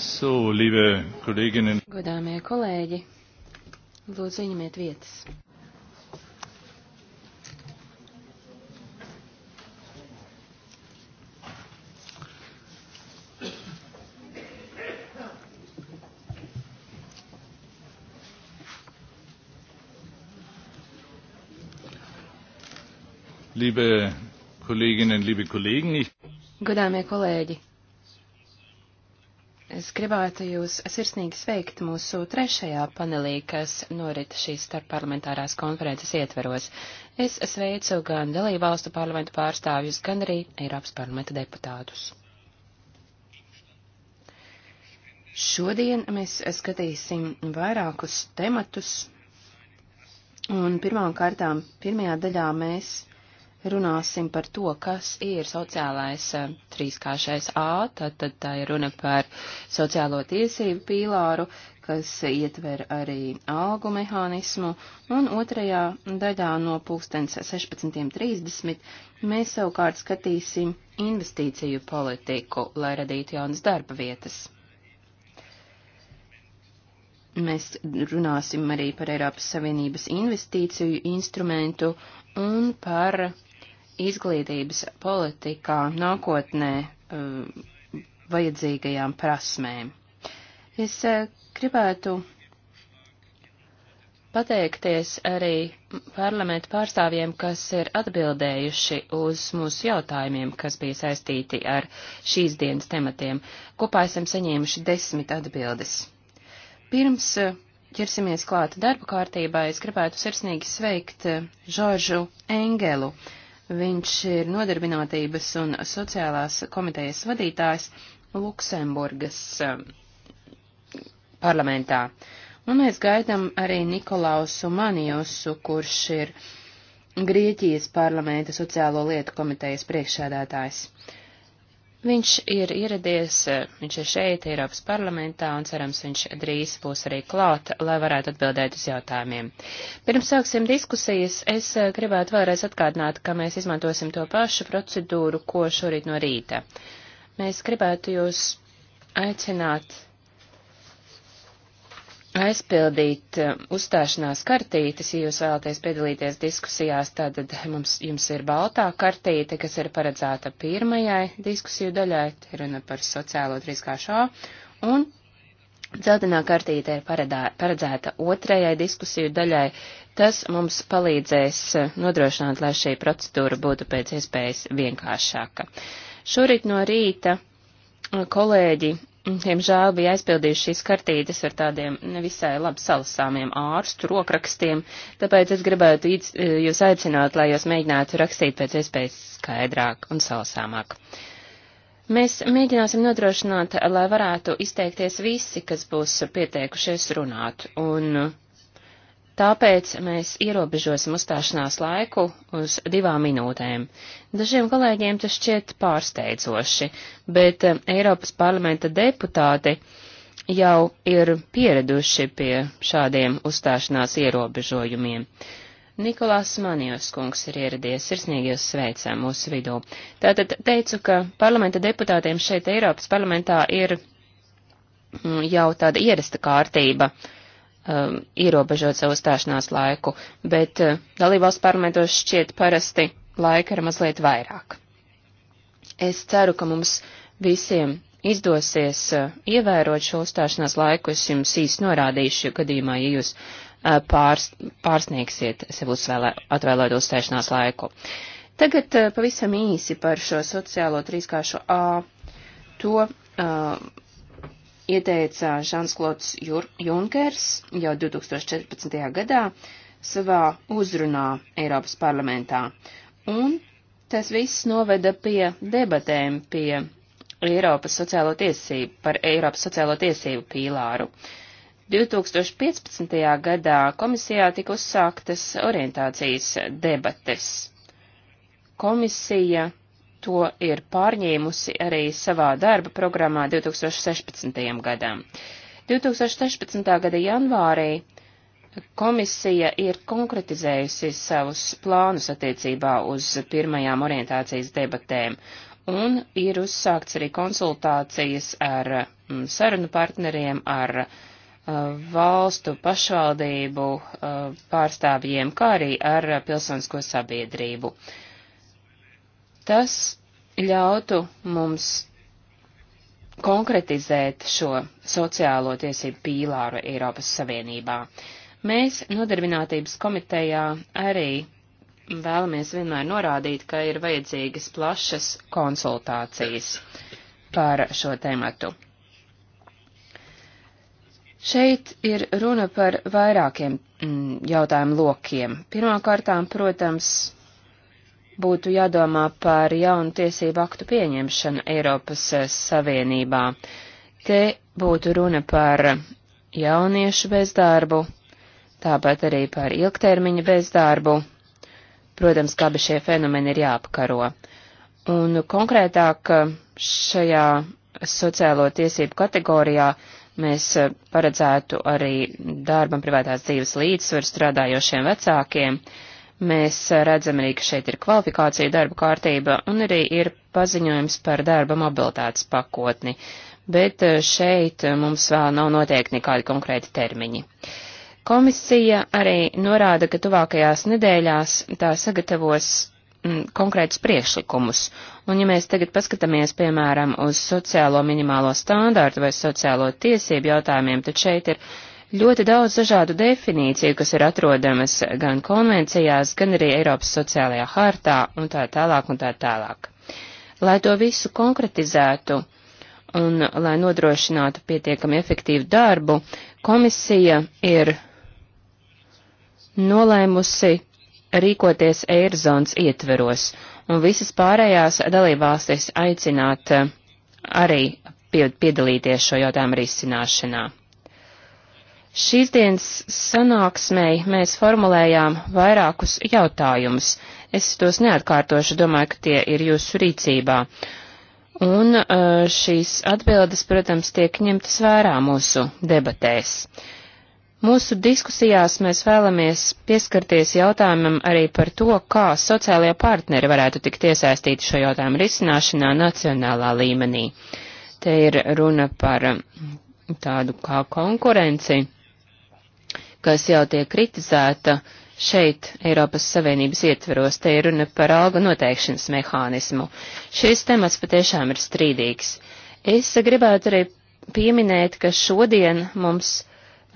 So, liebe Kolleginnen. Godāmie kolēģi, lūdzu ieņemiet vietas. Liebe Kolleginnen, liebe Kollegen, ich Godāmie kolēģi, Es gribētu jūs sirsnīgi sveikt mūsu trešajā panelī, kas norita šīs starpparlamentārās konferences ietveros. Es sveicu gan dalībvalstu parlamentu pārstāvjus, gan arī Eiropas parlamenta deputātus. Šodien mēs skatīsim vairākus tematus, un pirmām kārtām pirmajā daļā mēs runāsim par to, kas ir sociālais eh, trīskāršais A, tad, tad tā ir runa par sociālo tiesību pīlāru, kas ietver arī algu mehānismu, un otrajā daļā no pulkstens 16.30 mēs savukārt skatīsim investīciju politiku, lai radītu jaunas darba vietas. Mēs runāsim arī par Eiropas Savienības investīciju instrumentu un par izglītības politikā nākotnē eh, vajadzīgajām prasmēm. Es eh, gribētu pateikties arī parlamentu pārstāvjiem, kas ir atbildējuši uz mūsu jautājumiem, kas bija saistīti ar šīs dienas tematiem. Kopā esam saņēmuši desmit atbildes. Pirms eh, ķersimies klāt darba kārtībā, es gribētu sirsnīgi sveikt Žoržu Engelu, Viņš ir nodarbinātības un sociālās komitejas vadītājs Luksemburgas um, parlamentā. Un mēs gaidām arī Nikolausu Maniusu, kurš ir Grieķijas parlamenta sociālo lietu komitejas priekšsēdētājs. Viņš ir ieradies, viņš ir šeit, Eiropas parlamentā, un cerams, viņš drīz būs arī klāt, lai varētu atbildēt uz jautājumiem. Pirms sāksim diskusijas, es eh, gribētu vēlreiz atgādināt, ka mēs izmantosim to pašu procedūru, ko šorīt no rīta. Mēs gribētu jūs aicināt aizpildīt um, uzstāšanās kartītes, ja jūs vēlaties piedalīties diskusijās, tad mums, jums ir baltā kartīte, kas ir paredzēta pirmajai diskusiju daļai, runa par sociālo trīskāršo, un dzeltenā kartīte ir paredā, paredzēta otrajai diskusiju daļai. Tas mums palīdzēs uh, nodrošināt, lai šī procedūra būtu pēc iespējas vienkāršāka. Šorīt no rīta uh, kolēģi diemžēl bija aizpildījuši šīs kartītes ar tādiem nevisai labi salasāmiem ārstu rokrakstiem, tāpēc es gribētu e, jūs aicināt, lai jūs mēģinātu rakstīt pēc iespējas skaidrāk un salasāmāk. Mēs mēģināsim nodrošināt, lai varētu izteikties visi, kas būs pieteikušies runāt, un Tāpēc mēs ierobežosim uzstāšanās laiku uz divām minūtēm. Dažiem kolēģiem tas šķiet pārsteidzoši, bet eh, Eiropas parlamenta deputāti jau ir pieraduši pie šādiem uzstāšanās ierobežojumiem. Nikolās Manijos kungs ir ieradies, sirsnīgi jūs sveicam mūsu vidū. Tātad teicu, ka parlamenta deputātiem šeit Eiropas parlamentā ir mm, jau tāda ierasta kārtība. Uh, um, ierobežot savu stāšanās laiku, bet uh, dalībvalsts parlamentos šķiet parasti laika ir mazliet vairāk. Es ceru, ka mums visiem izdosies uh, ievērot šo uzstāšanās laiku. Es jums īsti norādīšu gadījumā, ja jūs uh, pārs, pārsniegsiet sev uzvēlē, atvēlēt uzstāšanās laiku. Tagad uh, pavisam īsi par šo sociālo trīskāršu A. To uh, ieteica Žansklots Junkers jau 2014. gadā savā uzrunā Eiropas parlamentā. Un tas viss noveda pie debatēm pie Eiropas sociālo tiesību, par Eiropas sociālo tiesību pīlāru. 2015. gadā komisijā tika uzsāktas orientācijas debates. Komisija to ir pārņēmusi arī savā darba programmā 2016. gadam. 2016. gada janvārī komisija ir konkretizējusi savus plānus attiecībā uz pirmajām orientācijas debatēm, un ir uzsākts arī konsultācijas ar mm, sarunu partneriem, ar uh, valstu pašvaldību uh, pārstāvjiem, kā arī ar pilsonisko sabiedrību. Uh, Tas ļautu mums konkretizēt šo sociālo tiesību pīlāru Eiropas Savienībā. Mēs nodarbinātības komitejā arī vēlamies vienmēr norādīt, ka ir vajadzīgas plašas konsultācijas par šo tematu. Šeit ir runa par vairākiem mm, jautājumu lokiem. Pirmkārtām, protams, būtu jādomā par jaunu tiesību aktu pieņemšanu Eiropas eh, Savienībā. Te būtu runa par jauniešu bezdarbu, tāpat arī par ilgtermiņa bezdarbu. Protams, kā abi šie fenomeni ir jāapkaro. Un konkrētāk eh, šajā sociālo tiesību kategorijā mēs eh, paredzētu arī darbam privātās dzīves līdzsvaru strādājošiem vecākiem, uh, Mēs redzam arī, ka šeit ir kvalifikācija darba kārtība un arī ir paziņojums par darba mobilitātes pakotni, bet eh, šeit eh, mums vēl nav noteikti nekādi konkrēti termiņi. Komisija arī norāda, ka tuvākajās nedēļās tā sagatavos mm, konkrētus priekšlikumus. Un ja mēs tagad paskatāmies, piemēram, uz sociālo minimālo standārtu vai sociālo tiesību jautājumiem, tad šeit ir ļoti daudz dažādu definīciju, kas ir atrodamas gan konvencijās, gan arī Eiropas sociālajā hartā un tā tālāk un tā tālāk. Lai to visu konkretizētu un lai nodrošinātu pietiekami efektīvu darbu, komisija ir nolēmusi rīkoties Eirzons ietveros un visas pārējās dalībvalstis aicināt arī piedalīties šo jautājumu risināšanā. Šīs dienas sanāksmei mēs formulējām vairākus jautājumus. Es tos neatkārtošu, domāju, ka tie ir jūsu rīcībā. Un uh, šīs atbildes, protams, tiek ņemtas vērā mūsu debatēs. Mūsu diskusijās mēs vēlamies pieskarties jautājumam arī par to, kā sociālajie partneri varētu tikt iesaistīti šo jautājumu risināšanā nacionālā līmenī. Te ir runa par tādu kā konkurenci kas jau tiek kritizēta šeit Eiropas Savienības ietveros, te ir runa par algu noteikšanas mehānismu. Šis temats patiešām ir strīdīgs. Es gribētu arī pieminēt, ka šodien mums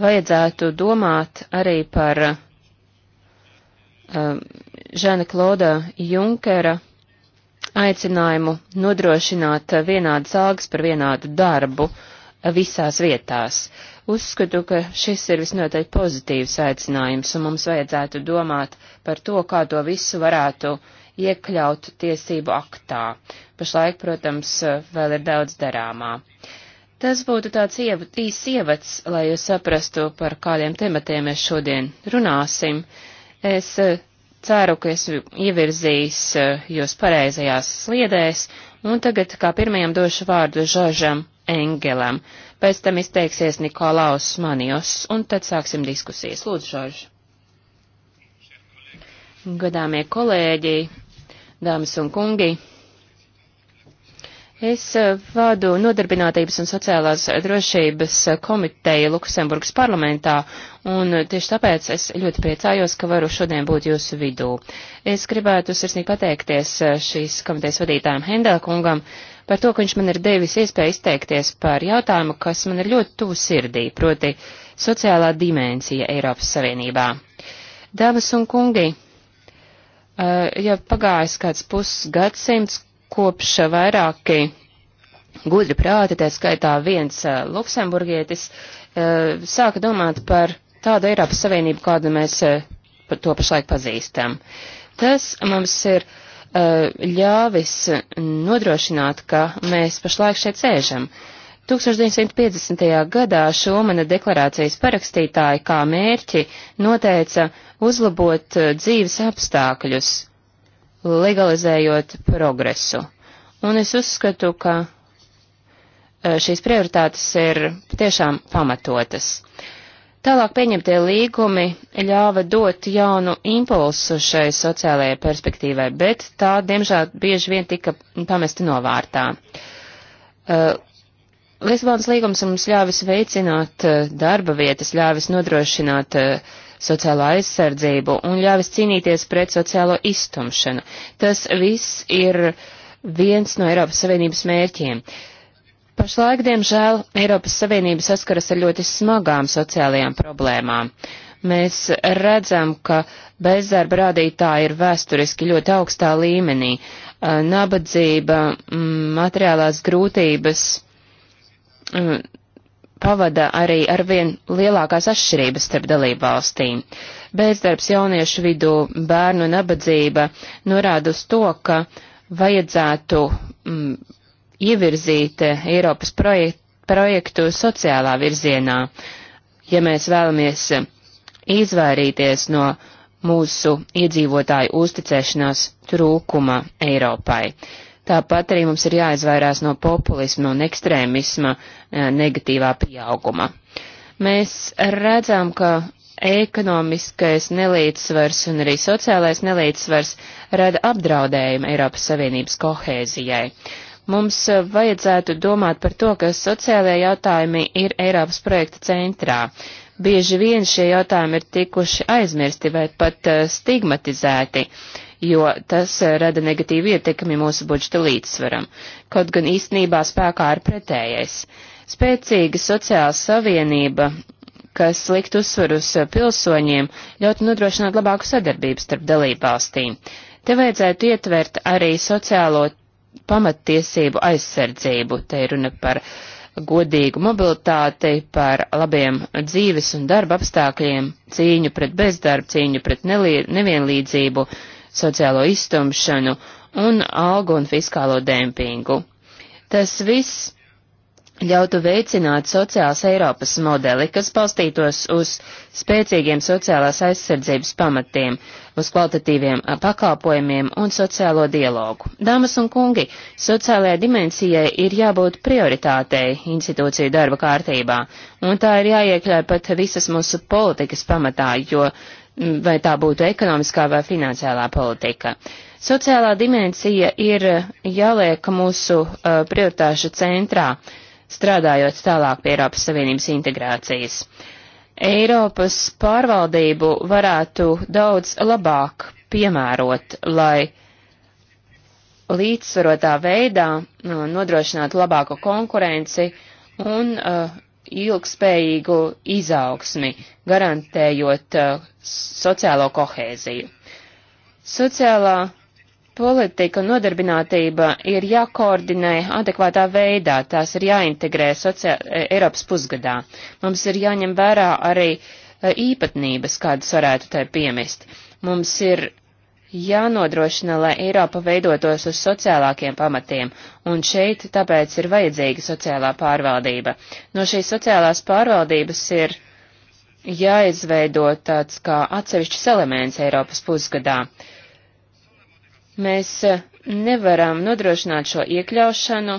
vajadzētu domāt arī par uh, Žana Kloda Junkera aicinājumu nodrošināt vienādas algas par vienādu darbu visās vietās. Uh, Uzskatu, ka šis ir visnotaļ pozitīvs aicinājums, un mums vajadzētu domāt par to, kā to visu varētu iekļaut tiesību aktā. Pašlaik, protams, vēl ir daudz darāmā. Tas būtu tāds iev īsts ievads, lai jūs saprastu, par kādiem tematiem mēs šodien runāsim. Es eh, ceru, ka esmu ievirzījis eh, jūs pareizajās sliedēs, un tagad kā pirmajam došu vārdu Žožam Engelam pēc tam izteiksies Nikolaus Manijos, un tad sāksim diskusijas. Lūdzu, Žorž. Godāmie kolēģi, dāmas un kungi. Es eh, vadu Nodarbinātības un sociālās drošības komiteju Luksemburgas parlamentā, un tieši tāpēc es ļoti priecājos, ka varu šodien būt jūsu vidū. Es gribētu sirsnīgi pateikties eh, šīs komitejas vadītājiem Hendela kungam, par to, ka viņš man ir devis iespēju izteikties par jautājumu, kas man ir ļoti tuvu sirdī, proti sociālā dimensija Eiropas Savienībā. Dāmas un kungi, eh, ja pagājis kāds pusgadsimts kopš vairāki gudri prāti, tā skaitā viens eh, luksemburgietis, eh, sāka domāt par tādu Eiropas Savienību, kādu mēs to pašlaik pazīstam. Tas mums ir uh, Eh, ļāvis nodrošināt, ka mēs pašlaik šeit sēžam. 1950. gadā Šumana deklarācijas parakstītāji kā mērķi noteica uzlabot eh, dzīves apstākļus, legalizējot progresu. Un es uzskatu, ka eh, šīs prioritātes ir tiešām pamatotas. Tālāk pieņemtie līgumi ļāva dot jaunu impulsu šai sociālajai perspektīvai, bet tā, diemžēl, bieži vien tika pamesti novārtā. Uh, Lisabonas līgums mums ļāvis veicināt uh, darba vietas, ļāvis nodrošināt uh, sociālo aizsardzību un ļāvis cīnīties pret sociālo iztumšanu. Tas viss ir viens no Eiropas Savienības mērķiem. Uh, Pašlaik, diemžēl, Eiropas Savienība saskaras ar ļoti smagām sociālajām problēmām. Mēs redzam, ka bezdarba rādītāji ir vēsturiski ļoti augstā līmenī. Nabadzība, mm, materiālās grūtības mm, pavada arī arvien lielākās atšķirības starp dalību valstīm. Bezdarbs jauniešu vidū, bērnu nabadzība norāda uz to, ka vajadzētu mm, ievirzīt eh, Eiropas projektu, projektu sociālā virzienā, ja mēs vēlamies eh, izvairīties no mūsu iedzīvotāju uzticēšanās trūkuma Eiropai. Tāpat arī mums ir jāizvairās no populisma un ekstrēmisma eh, negatīvā pieauguma. Mēs redzam, ka ekonomiskais nelīdzsvars un arī sociālais nelīdzsvars rada apdraudējumu Eiropas Savienības kohēzijai. Mums eh, vajadzētu domāt par to, ka sociālajie jautājumi ir Eiropas projekta centrā. Bieži vien šie jautājumi ir tikuši aizmirsti vai pat eh, stigmatizēti, jo tas eh, rada negatīvu ietekmi mūsu budžeta līdzsvaram, kaut gan īstenībā spēkā ir pretējais. Spēcīga sociāla savienība kas likt uzsvaru uz pilsoņiem, ļautu nodrošināt labāku sadarbību starp dalībvalstīm. Te vajadzētu ietvert arī sociālo pamattiesību aizsardzību. Te ir runa par godīgu mobilitāti, par labiem dzīves un darba apstākļiem, cīņu pret bezdarbu, cīņu pret nevienlīdzību, sociālo iztumšanu un algu un fiskālo dempingu. Tas viss ļautu veicināt sociālas Eiropas modeli, kas balstītos uz spēcīgiem sociālās aizsardzības pamatiem, uz kvalitatīviem pakalpojumiem un sociālo dialogu. Dāmas un kungi, sociālajai dimensijai ir jābūt prioritātei institūciju darba kārtībā, un tā ir jāiekļauj pat visas mūsu politikas pamatā, jo vai tā būtu ekonomiskā vai finansiālā politika. Sociālā dimensija ir jāliek mūsu uh, prioritāšu centrā strādājot tālāk pie Eiropas Savienības integrācijas. Eiropas pārvaldību varētu daudz labāk piemērot, lai līdzsvarotā veidā uh, nodrošinātu labāku konkurenci un uh, ilgspējīgu izaugsmi, garantējot uh, sociālo kohēziju. Sociālā politika un nodarbinātība ir jākoordinē adekvātā veidā, tās ir jāintegrē sociā... E, Eiropas pusgadā. Mums ir jāņem vērā arī e, īpatnības, kādas varētu tai piemest. Mums ir jānodrošina, lai Eiropa veidotos uz sociālākiem pamatiem, un šeit tāpēc ir vajadzīga sociālā pārvaldība. No šīs sociālās pārvaldības ir jāizveido tāds kā atsevišķs elements Eiropas pusgadā. Uh, Mēs e, nevaram nodrošināt šo iekļaušanu,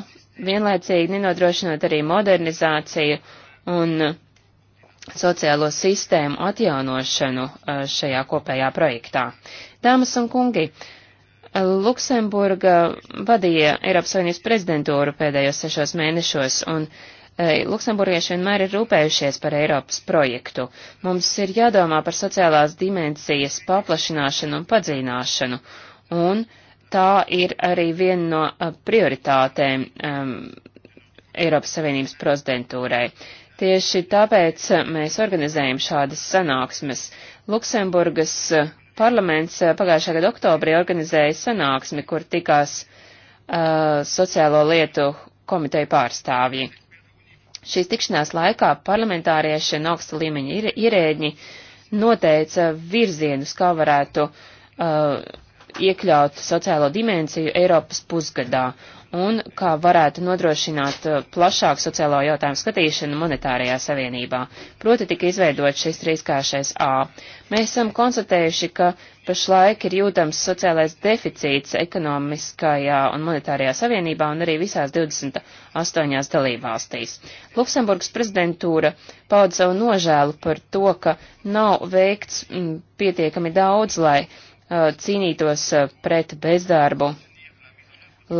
vienlaicīgi nenodrošinot arī modernizāciju un e, sociālo sistēmu atjaunošanu e, šajā kopējā projektā. Dāmas un kungi, Luksemburga vadīja Eiropas Savienības prezidentūru pēdējos sešos mēnešos, un Luksemburgieši vienmēr ir rūpējušies par Eiropas projektu. Mums ir jādomā par sociālās dimensijas paplašināšanu un padzīnāšanu, un tā ir arī viena no uh, prioritātēm um, Eiropas Savienības prezidentūrai. Tieši tāpēc uh, mēs organizējam šādas sanāksmes. Luksemburgas uh, parlaments pagājušā gada oktobrī organizēja sanāksmi, kur tikās uh, sociālo lietu komiteju pārstāvji. Šīs tikšanās laikā parlamentārieši un augsta līmeņa ierēģi noteica virzienus, kā varētu uh, iekļaut sociālo dimensiju Eiropas pusgadā un kā varētu nodrošināt uh, plašāku sociālo jautājumu skatīšanu monetārajā savienībā. Proti tika izveidot šis trīskāršais A. Mēs esam konstatējuši, ka pašlaik ir jūtams sociālais deficīts ekonomiskajā un monetārajā savienībā un arī visās 28 dalībvalstīs. Luksemburgas prezidentūra pauda savu nožēlu par to, ka nav veikts m, mm, pietiekami daudz, lai Uh, cīnītos uh, pret bezdarbu,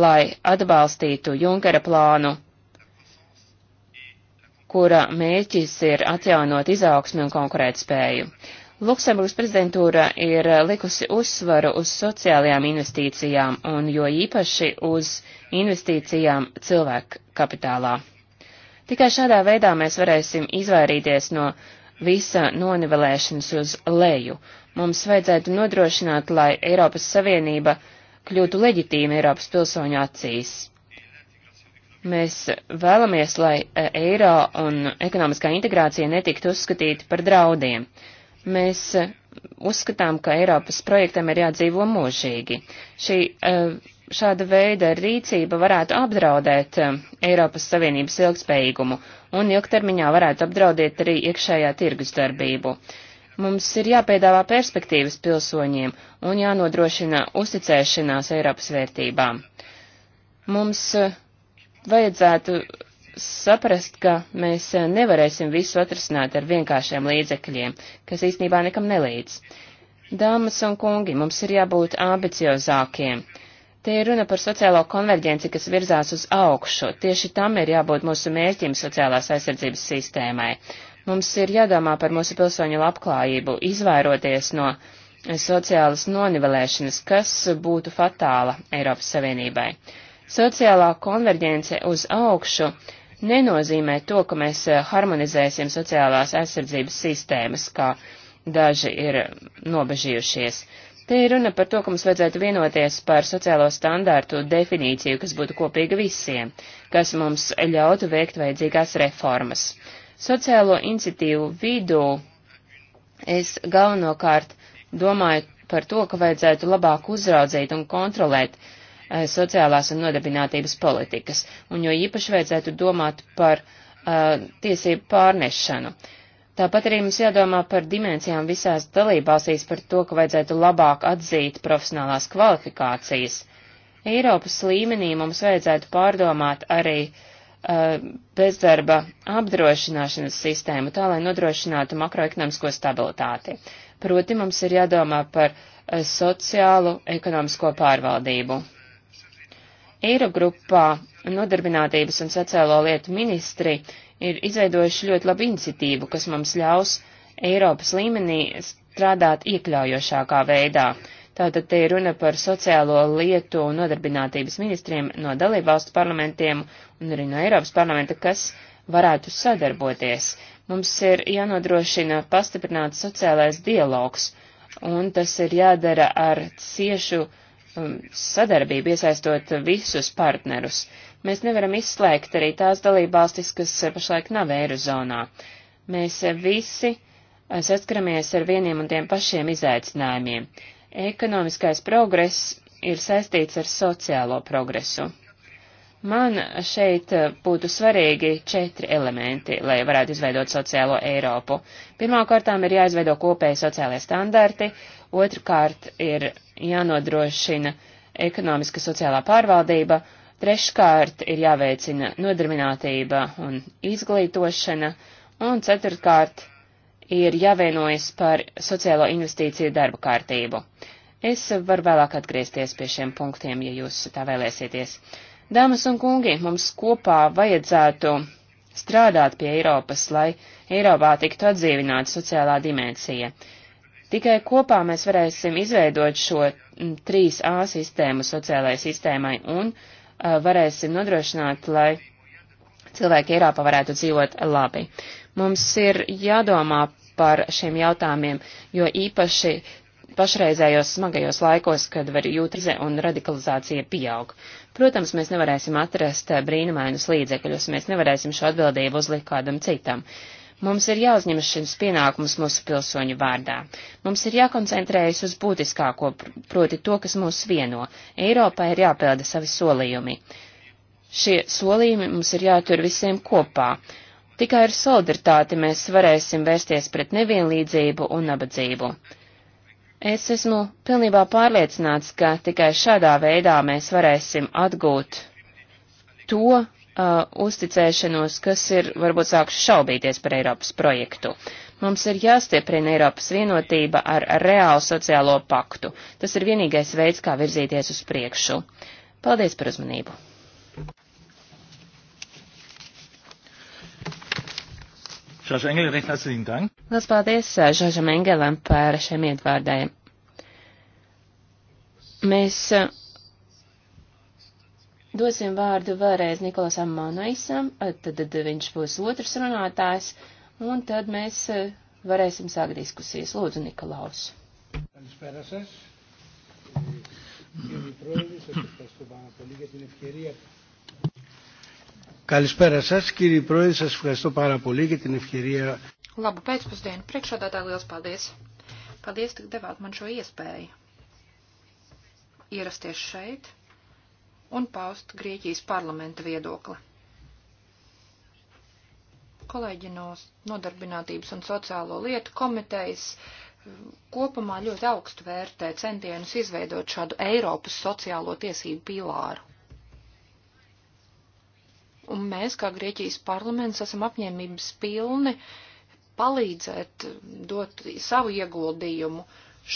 lai atbalstītu Junkera plānu, kura mērķis ir atjaunot izaugsmi un konkurētspēju. Luksemburgas prezidentūra ir likusi uzsvaru uz sociālajām investīcijām un jo īpaši uz investīcijām cilvēku kapitālā. Tikai šādā veidā mēs varēsim izvairīties no visa nonivelēšanas uz leju Mums vajadzētu nodrošināt, lai Eiropas Savienība kļūtu leģitīma Eiropas pilsoņu acīs. Mēs vēlamies, lai e, eiro un ekonomiskā integrācija netiktu uzskatīti par draudiem. Mēs e, uzskatām, ka Eiropas projektam ir jādzīvo mūžīgi. Šī e, šāda veida rīcība varētu apdraudēt Eiropas Savienības ilgspējīgumu un ilgtermiņā varētu apdraudēt arī iekšējā tirgus darbību. Mums ir jāpiedāvā perspektīvas pilsoņiem un jānodrošina uzticēšanās Eiropas vērtībām. Mums eh, vajadzētu saprast, ka mēs eh, nevarēsim visu atrasināt ar vienkāršiem līdzekļiem, kas īstenībā nekam nelīdz. Dāmas un kungi, mums ir jābūt ambiciozākiem. Te ir runa par sociālo konverģenci, kas virzās uz augšu. Tieši tam ir jābūt mūsu mērķim sociālās aizsardzības sistēmai. Mums ir jādomā par mūsu pilsoņu labklājību, izvairoties no sociālas nonivelēšanas, kas būtu fatāla Eiropas Savienībai. Sociālā konverģence uz augšu nenozīmē to, ka mēs harmonizēsim sociālās aizsardzības sistēmas, kā daži ir nobežījušies. Te ir runa par to, ka mums vajadzētu vienoties par sociālo standārtu definīciju, kas būtu kopīga visiem, kas mums ļautu veikt vajadzīgās reformas. Sociālo iniciatīvu vidū es galvenokārt domāju par to, ka vajadzētu labāk uzraudzīt un kontrolēt e, sociālās un nodarbinātības politikas, un jo īpaši vajadzētu domāt par e, tiesību pārnešanu. Tāpat arī mums jādomā par dimensijām visās dalībvalstīs, par to, ka vajadzētu labāk atzīt profesionālās kvalifikācijas. Eiropas līmenī mums vajadzētu pārdomāt arī uh, Eh, bezdarba apdrošināšanas sistēmu tā, lai nodrošinātu makroekonomisko stabilitāti. Proti mums ir jādomā par eh, sociālu ekonomisko pārvaldību. Eirogrupā nodarbinātības un sociālo lietu ministri ir izveidojuši ļoti labu iniciatīvu, kas mums ļaus Eiropas līmenī strādāt iekļaujošākā veidā. Tātad te ir runa par sociālo lietu un nodarbinātības ministriem no dalībvalstu parlamentiem un arī no Eiropas parlamenta, kas varētu sadarboties. Mums ir jānodrošina pastiprināts sociālais dialogs, un tas ir jādara ar ciešu um, sadarbību, iesaistot visus partnerus. Mēs nevaram izslēgt arī tās dalībvalstis, kas pašlaik nav eirozonā. Mēs visi uh, saskaramies ar vieniem un tiem pašiem izaicinājumiem. Ekonomiskais progress ir saistīts ar sociālo progresu. Man šeit eh, būtu svarīgi četri elementi, lai varētu izveidot sociālo Eiropu. Pirmkārtām ir jāizveido kopēji sociālie standarti, otrkārt ir jānodrošina ekonomiska sociālā pārvaldība, treškārt ir jāveicina nodarbinātība un izglītošana, un ceturtkārt ir jāvienojas par sociālo investīciju darbu kārtību. Es varu vēlāk atgriezties pie šiem punktiem, ja jūs tā vēlēsieties. Dāmas un kungi, mums kopā vajadzētu strādāt pie Eiropas, lai Eiropā tiktu atdzīvināta sociālā dimensija. Tikai kopā mēs varēsim izveidot šo 3A sistēmu sociālajai sistēmai un uh, varēsim nodrošināt, lai cilvēki Eiropā varētu dzīvot labi. Mums ir jādomā par šiem jautājumiem, jo īpaši pašreizējos smagajos laikos, kad var jūtize un radikalizācija pieaug. Protams, mēs nevarēsim atrast brīnumainus līdzekļus, mēs nevarēsim šo atbildību uzlikt kādam citam. Mums ir jāuzņemas šis pienākums mūsu pilsoņu vārdā. Mums ir jākoncentrējas uz būtiskāko, proti to, kas mūs vieno. Eiropā ir jāpilda savi solījumi. Šie solījumi mums ir jātur visiem kopā. Tikai ar solidaritāti mēs varēsim vērsties pret nevienlīdzību un nabadzību. Es esmu pilnībā pārliecināts, ka tikai šādā veidā mēs varēsim atgūt to uh, uzticēšanos, kas ir varbūt sākuši šaubīties par Eiropas projektu. Mums ir jāstieprina Eiropas vienotība ar reālu sociālo paktu. Tas ir vienīgais veids, kā virzīties uz priekšu. Paldies par uzmanību! Žāža Engela, recht herzlichen Dank. Lielas paldies eh, Žāžam Engelam par šiem iedvārdēm. Mēs eh, dosim vārdu vēlreiz Nikolasam Manoisam, eh, tad, tad viņš būs otrs runātājs, un tad mēs varēsim sākt diskusijas. Lūdzu, Nikolaus. Καλησπέρα σας. Κύριε Πρόεδρε, σας ευχαριστώ πάρα πολύ για την ευκαιρία που Καλησπέρα σας. Κύριε Πρόεδρε, σας ευχαριστώ πάρα πολύ για την ευκαιρία. Labu pēcpusdienu. Priekšādātāji liels paldies. Paldies, ka devāt man šo iespēju ierasties šeit un paust Grieķijas parlamenta viedokli. Kolēģi no Nodarbinātības un sociālo lietu komitejas mm, kopumā ļoti augstu vērtē centienus izveidot šādu Eiropas sociālo tiesību pīlāru. Un mēs, kā Grieķijas parlaments, esam apņēmības pilni palīdzēt, dot savu ieguldījumu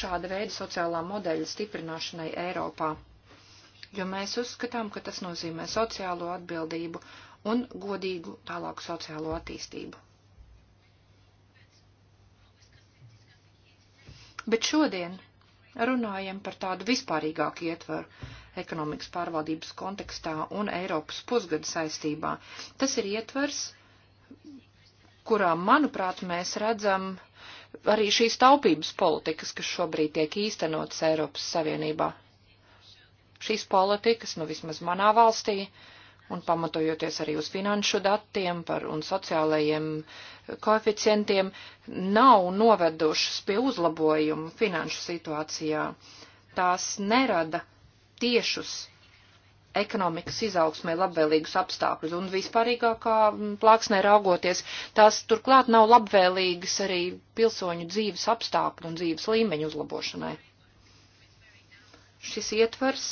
šāda veida sociālā modeļa stiprināšanai Eiropā. Jo mēs uzskatām, ka tas nozīmē sociālo atbildību un godīgu tālāku sociālo attīstību. Bet šodien runājam par tādu vispārīgāku ietvaru ekonomikas pārvaldības kontekstā un Eiropas pusgada saistībā. Tas ir ietvers, kurā, manuprāt, mēs redzam arī šīs taupības politikas, kas šobrīd tiek īstenotas Eiropas Savienībā. Šīs politikas, nu vismaz manā valstī, uh, un pamatojoties arī uz finanšu datiem par, un sociālajiem koeficientiem, nav novedušas pie uzlabojumu finanšu situācijā. Tās nerada tiešus ekonomikas izaugsmē labvēlīgus apstākļus un vispārīgākā plāksnē raugoties, tās turklāt nav labvēlīgas arī pilsoņu dzīves apstākļu un dzīves līmeņu uzlabošanai. Šis ietvers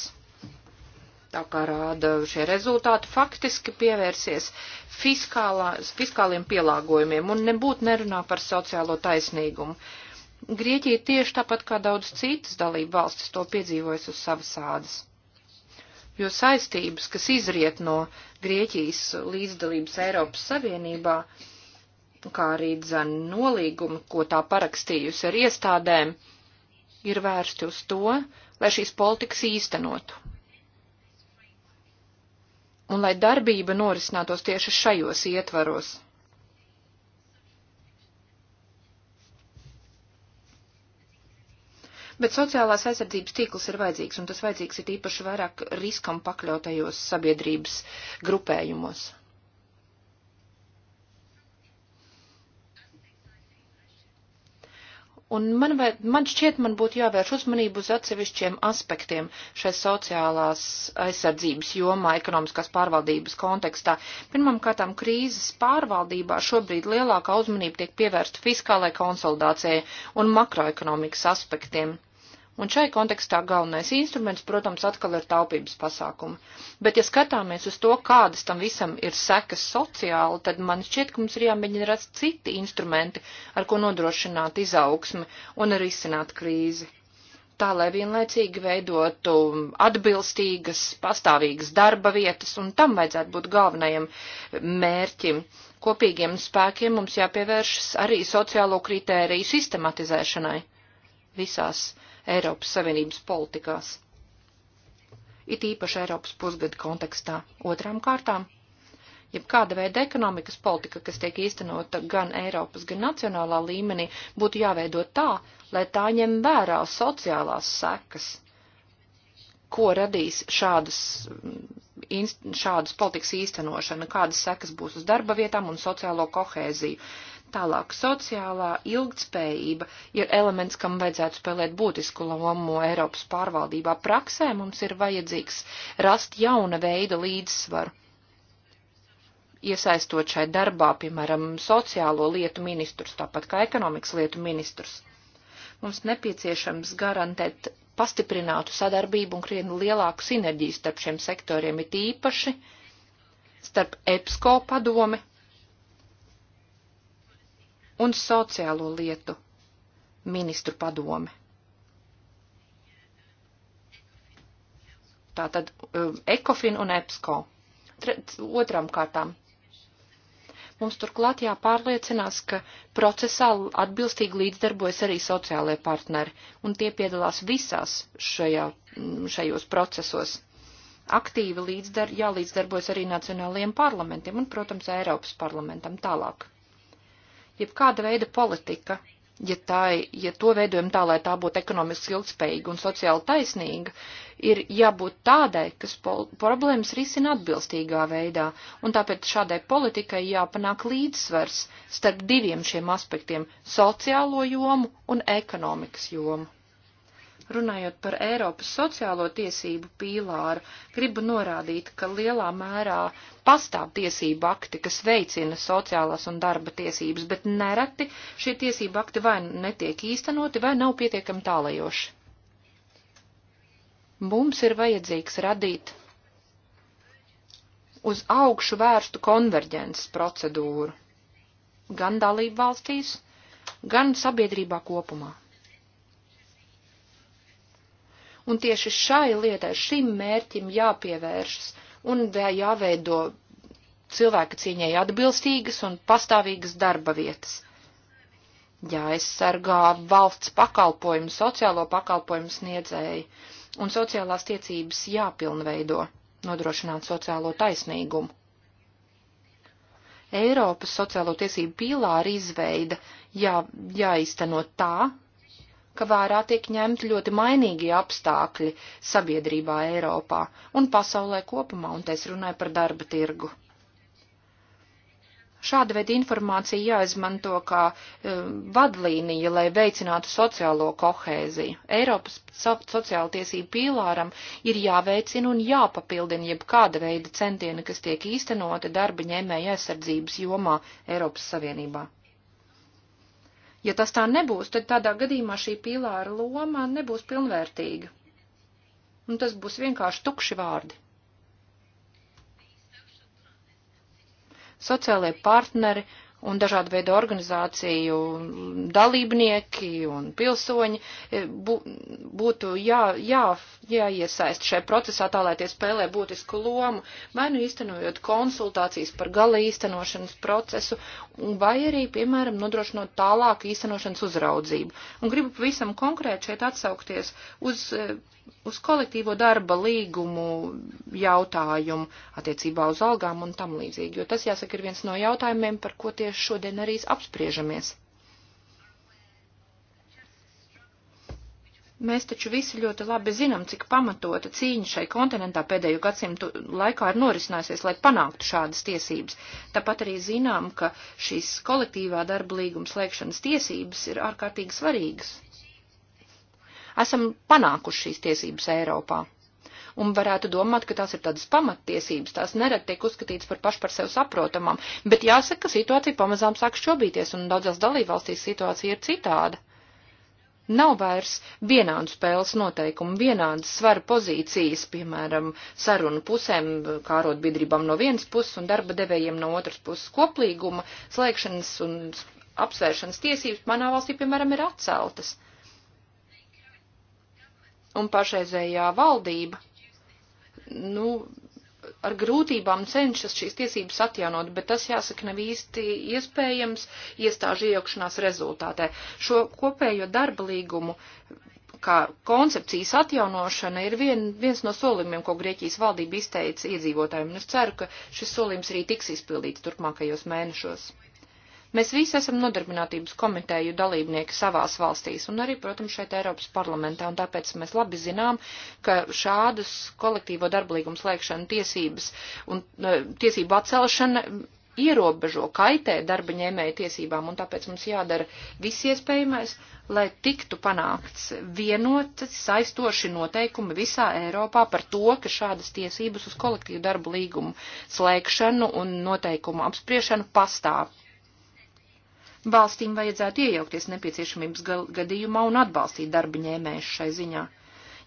tā kā rāda šie rezultāti, faktiski pievērsies fiskālā, fiskāliem pielāgojumiem un nebūtu nerunā par sociālo taisnīgumu. Grieķija tieši tāpat kā daudz citas dalību valstis to piedzīvojas uz savas ādas. Jo saistības, kas izriet no Grieķijas līdzdalības Eiropas Savienībā, kā arī dzan nolīgumi, ko tā parakstījusi ar iestādēm, ir vērsti uz to, lai šīs politikas īstenotu un lai darbība norisinātos tieši šajos ietvaros. Bet sociālās aizsardzības tīkls ir vajadzīgs, un tas vajadzīgs ir īpaši vairāk riskam pakļautajos sabiedrības grupējumos. Un man, vai, man šķiet, man būtu jāvērš uzmanību uz atsevišķiem aspektiem šai sociālās aizsardzības jomā, ekonomiskās pārvaldības kontekstā. Pirmkārtām, krīzes pārvaldībā šobrīd lielākā uzmanība tiek pievērsta fiskālai konsolidācijai un makroekonomikas aspektiem. Un šai kontekstā galvenais instruments, protams, atkal ir taupības pasākumi. Bet, ja skatāmies uz to, kādas tam visam ir sekas sociāli, tad man šķiet, ka mums ir jāmēģina rast citi instrumenti, ar ko nodrošināt izaugsmi un arī izsināt krīzi. Tā, lai vienlaicīgi veidotu atbilstīgas, pastāvīgas darba vietas, un tam vajadzētu būt galvenajam mērķim kopīgiem spēkiem mums jāpievēršas arī sociālo kritēriju sistematizēšanai visās Eiropas Savienības politikās. It īpaši Eiropas pusgada kontekstā. Otrām kārtām, ja kāda veida ekonomikas politika, kas tiek īstenota gan Eiropas, gan nacionālā līmenī, būtu jāveido tā, lai tā ņem vērā sociālās sekas, ko radīs šādas, mm, šādas politikas īstenošana, kādas sekas būs uz darba vietām un sociālo kohēziju Tālāk, sociālā ilgtspējība ir elements, kam vajadzētu spēlēt būtisku lomu Eiropas pārvaldībā. Praksē mums ir vajadzīgs rast jauna veida līdzsvaru. Iesaistot šai darbā, piemēram, sociālo lietu ministrus, tāpat kā ekonomikas lietu ministrus. Mums nepieciešams garantēt pastiprinātu sadarbību un krietni lielāku sinerģiju starp šiem sektoriem, it īpaši starp EPSCO padomi un sociālo lietu ministru padome. Tātad um, ECOFIN un EPSCO. Otram kārtām mums turklāt jāpārliecinās, ka procesā atbilstīgi līdzdarbojas arī sociālajie partneri, un tie piedalās visās šajā, mm, šajos procesos. Aktīvi līdzdar, jālīdzdarbojas arī nacionālajiem parlamentiem un, protams, Eiropas parlamentam tālāk jebkāda veida politika, ja, tā, ja to veidojam tā, lai tā būtu ekonomiski ilgspējīga un sociāli taisnīga, ir jābūt tādai, kas problēmas risina atbilstīgā veidā, un tāpēc šādai politikai jāpanāk līdzsvars starp diviem šiem aspektiem - sociālo jomu un ekonomikas jomu. Runājot par Eiropas sociālo tiesību pīlāru, gribu norādīt, ka lielā mērā pastāv tiesību akti, kas veicina sociālās un darba tiesības, bet nereti šie tiesību akti vai netiek īstenoti, vai nav pietiekami tālajoši. Mums ir vajadzīgs radīt uz augšu vērstu konverģences procedūru gan dalību valstīs, gan sabiedrībā kopumā. Un tieši šai lietai, šim mērķim jāpievēršas un jāveido cilvēka cīņai atbilstīgas un pastāvīgas darba vietas. Jāaizsargā valsts pakalpojumu, sociālo pakalpojumu sniedzēji, un sociālās tiecības jāpilnveido, nodrošināt sociālo taisnīgumu. Eiropas sociālo tiesību pīlāra izveida jā, jāizteno tā, ka vērā tiek ņemti ļoti mainīgi apstākļi sabiedrībā Eiropā un pasaulē kopumā, un te es runāju par darba tirgu. Šāda veida informācija jāizmanto kā e, vadlīnija, lai veicinātu sociālo kohēziju. Eiropas sociāla tiesība pīlāram ir jāveicina un jāpapildina jebkāda veida centieni, kas tiek īstenoti darba ņēmēja aizsardzības jomā Eiropas Savienībā. Ja tas tā nebūs, tad tādā gadījumā šī pīlāra loma nebūs pilnvērtīga. Un tas būs vienkārši tukši vārdi. Sociālie partneri un dažādu veidu organizāciju dalībnieki un pilsoņi e, bū, būtu jā, jā, jāiesaist šajā procesā tā, lai tie spēlē būtisku lomu, vai nu īstenojot konsultācijas par gala īstenošanas procesu, vai arī, piemēram, nodrošinot tālāku īstenošanas uzraudzību. Un gribu pavisam konkrēti šeit atsaukties uz e, uz kolektīvo darba līgumu jautājumu attiecībā uz algām un tam līdzīgi, jo tas, jāsaka, ir viens no jautājumiem, par ko tieši šodien arī apspriežamies. Mēs taču visi ļoti labi zinām, cik pamatota cīņa šai kontinentā pēdējo gadsimtu laikā ir norisinājusies, lai panāktu šādas tiesības. Tāpat arī zinām, ka šīs kolektīvā darba līguma slēgšanas tiesības ir ārkārtīgi svarīgas esam panākuši šīs tiesības Eiropā. Un varētu domāt, ka tās ir tādas pamattiesības, tās nerad tiek uzskatītas par paši par sev saprotamām, bet jāsaka, ka situācija pamazām sāk šobīties, un daudzās dalībvalstīs situācija ir citāda. Nav vairs vienādu spēles noteikumu, vienādas svara pozīcijas, piemēram, sarunu pusēm, kārotbiedrībām no vienas puses un darba devējiem no otras puses koplīguma, slēgšanas un apsvēršanas tiesības manā valstī, piemēram, ir atceltas un pašreizējā valdība, nu, ar grūtībām cenšas šīs tiesības atjaunot, bet tas jāsaka nav īsti iespējams iestāžu iejaukšanās rezultātē. Šo kopējo darba līgumu kā koncepcijas atjaunošana ir vien, viens no solījumiem, ko Grieķijas valdība izteica iedzīvotājiem, un es ceru, ka šis solījums arī tiks izpildīts turpmākajos mēnešos. Mēs visi esam nodarbinātības komiteju dalībnieki savās valstīs un arī, protams, šeit Eiropas parlamentā, un tāpēc mēs labi zinām, ka šādas kolektīvo darblīgumu slēgšana tiesības un e, tiesību atcelšana ierobežo, kaitē darba ņēmēja tiesībām, un tāpēc mums jādara viss iespējamais, lai tiktu panākts vienoti saistoši noteikumi visā Eiropā par to, ka šādas tiesības uz kolektīvu darbu līgumu slēgšanu un noteikumu apspriešanu pastāv. Valstīm vajadzētu iejaukties nepieciešamības gadījumā un atbalstīt darba ņēmējus šai ziņā.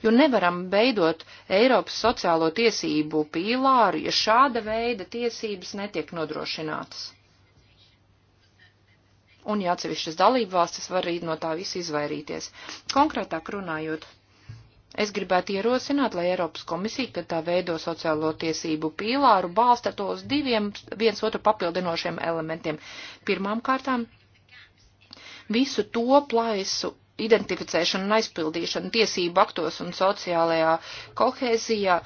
Jo nevaram veidot Eiropas sociālo tiesību pīlāru, ja šāda veida tiesības netiek nodrošinātas. Un ja atsevišķas dalību valstis var arī no tā visa izvairīties. Konkrētāk runājot, Es gribētu ierosināt, lai Eiropas komisija, kad tā veido sociālo tiesību pīlāru, balsta to uz diviem viens otru papildinošiem elementiem. Pirmām kārtām visu to plaisu identificēšanu un aizpildīšanu tiesību aktos un sociālajā kohēzijā,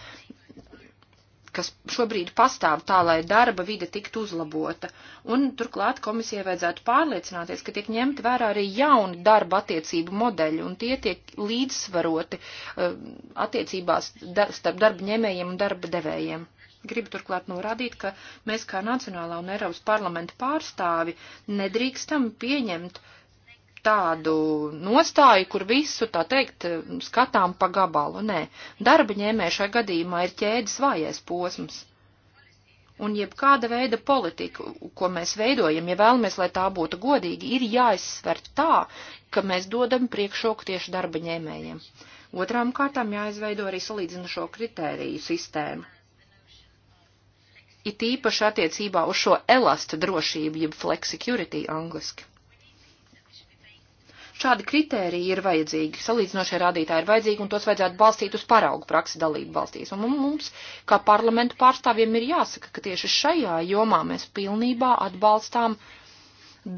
kas šobrīd pastāv tā, lai darba vide tiktu uzlabota. Un turklāt komisijai vajadzētu pārliecināties, ka tiek ņemti vērā arī jauni darba attiecību modeļi, un tie tiek līdzsvaroti uh, attiecībās da starp darba ņēmējiem un darba devējiem. Gribu turklāt norādīt, ka mēs kā Nacionālā un Eiropas parlamenta pārstāvi nedrīkstam pieņemt uh, tādu nostāju, kur visu, tā teikt, skatām pa gabalu. Nē, darba ņēmēja šajā gadījumā ir ķēdes vājais posms. Un jebkāda veida politika, ko mēs veidojam, ja vēlamies, lai tā būtu godīga, ir jāizsver tā, ka mēs dodam priekšroku tieši darba ņēmējiem. Otrām kārtām jāizveido arī salīdzinošo kritēriju sistēmu. It īpaši attiecībā uz šo elastu drošību, jeb flexicurity angliski. Šādi kritēriji ir vajadzīgi, salīdzinošie rādītāji ir vajadzīgi, un tos vajadzētu balstīt uz paraugu praksi dalību valstīs. Un mums, kā parlamentu pārstāvjiem, ir jāsaka, ka tieši šajā jomā mēs pilnībā atbalstām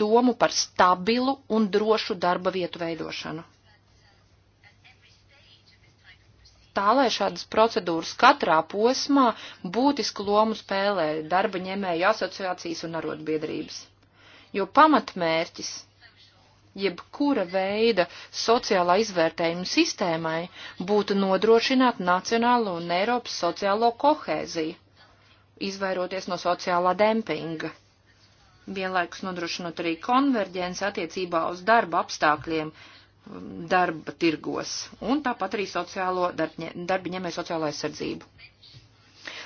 domu par stabilu un drošu darba vietu veidošanu. tā, lai šādas procedūras katrā posmā būtisku lomu spēlē darba ņēmēju asociācijas un arotbiedrības. Jo pamatmērķis jebkura veida sociālā izvērtējuma sistēmai būtu nodrošināt nacionālo un Eiropas sociālo kohēziju, izvairoties no sociālā dempinga vienlaikus nodrošinot arī konverģenci attiecībā uz darba apstākļiem darba tirgos un tāpat arī sociālo darbņēmēju sociālo aizsardzību.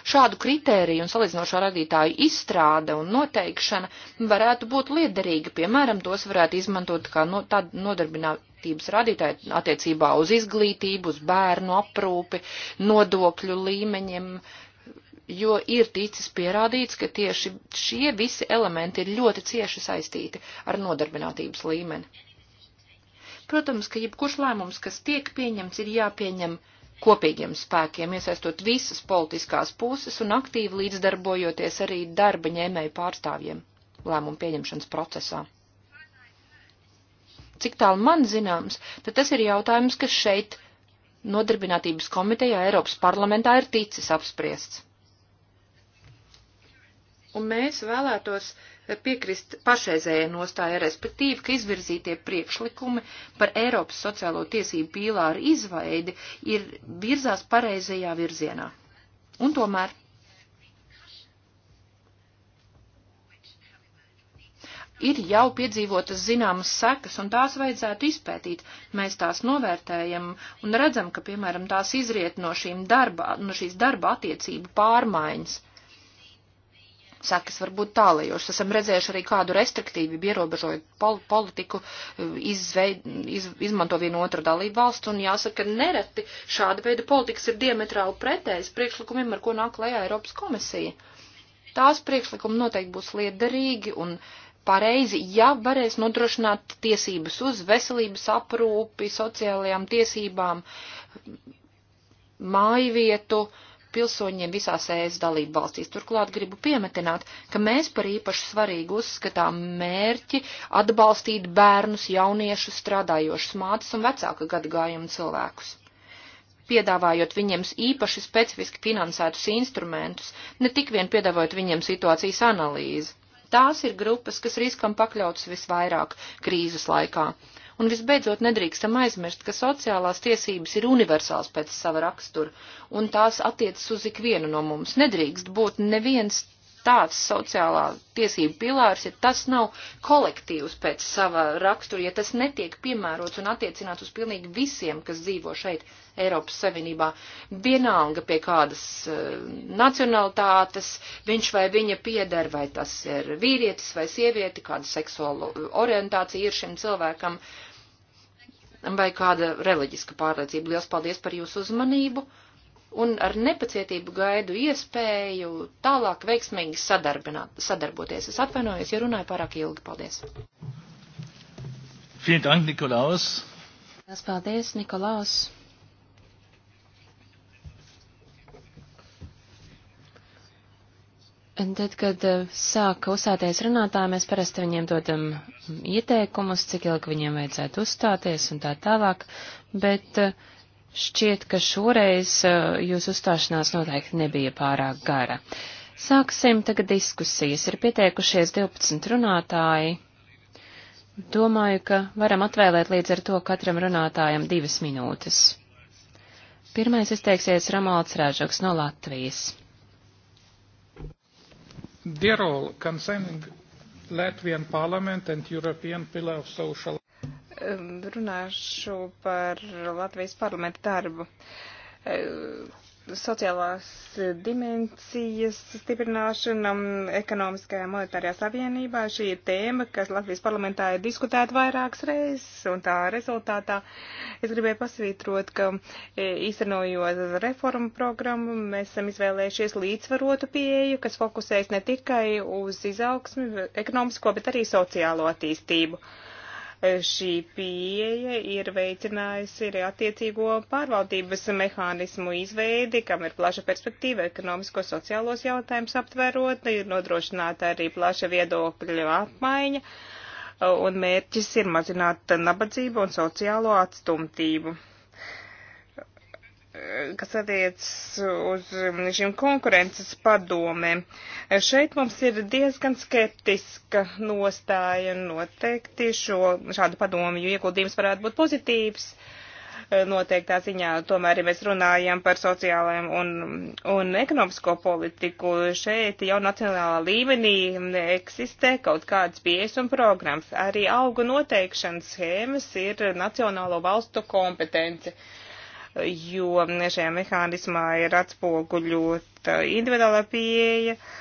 Šādu kritēriju un salīdzinošo radītāju izstrāde un noteikšana varētu būt liederīga, piemēram, tos varētu izmantot kā no, tādu nodarbinātības radītāju attiecībā uz izglītību, uz bērnu aprūpi, nodokļu līmeņiem, jo ir ticis pierādīts, ka tieši šie visi elementi ir ļoti cieši saistīti ar nodarbinātības līmeni. Protams, ka jebkurš lēmums, kas tiek pieņemts, ir jāpieņem uh, kopīgiem spēkiem, iesaistot visas politiskās puses un aktīvi līdzdarbojoties arī darba ņēmēju pārstāvjiem lēmumu pieņemšanas procesā cik tālu man zināms, tad tas ir jautājums, kas šeit Nodarbinātības komitejā Eiropas parlamentā ir ticis apspriests. Un mēs vēlētos piekrist pašreizējai nostāja, respektīvi, ka izvirzītie priekšlikumi par Eiropas sociālo tiesību pīlāru izveidi ir virzās pareizajā virzienā. Un tomēr ir jau piedzīvotas zināmas sekas, un tās vajadzētu izpētīt. Mēs tās novērtējam un redzam, ka, piemēram, tās izriet no, darba, no šīs darba attiecību pārmaiņas sekas var būt tālajošas. Esam redzējuši arī kādu restriktīvi ierobežoju pol politiku, uh, izveid, iz, izmanto vienu otru dalību valstu, un jāsaka, nereti šāda veida politikas ir diametrāli pretējas priekšlikumiem, ar ko nāk lejā Eiropas komisija. Tās priekšlikumi noteikti būs liederīgi un pareizi, ja varēs nodrošināt tiesības uz veselības aprūpi, sociālajām tiesībām, mājvietu, uh, pilsoņiem visās ES dalību valstīs. Turklāt gribu piemetināt, ka mēs par īpaši svarīgu uzskatām mērķi atbalstīt bērnus, jauniešus, strādājošus mātes un vecāka gadagājumu cilvēkus piedāvājot viņiem īpaši specifiski finansētus instrumentus, ne tik vien piedāvājot viņiem situācijas analīzi. Tās ir grupas, kas riskam pakļautas visvairāk krīzes laikā Un visbeidzot, nedrīkstam aizmirst, ka sociālās tiesības ir universāls pēc sava rakstura, un tās attiecas uz ikvienu no mums. Nedrīkst būt neviens tāds sociālā tiesība pilārs, ja tas nav kolektīvs pēc sava rakstura, ja tas netiek piemērots un attiecināts uz pilnīgi visiem, kas dzīvo šeit Eiropas Savienībā, vienalga pie kādas uh, nacionalitātes, viņš vai viņa pieder, vai tas ir vīrietis vai sievieti, kāda seksuāla eh, orientācija ir šim cilvēkam. Uh, vai kāda reliģiska pārliecība. Lielas paldies par jūsu uzmanību un ar nepacietību gaidu iespēju tālāk veiksmīgi sadarboties. Es atvainojos, ja runāju pārāk ilgi. Paldies! Vielen Dank, Nikolaus! Paldies, Nikolaus! Un tad, kad eh, sāka uzstāties runātāji, mēs parasti viņiem dodam ieteikumus, cik ilgi viņiem vajadzētu uzstāties un tā tālāk, bet eh, šķiet, ka šoreiz eh, jūsu uzstāšanās noteikti nebija pārāk gara. Sāksim tagad diskusijas. Ir pieteikušies 12 runātāji. Domāju, ka varam atvēlēt līdz ar to katram runātājam divas minūtes. Pirmais izteiksies Ramāls Rāžoks no Latvijas. Dear all, concerning Latvian Parliament and European Pillar of Social. Runāšu par Latvijas parlamenta darbu sociālās dimensijas stiprināšana ekonomiskajā monetārajā savienībā. Šī ir tēma, kas Latvijas parlamentā ir diskutēta vairākas reizes, un tā rezultātā es gribēju pasvītrot, ka e, īstenojot reformu programmu, mēs esam izvēlējušies līdzvarotu pieeju, kas fokusēs ne tikai uz izaugsmi ekonomisko, bet arī sociālo attīstību. Uh, šī pieeja ir veicinājusi arī attiecīgo pārvaldības mehānismu izveidi, kam ir plaša perspektīva ekonomisko sociālos jautājumus aptverot, ir nodrošināta arī plaša viedokļu apmaiņa, un mērķis ir mazināt nabadzību un sociālo atstumtību kas attiecas uz um, šīm konkurences padomēm. Šeit mums ir diezgan skeptiska nostāja noteikti šo, šādu padomju ieguldījums varētu būt pozitīvs. Noteiktā ziņā tomēr, ja mēs runājam par sociālajiem un, un ekonomisko politiku, šeit jau nacionālā līmenī eksistē kaut kādas pieejas un programmas. Arī auga noteikšanas schēmas ir nacionālo valstu kompetence. Uh, jo šajā mehānismā ir atspoguļota individuālā pieeja. Uh,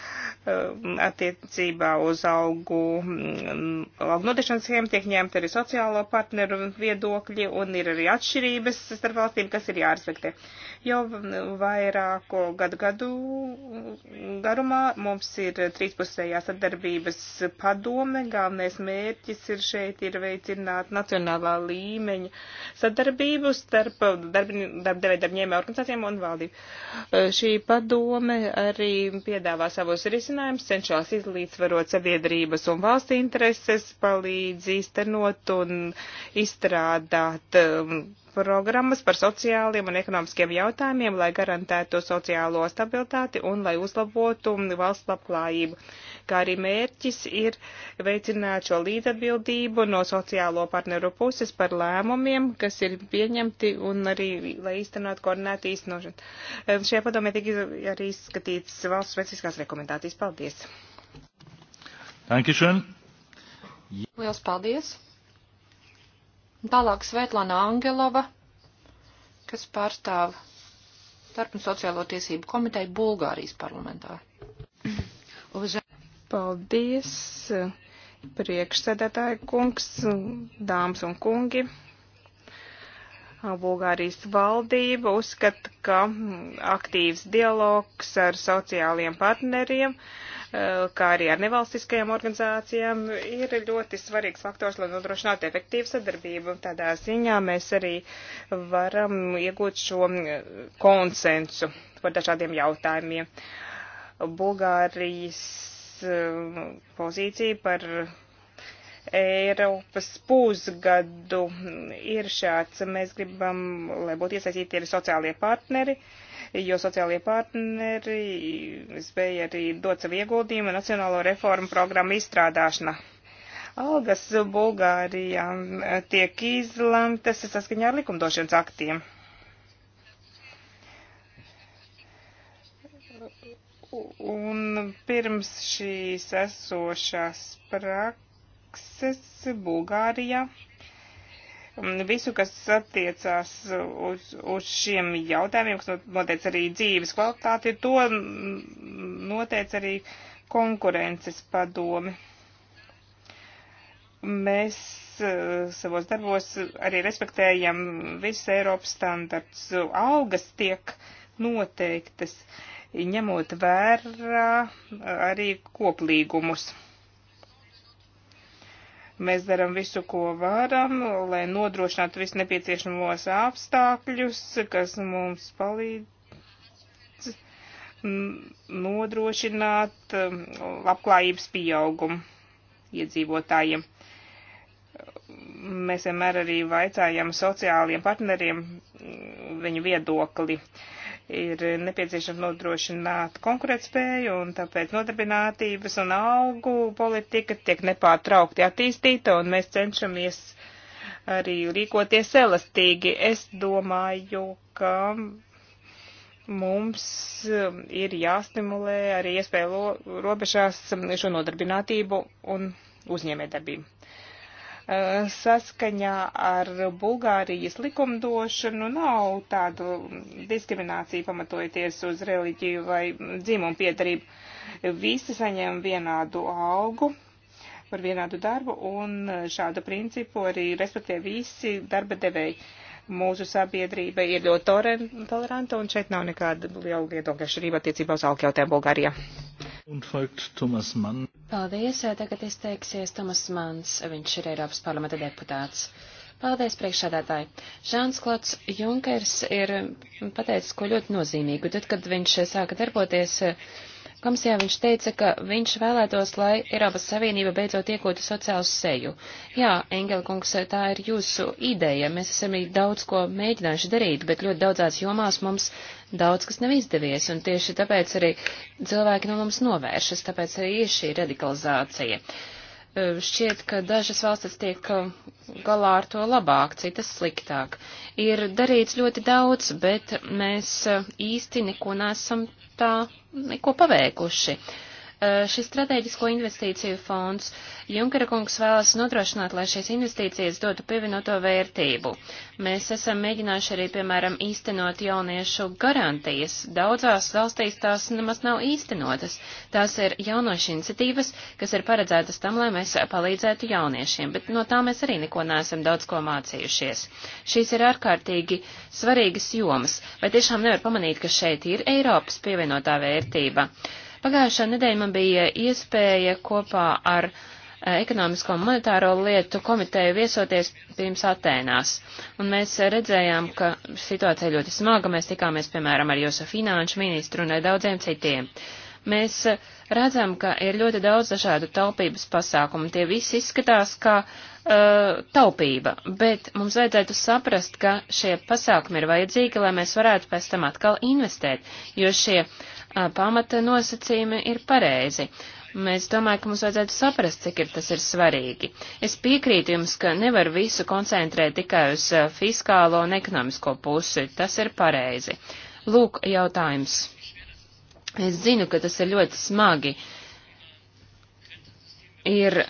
Um, attiecībā uz augu, um, augu nodešanas schēmu tiek ņemta arī sociālo partneru viedokļi un ir arī atšķirības starp valstīm, kas ir jārespektē. Jau vairāko gadu gadu garumā mums ir trīspusējā sadarbības padome, galvenais mērķis ir šeit ir veicināt nacionālā līmeņa sadarbību starp darbdevēja darbņēmē organizācijām un valdību. Šī padome arī piedāvā savus risinājumus risinājums cenšas izlīdzvarot sabiedrības un valsts intereses, palīdz īstenot un izstrādāt um, programmas par sociāliem un ekonomiskiem jautājumiem, lai garantētu sociālo stabilitāti un lai uzlabotu valsts labklājību, kā arī mērķis ir veicināt šo līdzatbildību no sociālo partneru puses par lēmumiem, kas ir pieņemti un arī, lai īstenot koordinētu īstenošanu. Ehm, šajā padomē tika arī izskatīts valsts specifiskās rekomendācijas. Paldies! Dankeschön! Liels paldies! Tālāk Svetlana Angelova, kas pārstāv Starp un sociālo tiesību komiteju Bulgārijas parlamentā. Paldies, priekšsēdētāji kungs, dāmas un kungi. Bulgārijas valdība uzskata, ka aktīvs dialogs ar sociālajiem partneriem uh, Eh, kā arī ar nevalstiskajām organizācijām, ir ļoti svarīgs faktors, lai nodrošinātu efektīvu sadarbību. Tādā ziņā mēs arī varam iegūt šo eh, konsensu par dažādiem jautājumiem. Bulgārijas eh, pozīcija par Eiropas pusgadu ir šāds. Mēs gribam, lai būtu iesaistīti arī sociālie partneri. Uh, jo sociālie partneri spēja arī dot savu ieguldījumu Nacionālo reformu programmu izstrādāšanā. Algas Bulgārijā eh, tiek izlemtas saskaņā ar likumdošanas aktiem. Un pirms šīs esošās prakses Bulgārijā Mm, visu, kas attiecās uz, uz šiem jautājumiem, kas noteica arī dzīves kvalitāti, to mm, noteica arī konkurences padomi. Mēs eh, savos darbos arī respektējam visus Eiropas standarts. Algas tiek noteiktas, ņemot vērā arī koplīgumus. Mēs darām visu, ko varam, lai nodrošinātu visu nepieciešamos apstākļus, kas mums palīdz nodrošināt um, labklājības pieaugumu iedzīvotājiem. Mēs vienmēr arī vaicājam sociāliem partneriem mm, viņu viedokli. Uh, ir nepieciešams nodrošināt konkurētspēju, un tāpēc nodarbinātības un augu politika tiek nepārtraukti attīstīta, un mēs cenšamies arī rīkoties elastīgi. Es domāju, ka mums um, ir jāstimulē arī iespēju robežās um, šo nodarbinātību un uzņēmējdarbību. Eh, saskaņā ar Bulgārijas likumdošanu nav tādu diskrimināciju pamatojoties uz reliģiju vai dzimumu piedarību. Visi saņem vienādu algu par vienādu darbu un šādu principu arī respektē visi darba devēji. Mūsu sabiedrība ir ļoti toleranta un šeit nav nekāda liela viedokļa šķirība attiecībā uz algu jautājumu Bulgārijā. Un folgt Tomas Mann. Paldies, tagad izteiksies Tomas Mans, viņš ir Eiropas parlamenta deputāts. Paldies, priekšsēdētāji. Žāns Klots Junkers ir pateicis, ko ļoti nozīmīgu. Tad, kad viņš sāka darboties komisijā, viņš teica, ka viņš vēlētos, lai Eiropas Savienība beidzot iegūtu sociālu seju. Jā, Engelkungs, tā ir jūsu ideja. Mēs esam daudz ko mēģinājuši darīt, bet ļoti daudzās jomās mums daudz kas nav izdevies, un tieši tāpēc arī cilvēki no mums novēršas, tāpēc arī ir šī radikalizācija. Šķiet, ka dažas valstis tiek galā ar to labāk, citas sliktāk. Ir darīts ļoti daudz, bet mēs īsti neko nesam tā, neko paveikuši. Uh, Eh, šis strateģisko investīciju fonds Junkera kungs vēlas nodrošināt, lai šīs investīcijas dotu pievienoto vērtību. Mēs esam mēģinājuši arī, piemēram, īstenot jauniešu garantijas. Daudzās valstīs tās nemaz nav īstenotas. Tās ir jaunošu iniciatīvas, kas ir paredzētas tam, lai mēs palīdzētu jauniešiem, bet no tā mēs arī neko neesam daudz ko mācījušies. Šīs ir ārkārtīgi svarīgas jomas, vai tiešām nevar pamanīt, ka šeit ir Eiropas pievienotā vērtība. Pagājušā nedēļa man bija iespēja kopā ar eh, ekonomisko un monetāro lietu komiteju viesoties pirms Atēnās. Un mēs redzējām, ka situācija ļoti smaga. Mēs tikāmies, piemēram, ar jūsu finanšu ministru un daudziem citiem. Mēs eh, redzam, ka ir ļoti daudz dažādu taupības pasākumu. Tie visi izskatās kā uh, taupība, bet mums vajadzētu saprast, ka šie pasākumi ir vajadzīgi, lai mēs varētu pēc tam atkal investēt, jo šie uh, pamata nosacījumi ir pareizi. Mēs domāju, ka mums vajadzētu saprast, cik ir tas ir svarīgi. Es piekrītu jums, ka nevar visu koncentrēt tikai uz fiskālo un ekonomisko pusi. Tas ir pareizi. Lūk, jautājums. Es zinu, ka tas ir ļoti smagi. Ir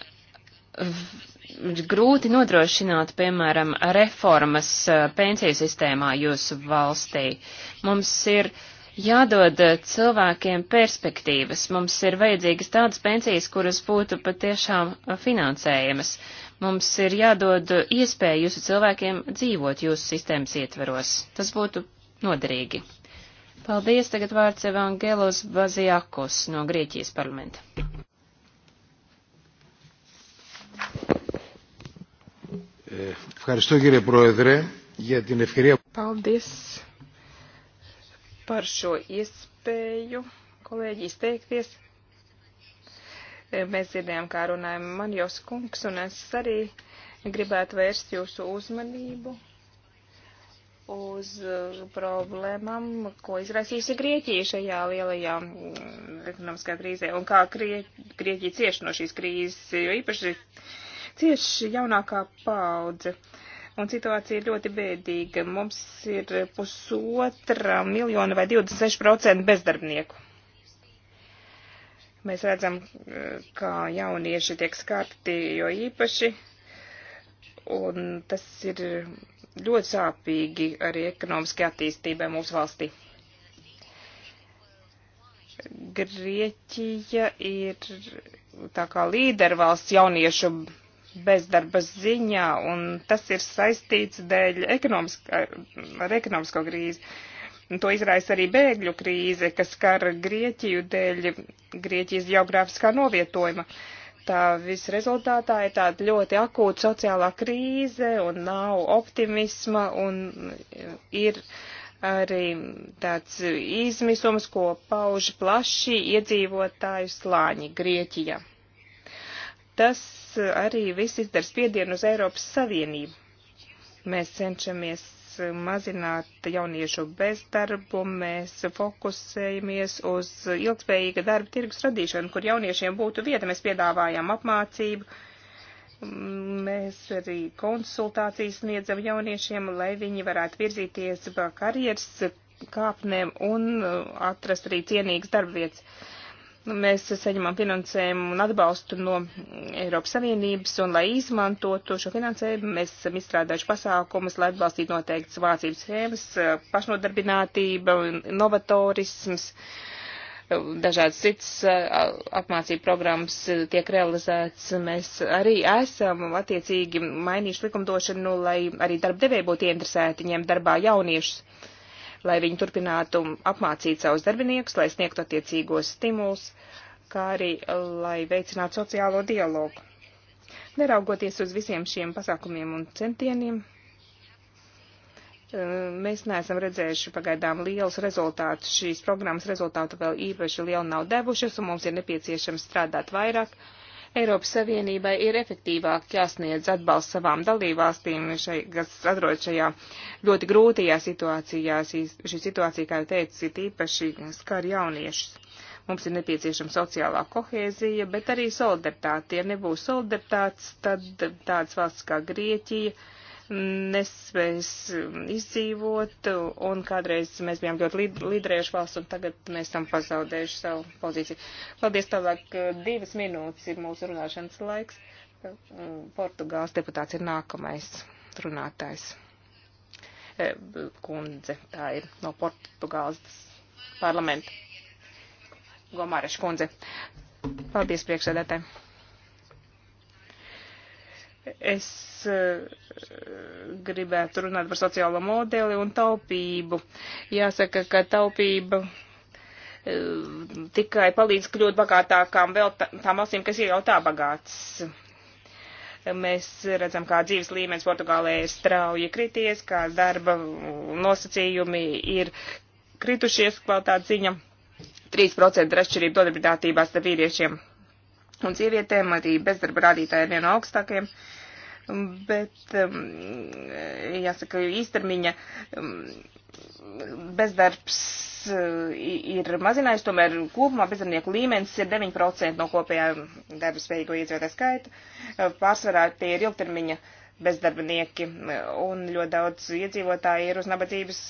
grūti nodrošināt, piemēram, reformas pensiju sistēmā jūsu valstī. Mums ir uh, jādod eh, cilvēkiem perspektīvas. Mums ir vajadzīgas tādas pensijas, kuras būtu patiešām eh, finansējamas. Mums ir jādod iespēju jūsu cilvēkiem dzīvot jūsu sistēmas ietveros. Tas būtu noderīgi. Paldies, tagad vārds Evangelos Baziakos no Grieķijas parlamenta. Eh, ευχαριστώ κύριε Πρόεδρε για την ευκαιρία. Paldies par šo iespēju kolēģi izteikties. E, mēs dzirdējām, kā runājam man jau skunks, un es arī gribētu vērst jūsu uzmanību uz e, problēmām, ko izraisījusi Grieķija šajā lielajā ekonomiskā krīzē, un kā Grie Grieķija cieš no šīs krīzes, jo īpaši cieš jaunākā paudze. Uh, un situācija ir ļoti bēdīga. Mums ir pusotra miljona vai 26% bezdarbnieku. Mēs redzam, kā jaunieši tiek skarti jo īpaši, un tas ir ļoti sāpīgi arī ekonomiskai attīstībai mūsu valstī. Grieķija ir tā kā līdervalsts jauniešu bezdarba ziņā, un tas ir saistīts dēļ ekonomiskā, ar ekonomisko krīzi. To izraisa arī bēgļu krīze, kas skar Grieķiju dēļ Grieķijas geogrāfiskā novietojuma. Tā viss rezultātā ir tāda ļoti akūta sociālā krīze un nav optimisma un ir arī tāds izmisums, ko pauž plaši iedzīvotāju slāņi Grieķijā. Tas arī viss izdara spiedienu uz Eiropas Savienību. Mēs cenšamies mazināt jauniešu bezdarbu, mēs fokusējamies uz ilgspējīga darba tirgus radīšanu, kur jauniešiem būtu vieta. Mēs piedāvājam apmācību, mēs arī konsultācijas sniedzam jauniešiem, lai viņi varētu virzīties pa karjeras kāpnēm un atrast arī cienīgas darbvietas. Nu, mēs saņemam finansējumu un atbalstu no Eiropas Savienības, un, lai izmantotu šo finansējumu, mēs esam izstrādājuši pasākumus, lai atbalstītu noteiktas vācības schēmas, pašnodarbinātība, novatorisms, dažādas citas apmācību programmas tiek realizētas. Mēs arī esam attiecīgi mainījuši likumdošanu, lai arī darbdevēji būtu interesēti ņemt darbā jauniešus lai viņi turpinātu apmācīt savus darbiniekus, lai sniegtu attiecīgos stimulus, kā arī lai veicinātu sociālo dialogu. Neraugoties uz visiem šiem pasākumiem un centieniem, eh, mēs neesam redzējuši pagaidām liels rezultāts. Šīs programmas rezultātu vēl īpaši liela nav devušas, un mums ir nepieciešams strādāt vairāk Eiropas Savienībai ir efektīvāk jāsniedz atbalsts savām dalībvalstīm, šai, kas atrodas šajā ļoti grūtajā situācijā. Šī situācija, kā jau teicu, ir īpaši skar jauniešus. Mums ir nepieciešama sociālā kohēzija, bet arī solidaritāte. Ja nebūs solidaritātes, tad tādas valsts kā Grieķija, nespējas um, izdzīvot, un kādreiz mēs bijām ļoti līderējuši valsts, un tagad mēs esam pazaudējuši savu pozīciju. Paldies tālāk, uh, divas minūtes ir mūsu runāšanas laiks. Mm, Portugāls deputāts ir nākamais runātājs. E, kundze, tā ir no Portugāles parlamenta. Gomareša kundze. Paldies priekšsēdētājiem. Es eh, gribētu runāt par sociālo modeli un taupību. Jāsaka, ka taupība eh, tikai palīdz kļūt bagātākām vēl tām valstīm, kas ir jau tā bagātas. Mēs redzam, kā dzīves līmenis Portugālē ir strauji krities, kā darba nosacījumi ir kritušies kvalitātes ziņa. 3% ir atšķirība dodarbinātībā starp vīriešiem un sievietēm arī bezdarba rādītāji ir viena no augstākajiem. Um, bet, um, jāsaka, īstermiņa um, bezdarbs uh, ir mazinājis, tomēr kopumā bezdarbnieku līmenis ir 9% no kopējā darba spējīgo iedzīvotāju skaita. Uh, pārsvarā tie ir ilgtermiņa bezdarbnieki uh, un ļoti daudz iedzīvotāji ir uz nabadzības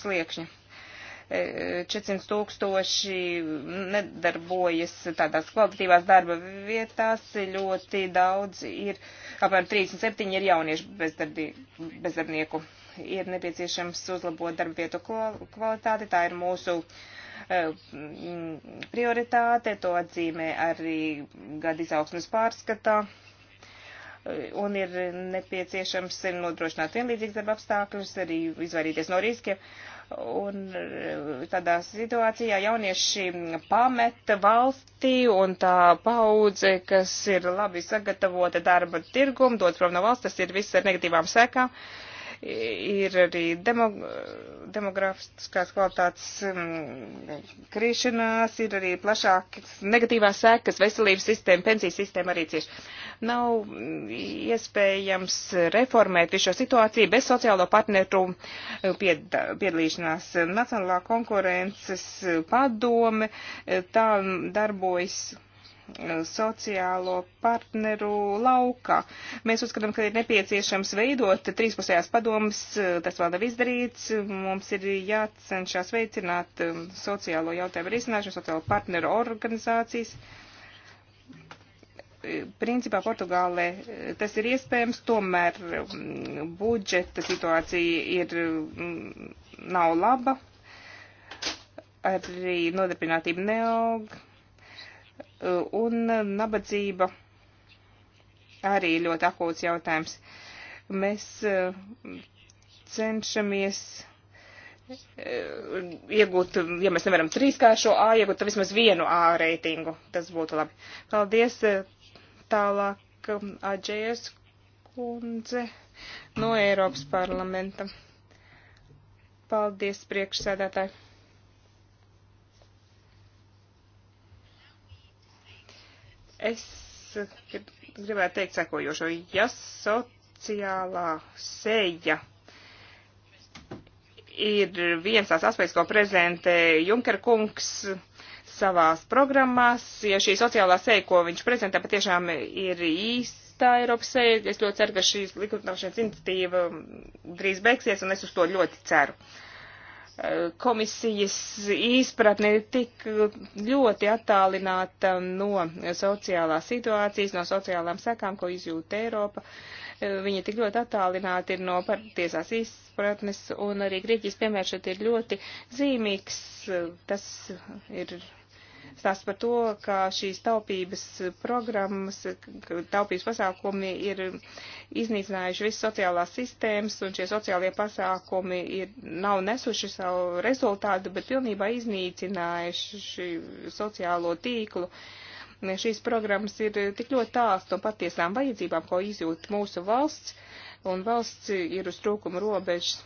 sliekšņa. 400 tūkstoši nedarbojas tādās kvalitatīvās darba vietās, ļoti daudz ir, apmēram 37 ir jauniešu bezdarbi, bezdarbnieku. Ir nepieciešams uzlabot darba vietu kvalitāti, tā ir mūsu e, prioritāte, to atzīmē arī gada izaugsmes pārskatā un ir nepieciešams nodrošināt vienlīdzīgas darba apstākļus, arī izvairīties no riskiem. Un eh, tādā situācijā jaunieši pameta valsti un tā paudze, kas ir labi sagatavota darba tirgumu, dod prom no valsts, tas ir viss ar negatīvām sekām. Uh, ir arī demog demografiskās kvalitātes um, krišanās, ir arī plašākas negatīvās sekas veselības sistēma, pensijas sistēma arī cieši. Nav iespējams reformēt visu šo situāciju bez sociālo partneru uh, piedalīšanās. Nacionālā konkurences padome uh, tā darbojas sociālo partneru laukā. Mēs uzskatām, ka ir nepieciešams veidot trīspusējās padomas, tas vēl nav izdarīts, mums ir jācenšas veicināt um, sociālo jautājumu risināšanu, sociālo partneru organizācijas. Principā Portugālē eh, tas ir iespējams, tomēr um, budžeta situācija ir, um, nav laba, arī nodarbinātība neaug un nabadzība arī ļoti akūts jautājums. Mēs eh, cenšamies eh, iegūt, ja mēs nevaram trīskāršo A iegūt, tad vismaz vienu A reitingu. Tas būtu labi. Paldies. Eh, tālāk um, Aģējas kundze no Eiropas parlamenta. Paldies, priekšsēdētāji. Es gribētu teikt sekojošo. Ja sociālā sēja ir viens tās aspekts, ko prezentē Junker kungs savās programmās, ja šī sociālā sēja, ko viņš prezentē, patiešām ir īstā Eiropas sēja, es ļoti ceru, ka šī likumdošanas iniciatīva drīz beigsies, un es uz to ļoti ceru. Uh, komisijas izpratne ir tik ļoti attālināta no sociālās situācijas, no sociālām sekām, ko izjūta Eiropa. Viņa tik ļoti attālināta ir no patiesās izpratnes, un arī Grieķijas piemērs šeit ir ļoti zīmīgs. Tas ir stāsts par to, ka šīs taupības programmas, taupības pasākumi ir iznīcinājuši visas sociālās sistēmas, un šie sociālie pasākumi ir, nav nesuši savu rezultātu, bet pilnībā iznīcinājuši sociālo tīklu. Šīs programmas ir tik ļoti tāls no patiesām vajadzībām, ko izjūt mūsu valsts, un valsts ir uz trūkuma robežas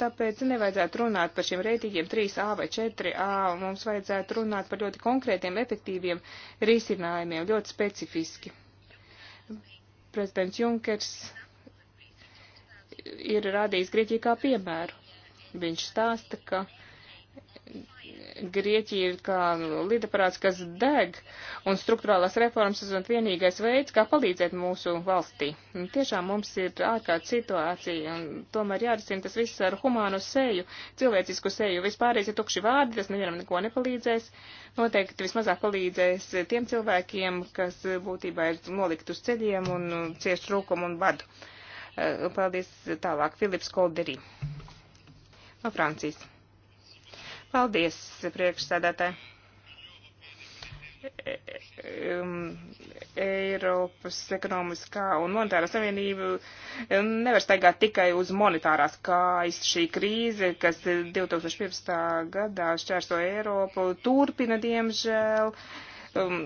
tāpēc nevajadzētu runāt par šiem reitīgiem 3A vai 4A, mums vajadzētu runāt par ļoti konkrētiem, efektīviem risinājumiem, ļoti specifiski. Prezidents Junkers ir rādījis Grieķiju kā piemēru. Viņš stāsta, ka uh, Grieķija ir kā lidaparāts, kas deg, un struktūrālās reformas esot vienīgais veids, kā palīdzēt mūsu valstī. Tiešām mums ir ārkārt situācija, un tomēr jārisina tas viss ar humānu seju, cilvēcisku seju. Vispārējais ir ja tukši vārdi, tas nevienam neko nepalīdzēs. Noteikti vismazāk palīdzēs tiem cilvēkiem, kas būtībā ir nolikt uz ceļiem un cieš trūkumu un badu. Paldies tālāk, Filips Kolderī no Francijas. Paldies, priekšsēdētāji. E, um, Eiropas ekonomiskā un monetārā savienība um, nevar staigāt tikai uz monetārās kājas. Šī krīze, kas 2015. gadā šķērso Eiropu, turpina, diemžēl, um,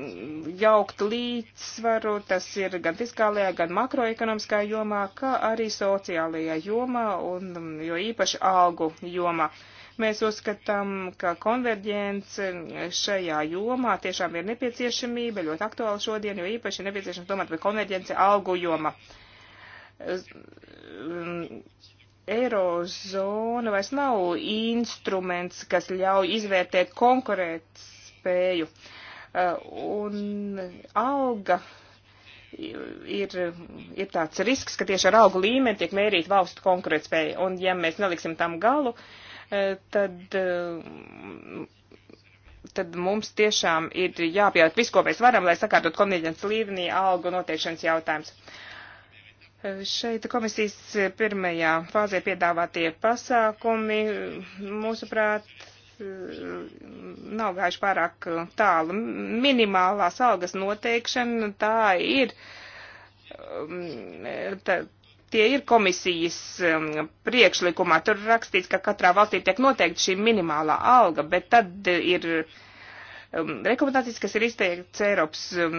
jaukt līdzsvaru. Tas ir gan fiskālajā, gan makroekonomiskā jomā, kā arī sociālajā jomā, un jo īpaši algu jomā. Uh, Mēs uzskatām, ka konverģence šajā jomā tiešām ir nepieciešamība, ļoti aktuāla šodien, jo īpaši ir nepieciešams domāt par konverģenci algu jomā. Um, Eirozona vairs nav instruments, kas ļauj izvērtēt konkurēt spēju. Uh, un alga ir, ir tāds risks, ka tieši ar augu līmeni tiek mērīta valstu konkurētspēja. Un ja mēs neliksim tam galu, uh, Eh, tad, eh, tad mums tiešām ir jāpjaukt visu, ko mēs varam, lai sakārtot konveģents līmenī algu noteikšanas jautājums. Eh, šeit komisijas pirmajā fāzē piedāvātie pasākumi, mūsuprāt, nav gājuši pārāk tālu. Minimālās algas noteikšana tā ir. Tā, Tie ir komisijas um, priekšlikumā. Tur rakstīts, ka katrā valstī tiek noteikta šī minimālā alga, bet tad uh, ir um, rekomendācijas, kas ir izteikts Eiropas um,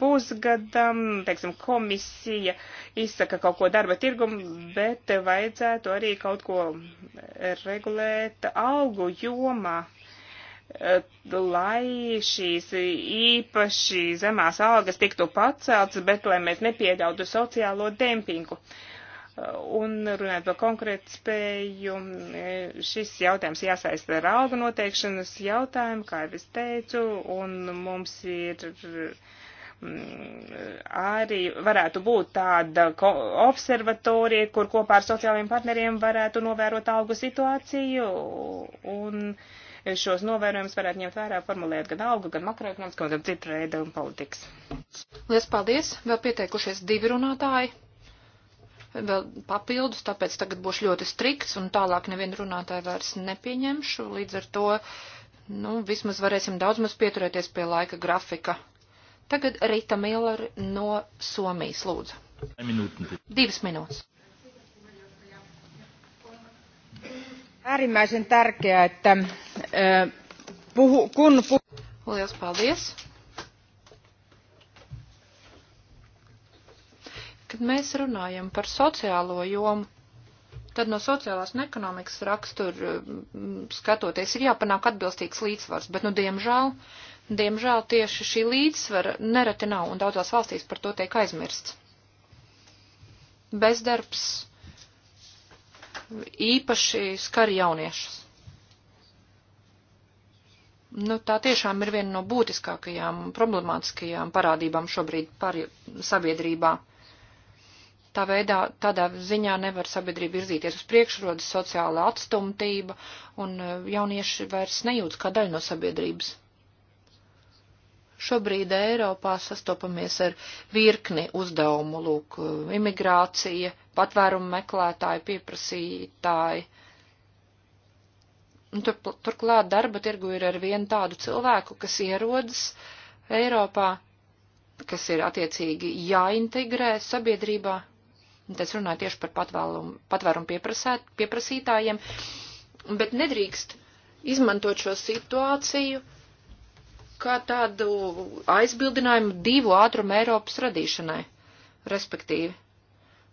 pusgadam, teiksim, komisija izsaka kaut ko darba tirgumu, bet vajadzētu arī kaut ko regulēt algu jomā. Eh, lai šīs īpaši zemās algas tiktu paceltas, bet lai mēs nepieļautu sociālo dempingu. Eh, un runājot par konkrētu spēju, eh, šis jautājums jāsaista ar algu noteikšanas jautājumu, kā jau es teicu, un mums ir mm, arī varētu būt tāda observatorija, kur kopā ar sociālajiem partneriem varētu novērot algu situāciju. Un, uh, šos novērojumus varētu ņemt vērā, formulēt gan algu, gan makroekonomisko, gan citu veidu politikas. Lielas paldies! Vēl pieteikušies divi runātāji. Vēl papildus, tāpēc tagad būšu ļoti strikts un tālāk nevienu runātāju vairs nepieņemšu. Līdz ar to, nu, vismaz varēsim daudz maz pieturēties pie laika grafika. Tagad Rita Miller no Somijas lūdzu. Minūten. Divas minūtes. Äärimmäisen tärkeää, että Eh, puhu, kun puhu. Lielas paldies! Kad mēs runājam par sociālo jomu, tad no sociālās un ekonomikas rakstura mm, skatoties ir jāpanāk atbilstīgs līdzsvars, bet, nu, diemžēl, diemžēl tieši šī līdzsvara nereti nav un daudzās valstīs par to tiek aizmirsts. Bezdarbs īpaši skar jauniešus. Nu, tā tiešām ir viena no būtiskākajām un problemātiskajām parādībām šobrīd par sabiedrībā. Tā veidā, tādā ziņā nevar sabiedrība virzīties uz priekšrodas sociāla atstumtība, un e, jaunieši vairs nejūtas kā daļa no sabiedrības. Šobrīd Eiropā sastopamies ar virkni uzdevumu, lūk, e, imigrācija, patvērumu meklētāji, pieprasītāji, uh, Nu, tur, turklāt darba tirgu ir ar vienu tādu cilvēku, kas ierodas Eiropā, kas ir attiecīgi jāintegrē sabiedrībā. Un es runāju tieši par patvērumu, patvērumu pieprasītājiem, bet nedrīkst izmantot šo situāciju kā tādu aizbildinājumu divu ātrumu Eiropas radīšanai, respektīvi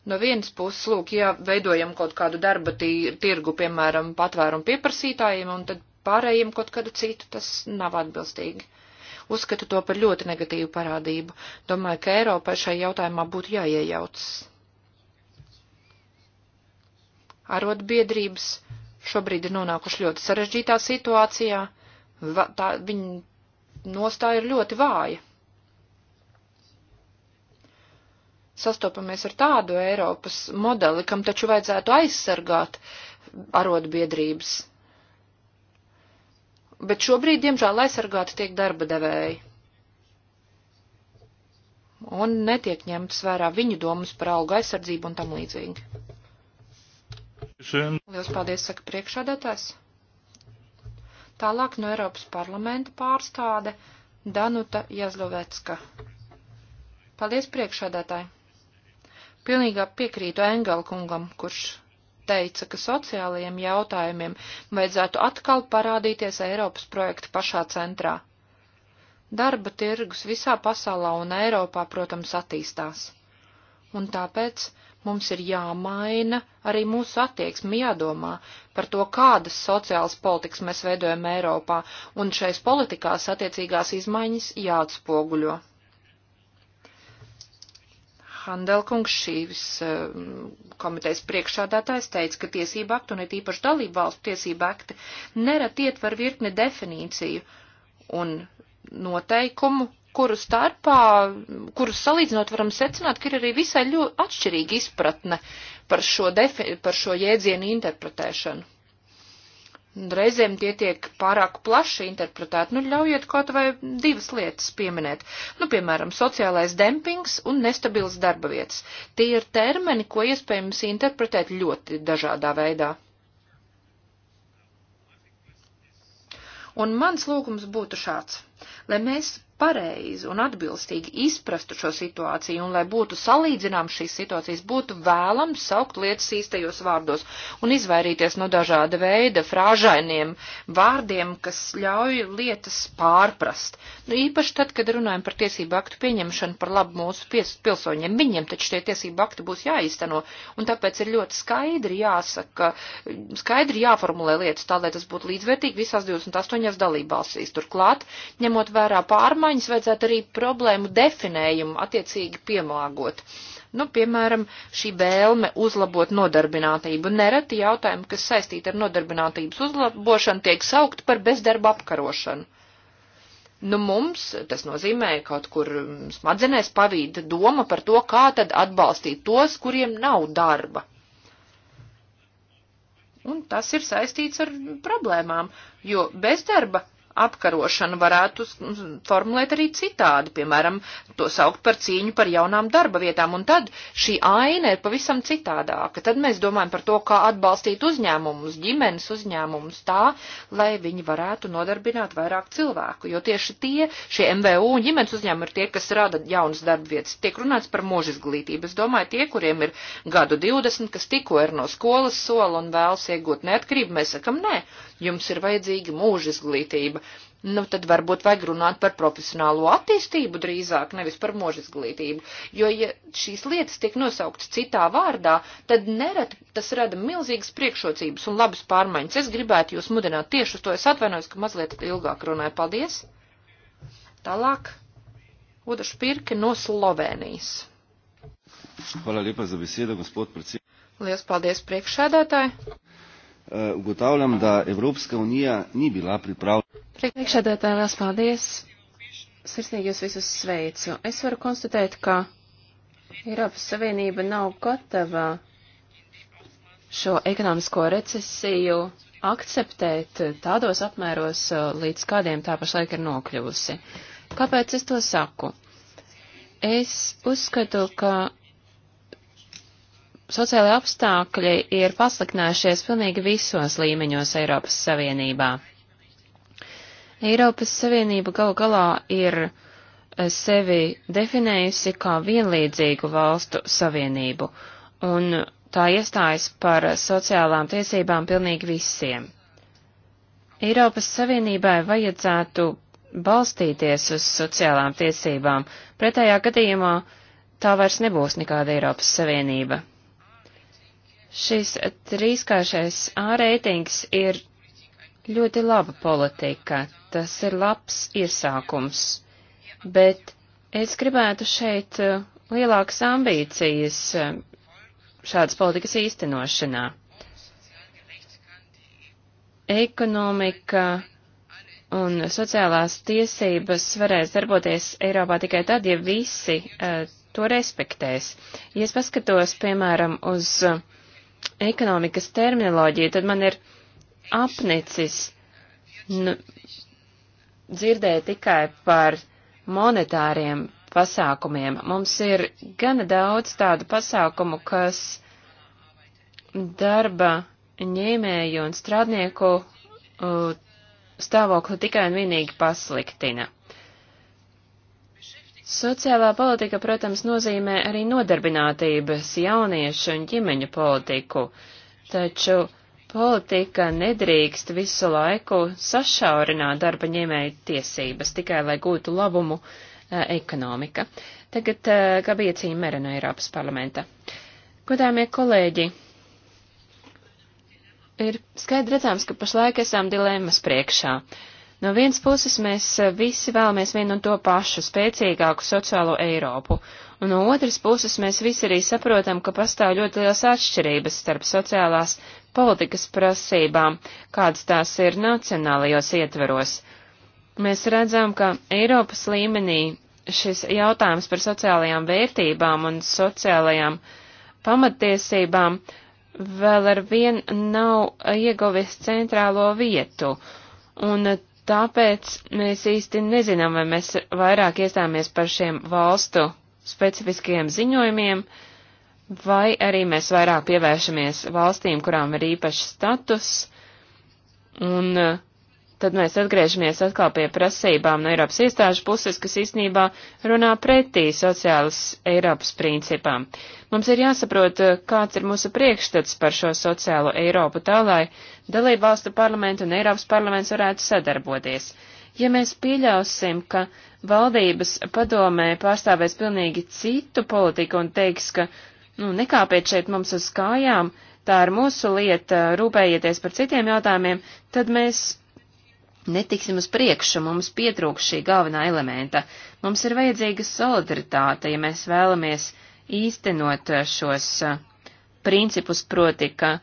No vienas puses, lūk, ja veidojam kaut kādu darba tirgu, piemēram, patvērumu pieprasītājiem, un tad pārējiem kaut kādu citu, tas nav atbilstīgi. Uzskatu to par ļoti negatīvu parādību. Domāju, ka Eiropai šai jautājumā būtu jāiejaucas. Arotbiedrības šobrīd ir nonākuši ļoti sarežģītā situācijā. Va, tā, viņa nostāja ir ļoti vāja. sastopamies ar tādu Eiropas modeli, kam taču vajadzētu aizsargāt arotbiedrības. Bet šobrīd, diemžēl, aizsargāti tiek darba devēji. Un netiek ņemtas vērā viņu domas par algu aizsardzību un tam līdzīgi. Lielas paldies, saka priekšādātājs. Tālāk no Eiropas parlamenta pārstāde Danuta Jazlovecka. Paldies priekšādātāji! Pilnīgā piekrītu Engelkungam, kurš teica, ka sociālajiem jautājumiem vajadzētu atkal parādīties Eiropas projekta pašā centrā. Darba tirgus visā pasaulā un Eiropā, protams, attīstās. Un tāpēc mums ir jāmaina arī mūsu attieksmi, jādomā par to, kādas sociālas politikas mēs veidojam Eiropā, un šais politikās attiecīgās izmaiņas jāatspoguļo. Handelkungs šīs um, komitejas priekšādātājs teica, ka tiesība aktu un ir īpaši dalību valstu tiesība akti nerat ietver virkni definīciju un noteikumu, kuru starpā, kurus salīdzinot varam secināt, ka ir arī visai ļoti atšķirīga izpratne par šo, defi, par šo jēdzienu interpretēšanu. Reizēm tie tiek pārāk plaši interpretēti. Nu, ļaujiet kaut vai divas lietas pieminēt. Nu, piemēram, sociālais dempings un nestabils darba vietas. Tie ir termini, ko iespējams interpretēt ļoti dažādā veidā. Un mans lūgums būtu šāds, lai mēs pareizi un atbilstīgi izprastu šo situāciju un lai būtu salīdzināms šīs situācijas, būtu vēlams saukt lietas īstajos vārdos un izvairīties no dažāda veida frāžainiem vārdiem, kas ļauj lietas pārprast. Nu, īpaši tad, kad runājam par tiesību aktu pieņemšanu par labu mūsu pilsoņiem, viņiem taču tie tiesību akti būs jāīsteno un tāpēc ir ļoti skaidri jāsaka, skaidri jāformulē lietas tā, lai tas būtu līdzvērtīgi visās 28 dalībvalstīs. Turklāt, ņemot vērā pārmaiņas, izmaiņas vajadzētu arī problēmu definējumu attiecīgi piemāgot. Nu, piemēram, šī vēlme uzlabot nodarbinātību. Nereti jautājumi, kas saistīti ar nodarbinātības uzlabošanu, tiek saukti par bezdarba apkarošanu. Nu, mums tas nozīmē kaut kur mm, smadzenēs pavīda doma par to, kā tad atbalstīt tos, kuriem nav darba. Un tas ir saistīts ar problēmām, jo bezdarba apkarošanu varētu formulēt arī citādi, piemēram, to saukt par cīņu par jaunām darba vietām, un tad šī aina ir pavisam citādāka. Tad mēs domājam par to, kā atbalstīt uzņēmumus, ģimenes uzņēmumus tā, lai viņi varētu nodarbināt vairāk cilvēku, jo tieši tie, šie MVU un ģimenes uzņēmumi ir tie, kas rada jaunas darba vietas. Tiek runāts par mūža izglītību. Es domāju, tie, kuriem ir gadu 20, kas tikko ir no skolas sola un vēlas iegūt neatkarību, mēs sakam, nē, jums ir vajadzīga mūža izglītība nu tad varbūt vajag runāt par profesionālo attīstību drīzāk, nevis par mūžizglītību. Jo, ja šīs lietas tiek nosauktas citā vārdā, tad neret tas rada milzīgas priekšrocības un labas pārmaiņas. Es gribētu jūs mudināt tieši uz to. Es atvainojos, ka mazliet ilgāk runāju. Paldies! Tālāk. Uda Špirke no Slovenijas. Hvala lepa za besedo, gospod predsednik. Lielas paldies priekšsēdētāji. Uh, ugotavljam, da Evropska unija ni bila pripravljena Priekšādētāji, liels paldies! Sirsnīgi jūs visus sveicu. Es varu konstatēt, ka Eiropas Savienība nav gatava šo ekonomisko recesiju akceptēt tādos apmēros, līdz kādiem tā pašlaik ir nokļuvusi. Kāpēc es to saku? Es uzskatu, ka sociālai apstākļi ir pasliknējušies pilnīgi visos līmeņos Eiropas Savienībā. Eiropas Savienība gal galā ir eh, sevi definējusi kā vienlīdzīgu valstu savienību, un tā iestājas par sociālām tiesībām pilnīgi visiem. Eiropas Savienībai vajadzētu balstīties uz sociālām tiesībām, pretējā gadījumā tā vairs nebūs nekāda Eiropas Savienība. Šis trīskāršais A reitings ir ļoti laba politika, tas ir labs iesākums, bet es gribētu šeit uh, lielākas ambīcijas uh, šādas politikas īstenošanā. Ekonomika un sociālās tiesības varēs darboties Eiropā tikai tad, ja visi uh, to respektēs. Ja es paskatos, piemēram, uz uh, ekonomikas terminoloģiju, tad man ir apnicis nu, dzirdēja tikai par monetāriem pasākumiem. Mums ir gana daudz tādu pasākumu, kas darba ņēmēju un strādnieku uh, stāvokli tikai un vienīgi pasliktina. Sociālā politika, protams, nozīmē arī nodarbinātības, jauniešu un ģimeņu politiku, taču Politika nedrīkst visu laiku sašaurināt darba ņēmēju tiesības tikai, lai gūtu labumu eh, ekonomika. Tagad eh, Gabija Cīmere no Eiropas parlamenta. Godāmie kolēģi, ir skaidrs redzams, ka pašlaik esam dilemmas priekšā. Uh, No vienas puses mēs e, visi vēlamies vienu un to pašu spēcīgāku sociālo Eiropu, un no otras puses mēs visi arī saprotam, ka pastāv ļoti liels atšķirības starp sociālās politikas prasībām, kādas tās ir nacionālajos ietveros. Mēs redzam, ka Eiropas līmenī šis jautājums par sociālajām vērtībām un sociālajām pamatiesībām vēl ar vien nav ieguvis centrālo vietu, un Tāpēc mēs īsti nezinām, vai mēs vairāk iestāmies par šiem valstu specifiskajiem ziņojumiem, vai arī mēs vairāk pievēršamies valstīm, kurām ir īpašs status, un uh, tad mēs atgriežamies atkal pie prasībām no Eiropas iestāžu puses, kas īstenībā runā pretī sociālas Eiropas principām. Mums ir jāsaprot, eh, kāds ir mūsu priekšstats par šo sociālo Eiropu tā, lai dalību valstu parlamentu un Eiropas parlaments varētu sadarboties. Ja mēs pieļausim, ka valdības padomē pārstāvēs pilnīgi citu politiku un teiks, ka, nu, nekāpiet šeit mums uz kājām, tā ir mūsu lieta, rūpējieties par citiem jautājumiem, tad mēs netiksim uz priekšu, mums pietrūks šī galvenā elementa. Mums ir vajadzīga solidaritāte, ja mēs vēlamies īstenot šos uh, principus, proti, ka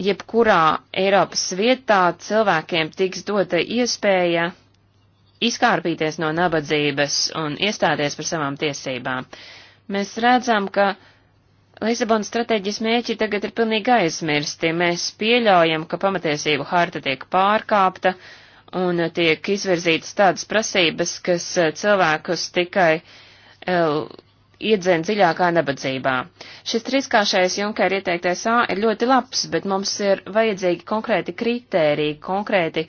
jebkurā Eiropas vietā cilvēkiem tiks dota iespēja izkārpīties no nabadzības un iestāties par savām tiesībām. Mēs redzam, ka Lisabonas stratēģijas mēķi tagad ir pilnīgi aizmirsti. Mēs pieļaujam, ka pamatiesību harta tiek pārkāpta un tiek izvirzītas tādas prasības, kas eh, cilvēkus tikai el, eh, iedzēna dziļākā nabadzībā. Šis triskāšais Junker ieteiktais A ir ļoti labs, bet mums ir vajadzīgi konkrēti kritēriji, konkrēti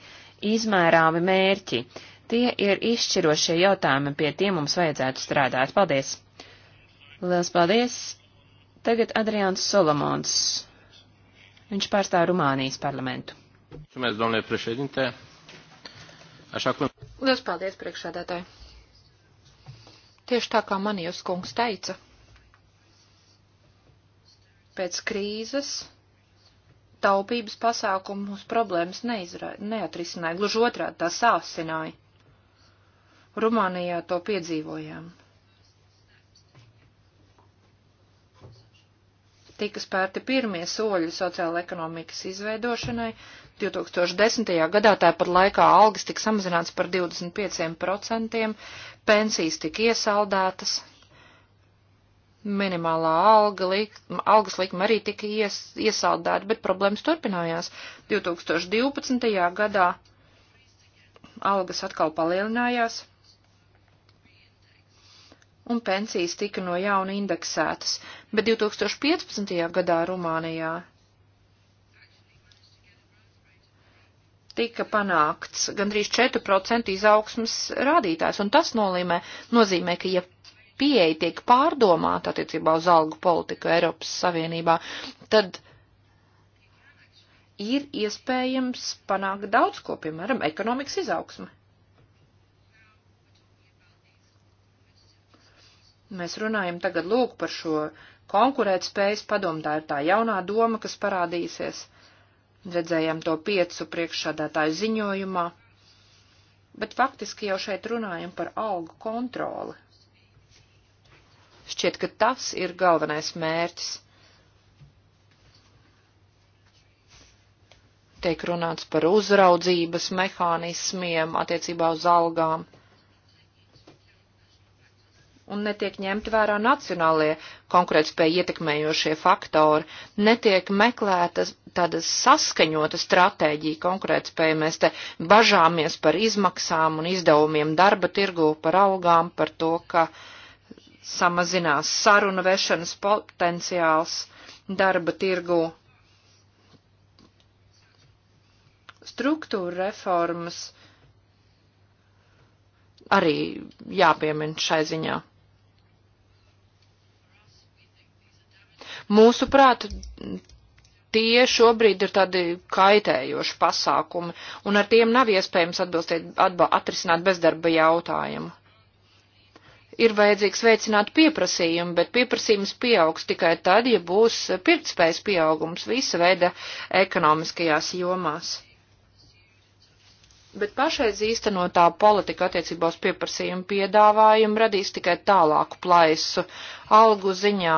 izmērāmi mērķi. Tie ir izšķirošie jautājumi, pie tiem mums vajadzētu strādāt. Paldies! Lielas paldies! Tagad Adrians Solomons. Viņš pārstāv Rumānijas parlamentu. Mēs, domnule președinte, așa cum... Liels paldies, priekšsēdētāji. Tieši tā kā man jūs kungs teica, pēc krīzes taupības pasākumu mūsu problēmas neizra... neatrisināja, gluži otrādi tā sāsināja. Rumānijā to piedzīvojām. tika spērti pirmie soļi sociāla ekonomikas izveidošanai. 2010. gadā tāpat laikā algas tika samazināts par 25%, pensijas tika iesaldētas, minimālā alga, lik, algas likme arī tika ies, iesaldēta, bet problēmas turpinājās. 2012. gadā algas atkal palielinājās un pensijas tika no jauna indeksētas, bet 2015. gadā Rumānijā tika panākts gandrīz 4% izaugsmas rādītājs, un tas nolīmē, nozīmē, ka ja pieeja tiek pārdomāta attiecībā uz algu politiku Eiropas Savienībā, tad ir iespējams panākt daudz ko, piemēram, ekonomikas izaugsme. Mēs runājam tagad lūk par šo konkurētspējas padomu, tā ir tā jaunā doma, kas parādīsies. Redzējām to piecu priekšsādātāju ziņojumā, bet faktiski jau šeit runājam par algu kontroli. Šķiet, ka tas ir galvenais mērķis. Tiek runāts par uzraudzības mehānismiem attiecībā uz algām un netiek ņemt vērā nacionālie konkurētspēja ietekmējošie faktori, netiek meklēta tāda saskaņota stratēģija konkurētspēja. Mēs te bažāmies par izmaksām un izdevumiem darba tirgu, par algām, par to, ka samazinās sarunu vešanas potenciāls darba tirgu. Struktūra reformas arī jāpiemina šai ziņā. Mūsuprāt, tie šobrīd ir tādi kaitējoši pasākumi, un ar tiem nav iespējams atbilstīt, atba, atrisināt bezdarba jautājumu. Ir vajadzīgs veicināt pieprasījumu, bet pieprasījums pieaugs tikai tad, ja būs pirktspējas pieaugums visa veida ekonomiskajās jomās. Bet pašreiz īstenotā politika attiecībā uz pieprasījumu piedāvājumu radīs tikai tālāku plaisu algu ziņā,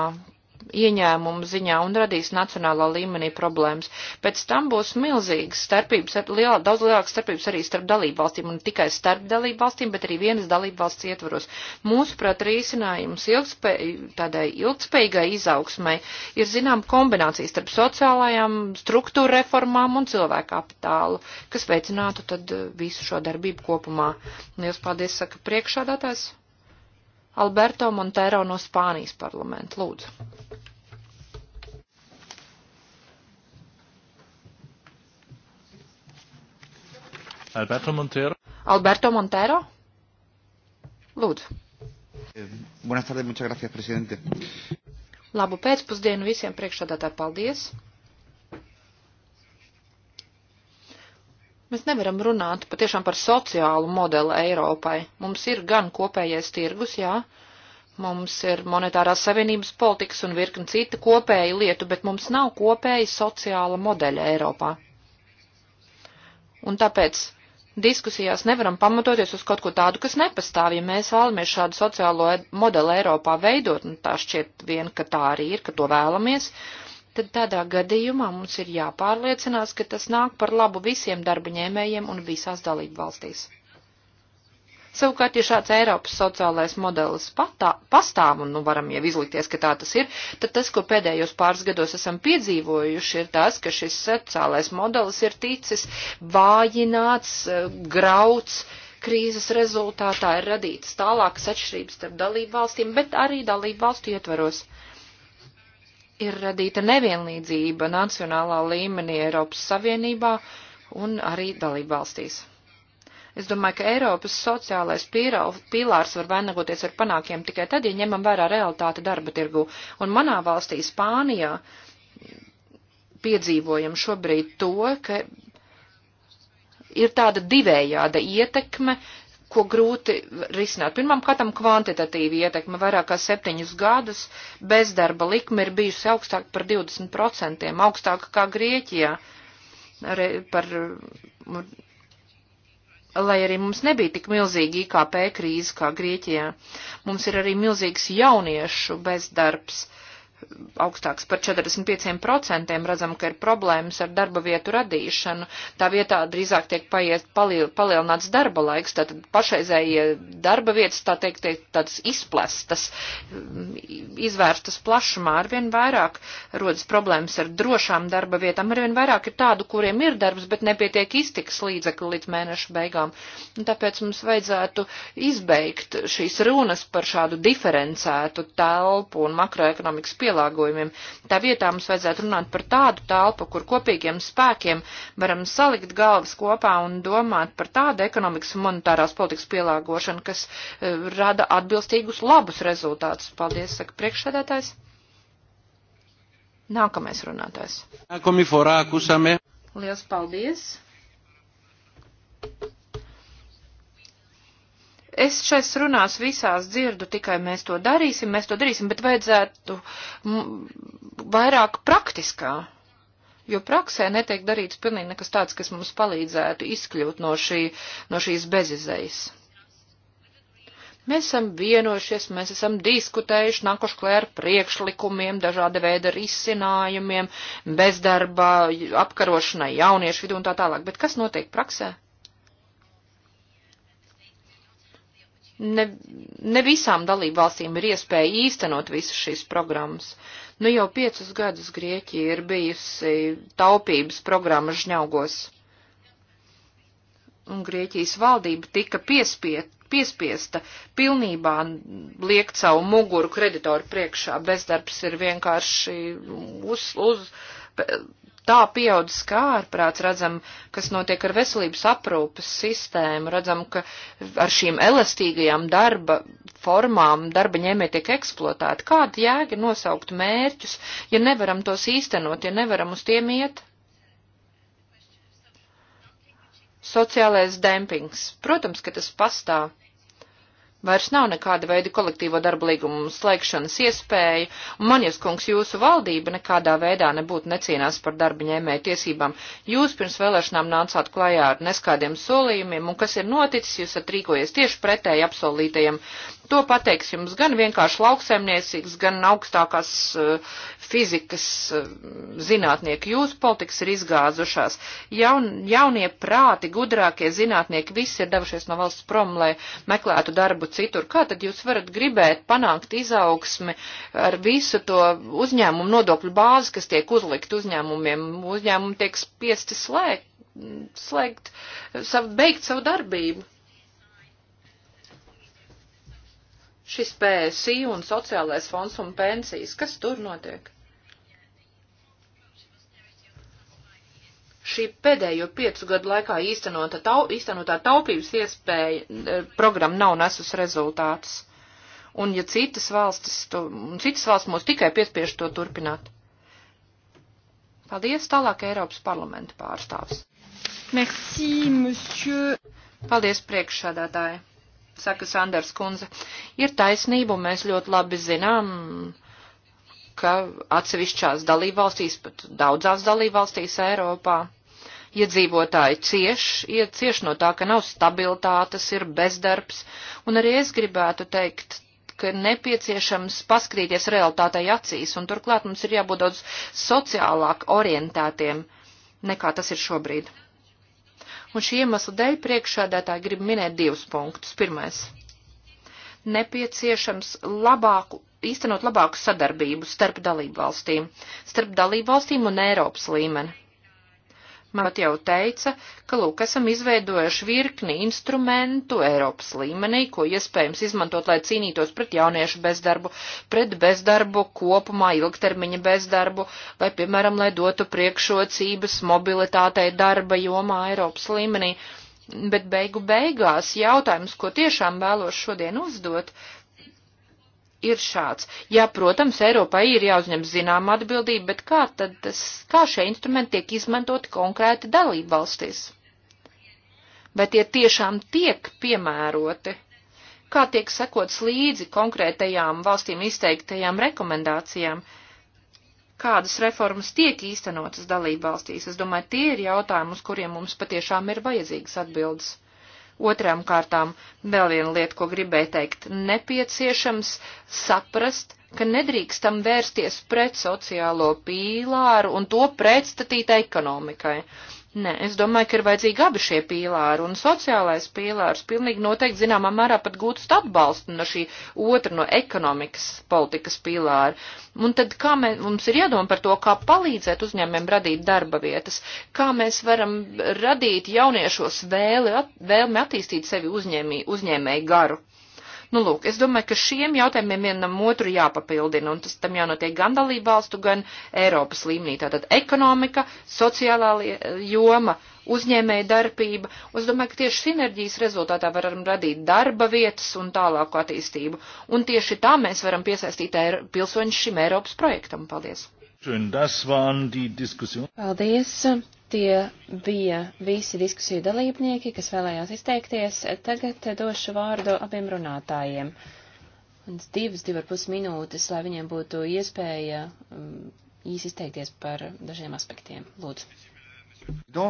ieņēmumu ziņā un radīs nacionālā līmenī problēmas. Pēc tam būs milzīgas starpības, lielā, daudz lielākas starpības arī starp dalību valstīm un tikai starp dalību valstīm, bet arī vienas dalību valsts ietvaros. Mūsuprāt, risinājums ilgspē, tādai ilgspējīgai izaugsmai ir zinām kombinācija starp sociālajām struktūra reformām un cilvēku kapitālu, kas veicinātu tad visu šo darbību kopumā. Lielas paldies, saka priekšādātājs. Alberto Montero no Spānijas parlamenta. Lūdzu. Alberto Montero. Alberto Montero. Lūdzu. Eh, buenas tardes, muchas gracias, presidente. Labu pēcpusdienu visiem priekšsādātāji, paldies. Mēs nevaram runāt patiešām par sociālu modeli Eiropai. Mums ir gan kopējais tirgus, jā, mums ir monetārās savienības politikas un virkni cita kopēja lietu, bet mums nav kopēja sociāla modeļa Eiropā. Un tāpēc diskusijās nevaram pamatoties uz kaut ko tādu, kas nepastāv. Ja mēs vēlamies šādu sociālo e- modeli Eiropā veidot, un nu tā šķiet vien, ka tā arī ir, ka to vēlamies, tad tādā gadījumā mums ir jāpārliecinās, ka tas nāk par labu visiem darbaņēmējiem un visās dalību valstīs. Savukārt, ja šāds Eiropas sociālais modelis patā, pastāv, un nu varam jau izlikties, ka tā tas ir, tad tas, ko pēdējos pāris gados esam piedzīvojuši, ir tas, ka šis sociālais modelis ir ticis vājināts, grauts, krīzes rezultātā ir radītas tālākas atšķirības starp dalību valstīm, bet arī dalību valstu ietveros ir radīta nevienlīdzība nacionālā līmenī Eiropas Savienībā un arī dalībvalstīs. Es domāju, ka Eiropas sociālais pīlārs var vainagoties ar panākiem tikai tad, ja ņemam vērā realitāti darba tirgu. Un manā valstī, Spānijā, piedzīvojam šobrīd to, ka ir tāda divējāda ietekme ko grūti risināt. Pirmam katam kvantitatīvi ietekme vairāk kā septiņus gadus bezdarba likme ir bijusi augstāk par 20%, augstāka kā Grieķijā. Arī par, lai arī mums nebija tik milzīga IKP krīze kā Grieķijā, mums ir arī milzīgs jauniešu bezdarbs. Uh, augstāks par 45%, redzam, ka ir problēmas ar darba vietu radīšanu. Tā vietā drīzāk tiek paiet, paliel, palielināts darba laiks, tātad pašreizējie darba vietas, tā teikt, tiek tādas izplestas, izvērstas plašumā. Arvien vairāk rodas problēmas ar drošām darba vietām, arvien vairāk ir tādu, kuriem ir darbs, bet nepietiek iztiks līdzekļu līdz mēneša beigām. Un tāpēc mums vajadzētu izbeigt šīs runas par šādu diferencētu telpu un makroekonomikas pielāgojumu pielāgojumiem. Tā vietā mums vajadzētu runāt par tādu telpu, kur kopīgiem spēkiem varam salikt galvas kopā un domāt par tādu ekonomikas un monetārās politikas pielāgošanu, kas uh, rada atbilstīgus labus rezultātus. Paldies, saka priekšsēdētājs. Nākamais runātājs. Nākamī forā, kusamē. Liels paldies! es šais runās visās dzirdu, tikai mēs to darīsim, mēs to darīsim, bet vajadzētu vairāk praktiskā. Jo praksē netiek darīts pilnīgi nekas tāds, kas mums palīdzētu izkļūt no, šī, no šīs bezizējas. Mēs esam vienojušies, mēs esam diskutējuši, nākuši klē ar priekšlikumiem, dažāda veida risinājumiem, bezdarba, apkarošanai jauniešu vidu un tā tālāk. Bet kas notiek praksē? Ne, ne visām dalību valstīm ir iespēja īstenot visas šīs programmas. Nu jau piecus gadus Grieķija ir bijusi taupības programma žņaugos. Un Grieķijas valdība tika piespiet, piespiesta pilnībā liekt savu muguru kreditoru priekšā. Bezdarbs ir vienkārši uz, uz tā pieaug skārprāts, redzam, kas notiek ar veselības aprūpes sistēmu, redzam, ka ar šīm elastīgajām darba formām darba ņēmē tiek eksploatēti. Kāda jēga nosaukt mērķus, ja nevaram tos īstenot, ja nevaram uz tiem iet? Sociālais dempings. Protams, ka tas pastāv Vairs nav nekāda veida kolektīvo darba līgumu slēgšanas iespēja, un manies kungs jūsu valdība nekādā veidā nebūtu necīnās par darba ņēmēju tiesībām. Jūs pirms vēlēšanām nācāt klajā ar neskādiem solījumiem, un kas ir noticis, jūs esat rīkojies tieši pretēji apsolītajiem. To pateiks jums gan vienkārši lauksaimniecīgs, gan augstākās uh, fizikas uh, zinātnieki. Jūsu politikas ir izgāzušās. Jaun, jaunie prāti, gudrākie zinātnieki, visi ir devušies no valsts prom, lai meklētu darbu citur. Kā tad jūs varat gribēt panākt izaugsmi ar visu to uzņēmumu nodokļu bāzi, kas tiek uzlikt uzņēmumiem? Uzņēmumi tiek spiesti slēgt, slēgt savu, beigt savu darbību. Šis PSI un sociālais fonds un pensijas, kas tur notiek? šī pēdējo piecu gadu laikā īstenota, tau, īstenotā taupības iespēja eh, programma nav nesus rezultātus. Un ja citas valstis, to, citas valsts mūs tikai piespiež to turpināt. Paldies, tālāk Eiropas parlamenta pārstāvs. Merci, monsieur. Paldies, priekšsādātāji, saka Sanders kundze. Ir taisnība, un mēs ļoti labi zinām, ka atsevišķās dalībvalstīs, pat daudzās dalībvalstīs Eiropā, iedzīvotāji cieš, cieš no tā, ka nav stabilitātes, ir bezdarbs, un arī es gribētu teikt, ka ir nepieciešams paskrīties realitātei acīs, un turklāt mums ir jābūt daudz sociālāk orientētiem, nekā tas ir šobrīd. Un šī iemesla dēļ priekšādētāji grib minēt divus punktus. Pirmais nepieciešams labāku īstenot labāku sadarbību starp dalību valstīm, starp dalību valstīm un Eiropas līmeni. Man jau teica, ka lūk, esam izveidojuši virkni instrumentu Eiropas līmenī, ko iespējams izmantot, lai cīnītos pret jauniešu bezdarbu, pret bezdarbu kopumā, ilgtermiņa bezdarbu, vai, piemēram, lai dotu priekšrocības mobilitātei darba jomā Eiropas līmenī. Bet beigu beigās jautājums, ko tiešām vēlos šodien uzdot, ir šāds. Jā, protams, Eiropai ir jāuzņem zināma atbildība, bet kā tad tas, kā šie instrumenti tiek izmantoti konkrēti dalību valstīs? Vai tie tiešām tiek piemēroti? Kā tiek sekots līdzi konkrētajām valstīm izteiktajām rekomendācijām? Kādas reformas tiek īstenotas dalību valstīs? Es domāju, tie ir jautājumi, uz kuriem mums patiešām ir vajadzīgas atbildes. Otrām kārtām vēl viena lieta, ko gribēju teikt, nepieciešams saprast, ka nedrīkstam vērsties pret sociālo pīlāru un to pretstatīt ekonomikai. Nē, es domāju, ka ir vajadzīgi abi šie pīlāri, un sociālais pīlārs pilnīgi noteikti zināmā mērā pat gūtst atbalstu no šī otra, no ekonomikas politikas pīlāra. Un tad kā mē, mums ir jādomā par to, kā palīdzēt uzņēmiem radīt darba vietas, kā mēs varam radīt jauniešos vēli, at, vēlmi attīstīt sevi uzņēmī, uzņēmēju garu. Nu, lūk, es domāju, ka šiem jautājumiem vienam otru jāpapildina, un tas tam jānotiek gan dalību valstu, gan Eiropas līmenī. Tātad ekonomika, sociālā joma, uzņēmēja darbība. Es domāju, ka tieši sinerģijas rezultātā varam radīt darba vietas un tālāku attīstību. Un tieši tā mēs varam piesaistīt pilsoņus šim Eiropas projektam. Paldies! Paldies! Tie bija visi diskusiju dalībnieki, kas vēlējās izteikties. Tagad došu vārdu abiem runātājiem. Un divas, divar pus minūtes, lai viņiem būtu iespēja um, īsi izteikties par dažiem aspektiem. Lūdzu. Do.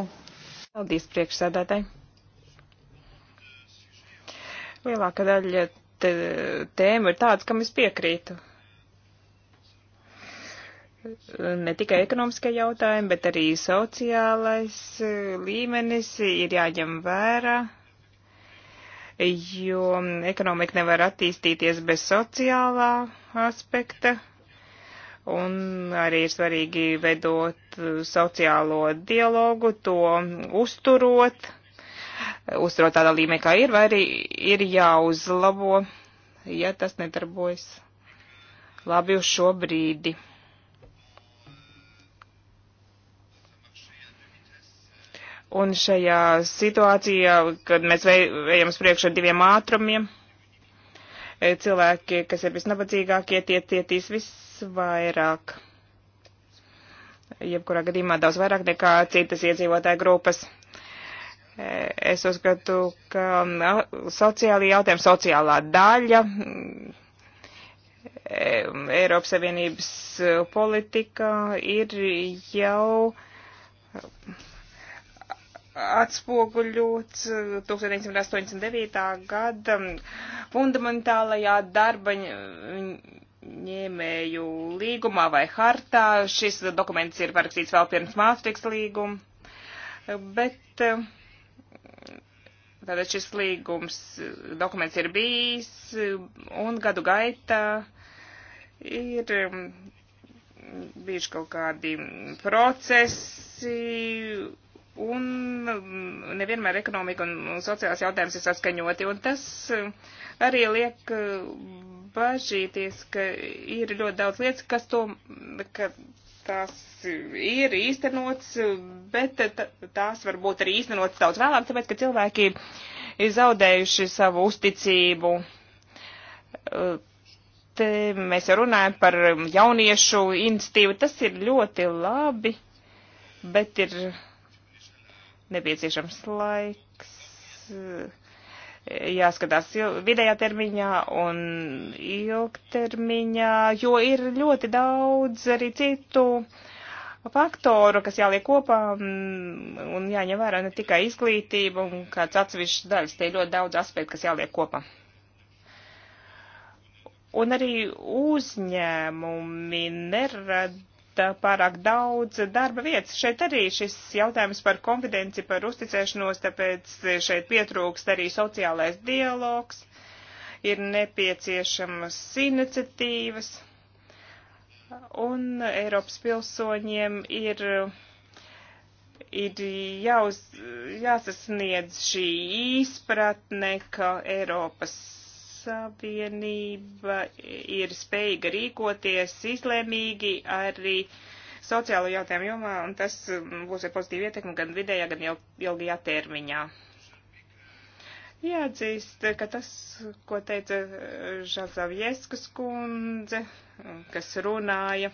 Paldies priekšsēdētāji. Lielākā daļa tēma ir tāda, kam es piekrītu ne tikai ekonomiskie jautājumi, bet arī sociālais e, līmenis ir jāņem vērā, jo ekonomika nevar attīstīties bez sociālā aspekta. Un arī ir svarīgi veidot sociālo dialogu, to uzturot, uzturot tādā līmenī, kā ir, vai arī ir jāuzlabo, ja tas nedarbojas labi uz šo brīdi. Un šajā situācijā, kad mēs ejam uz priekšu ar diviem ātrumiem, e, cilvēki, kas ir visnabadzīgākie, tie cietīs visvairāk. Jebkurā gadījumā daudz vairāk nekā citas iedzīvotāju grupas. E, es uzskatu, ka sociālajā jautājumā sociālā daļa e, Eiropas Savienības politikā ir jau atspoguļots 1989. Eh, gada fundamentālajā darba ņēmēju līgumā vai hartā. Šis dokuments ir parakstīts vēl pirms Maastrichts līguma, bet eh, tātad šis līgums eh, dokuments ir bijis un gadu gaitā ir mm, bijuši kaut kādi procesi un mm, nevienmēr ekonomika un sociālās jautājums ir saskaņoti, un tas mm, arī liek mm, bažīties, ka ir ļoti daudz lietas, kas to, ka tās ir īstenots, bet tās varbūt arī īstenots daudz vēlāk, tāpēc, ka cilvēki ir zaudējuši savu uzticību. Te mēs jau runājam par jauniešu institīvu, tas ir ļoti labi, bet ir nepieciešams laiks, jāskatās vidējā termiņā un ilgtermiņā, jo ir ļoti daudz arī citu faktoru, kas jāliek kopā mm, un jāņem vērā ne tikai izglītība un kāds atsevišķs daļas, te ir ļoti daudz aspektu, kas jāliek kopā. Un arī uzņēmumi nerada pārāk daudz darba vietas. Šeit arī šis jautājums par kompetenci, par uzticēšanos, tāpēc šeit pietrūkst arī sociālais dialogs, ir nepieciešamas iniciatīvas, un Eiropas pilsoņiem ir, ir jāuz, jāsasniedz šī īspratne, ka Eiropas Savienība ir spējīga rīkoties izlēmīgi arī sociālo jautājumu jomā, un tas mm, būs ar pozitīvu ietekmi gan vidējā, gan ilgajā termiņā. Jāatzīst, ka tas, ko teica Žazavieskas kundze, kas runāja,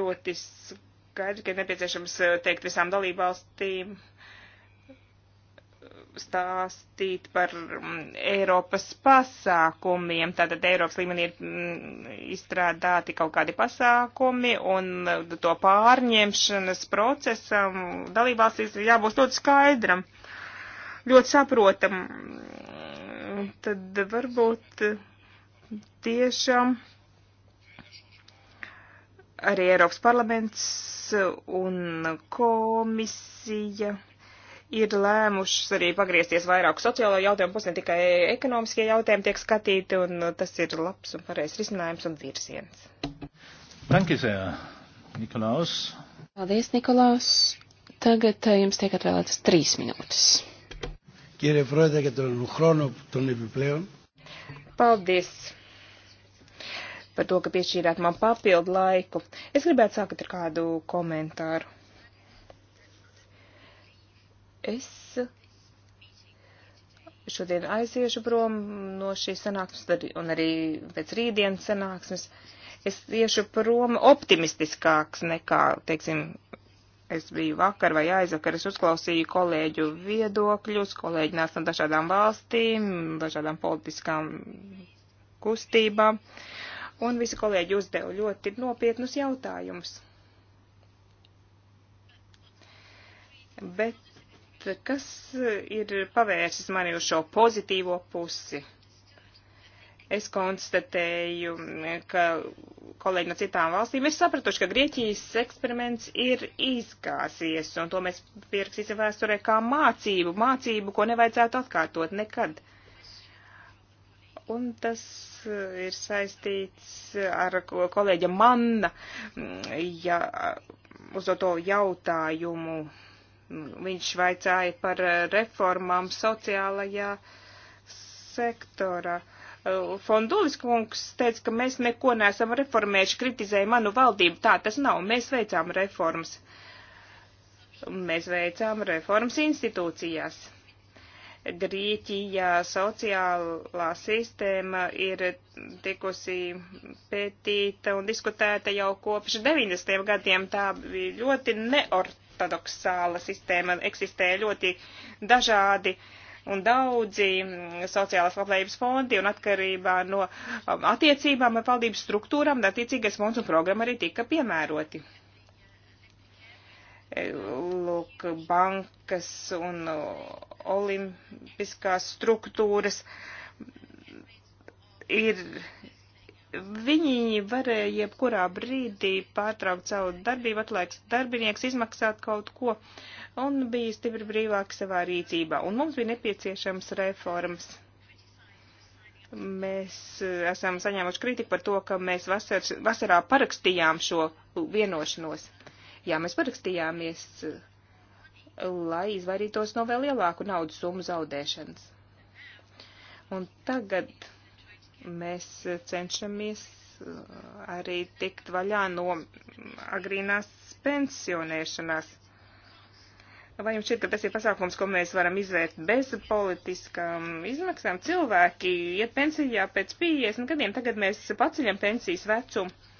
ļoti skaidri, ka ir nepieciešams teikt visām dalībvalstīm stāstīt par mm, Eiropas pasākumiem. Tātad Eiropas līmenī ir mm, izstrādāti kaut kādi pasākumi un mm, to pārņemšanas procesam dalībvalstīs jābūt ļoti skaidram, ļoti saprotam. Tad varbūt tiešām arī Eiropas parlaments un komisija ir lēmušas arī pagriezties vairāk sociālo jautājumu pusē, tikai ekonomiskie jautājumi tiek skatīti, un uh, tas ir labs un pareizs risinājums un virziens. Dankisējā, Nikolaus. Paldies, Nikolaus. Tagad uh, jums tiek atvēlētas trīs minūtes. Κύριε Πρόεδρε, για τον χρόνο των επιπλέον. Paldies par to, ka piešķīrāt man papildu laiku. Es gribētu sākt ar kādu komentāru. Es šodien aiziešu prom no šīs sanāksmes un arī pēc rītdienas sanāksmes. Es iešu prom optimistiskāks nekā, teiksim, es biju vakar vai aizvakar, es uzklausīju kolēģu viedokļus, kolēģi nāca no dažādām valstīm, dažādām politiskām kustībām, un visi kolēģi uzdeva ļoti nopietnus jautājumus. Bet kas ir pavērsis mani uz šo pozitīvo pusi? Es konstatēju, ka kolēģi no citām valstīm ir sapratuši, ka Grieķijas eksperiments ir izgāzies, un to mēs pierakstīsim vēsturē kā mācību, mācību, ko nevajadzētu atkārtot nekad un tas eh, ir saistīts ar kolēģa Manna mm, ja, uz to jautājumu Viņš vaicāja par eh, reformām sociālajā sektorā. Eh, Fondulis kungs teica, ka mēs neko neesam reformējuši, kritizēja manu valdību. Tā tas nav. Mēs veicām reformas. Mēs veicām reformas institūcijās. Grieķijā sociālā sistēma ir tikusi pētīta un diskutēta jau kopš 90. gadiem. Tā bija ļoti neort paradoxāla sistēma. Eksistē ļoti dažādi un daudzi mm, sociālās labklājības fondi un atkarībā no um, attiecībām ar valdības struktūrām, attiecīgais fonds un programma arī tika piemēroti. E, lūk, bankas un olimpiskās struktūras ir Viņi varēja jebkurā brīdī pārtraukt savu darbību, atlaiks darbinieks, izmaksāt kaut ko un bija stipri brīvāki savā rīcībā. Un mums bija nepieciešams reformas. Mēs e, esam saņēmuši kritiku par to, ka mēs vasar, vasarā parakstījām šo vienošanos. Jā, mēs parakstījāmies, e, lai izvairītos no vēl lielāku naudas summu zaudēšanas. Un tagad Mēs cenšamies uh, arī tikt vaļā no agrīnās pensionēšanās. Vai jums šķiet, ka tas ir pasākums, ko mēs varam izvērt bez politiskām izmaksām? Cilvēki iet pensijā pēc 50 gadiem, tagad mēs paceļam pensijas vecumu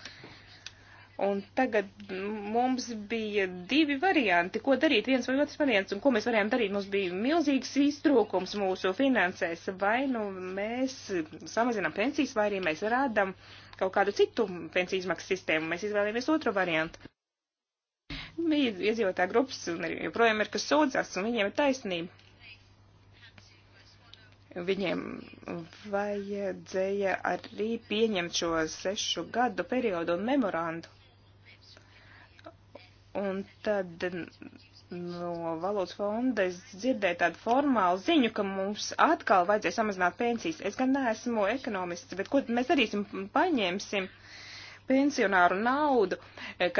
Un tagad mums bija divi varianti, ko darīt, viens vai otrs variants, un ko mēs varējām darīt. Mums bija milzīgs iztrūkums mūsu finansēs, vai nu mēs samazinām pensijas, vai arī mēs rādam kaut kādu citu pensijas maksas sistēmu. Mēs izvēlējāmies otru variantu. Bija iedzīvotāja grupas, un joprojām ir, kas sūdzas, un viņiem ir taisnība viņiem vajadzēja arī pieņemt šo sešu gadu periodu un memorandu. Un tad mm, no valūtas fonda es dzirdēju tādu formālu ziņu, ka mums atkal vajadzēja samazināt pensijas. Es gan neesmu ekonomists, bet ko mēs darīsim? Paņemsim pensionāru naudu,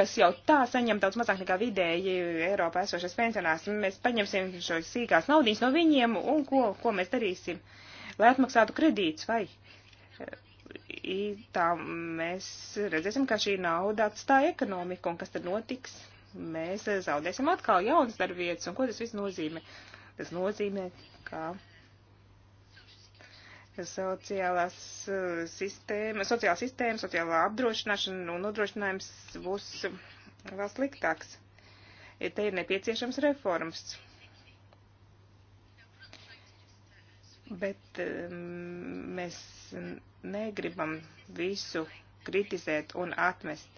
kas jau tā saņem daudz mazāk nekā vidēji Eiropā esošais pensionārs. Mēs paņemsim šo sīkās naudiņas no viņiem un ko, ko mēs darīsim? Lai atmaksātu kredītus vai? Tā mēs redzēsim, ka šī nauda atstāja ekonomiku un kas tad notiks? mēs eh, zaudēsim atkal jaunas darbvietas. Un ko tas viss nozīmē? Tas nozīmē, ka sociālās eh, sistēma, sociālā sistēma, sociālā apdrošināšana un nodrošinājums būs vēl sliktāks. Ja te ir nepieciešams reformas. Bet eh, mēs negribam visu kritizēt un atmest.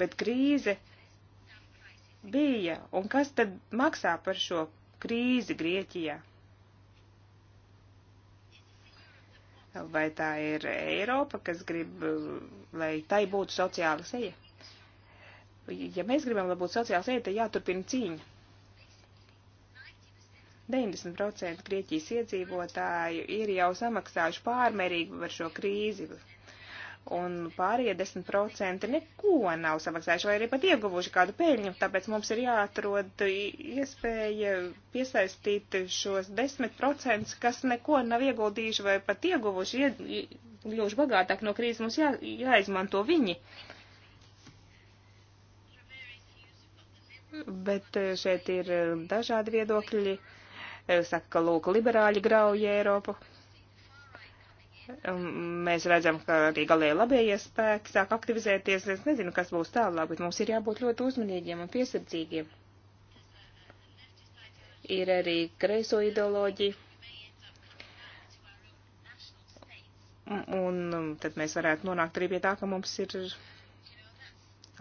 Bet krīze bija un kas tad maksā par šo krīzi Grieķijā? Vai tā ir Eiropa, kas grib, lai tai būtu sociāla seja? Ja mēs gribam, lai būtu sociāla seja, tad jāturpina cīņa. 90% Grieķijas iedzīvotāju ir jau samaksājuši pārmērīgi par šo krīzi, un pārējie 10% neko nav samaksājuši vai arī pat ieguvuši kādu peļņu, tāpēc mums ir jāatrod iespēja piesaistīt šos 10%, kas neko nav ieguldījuši vai pat ieguvuši, kļuvuši bagātāk no krīzes, mums jā, jāizmanto viņi. Bet eh, šeit ir eh, dažādi viedokļi. Eh, saka, ka lūk, liberāļi grauja Eiropu. Um, mēs redzam, ka arī galēji labējie spēki sāk aktivizēties. Es nezinu, kas būs tālāk, bet mums ir jābūt ļoti uzmanīgiem un piesardzīgiem. Ir arī kreiso ideoloģija. Un um, tad mēs varētu nonākt arī pie tā, ka mums ir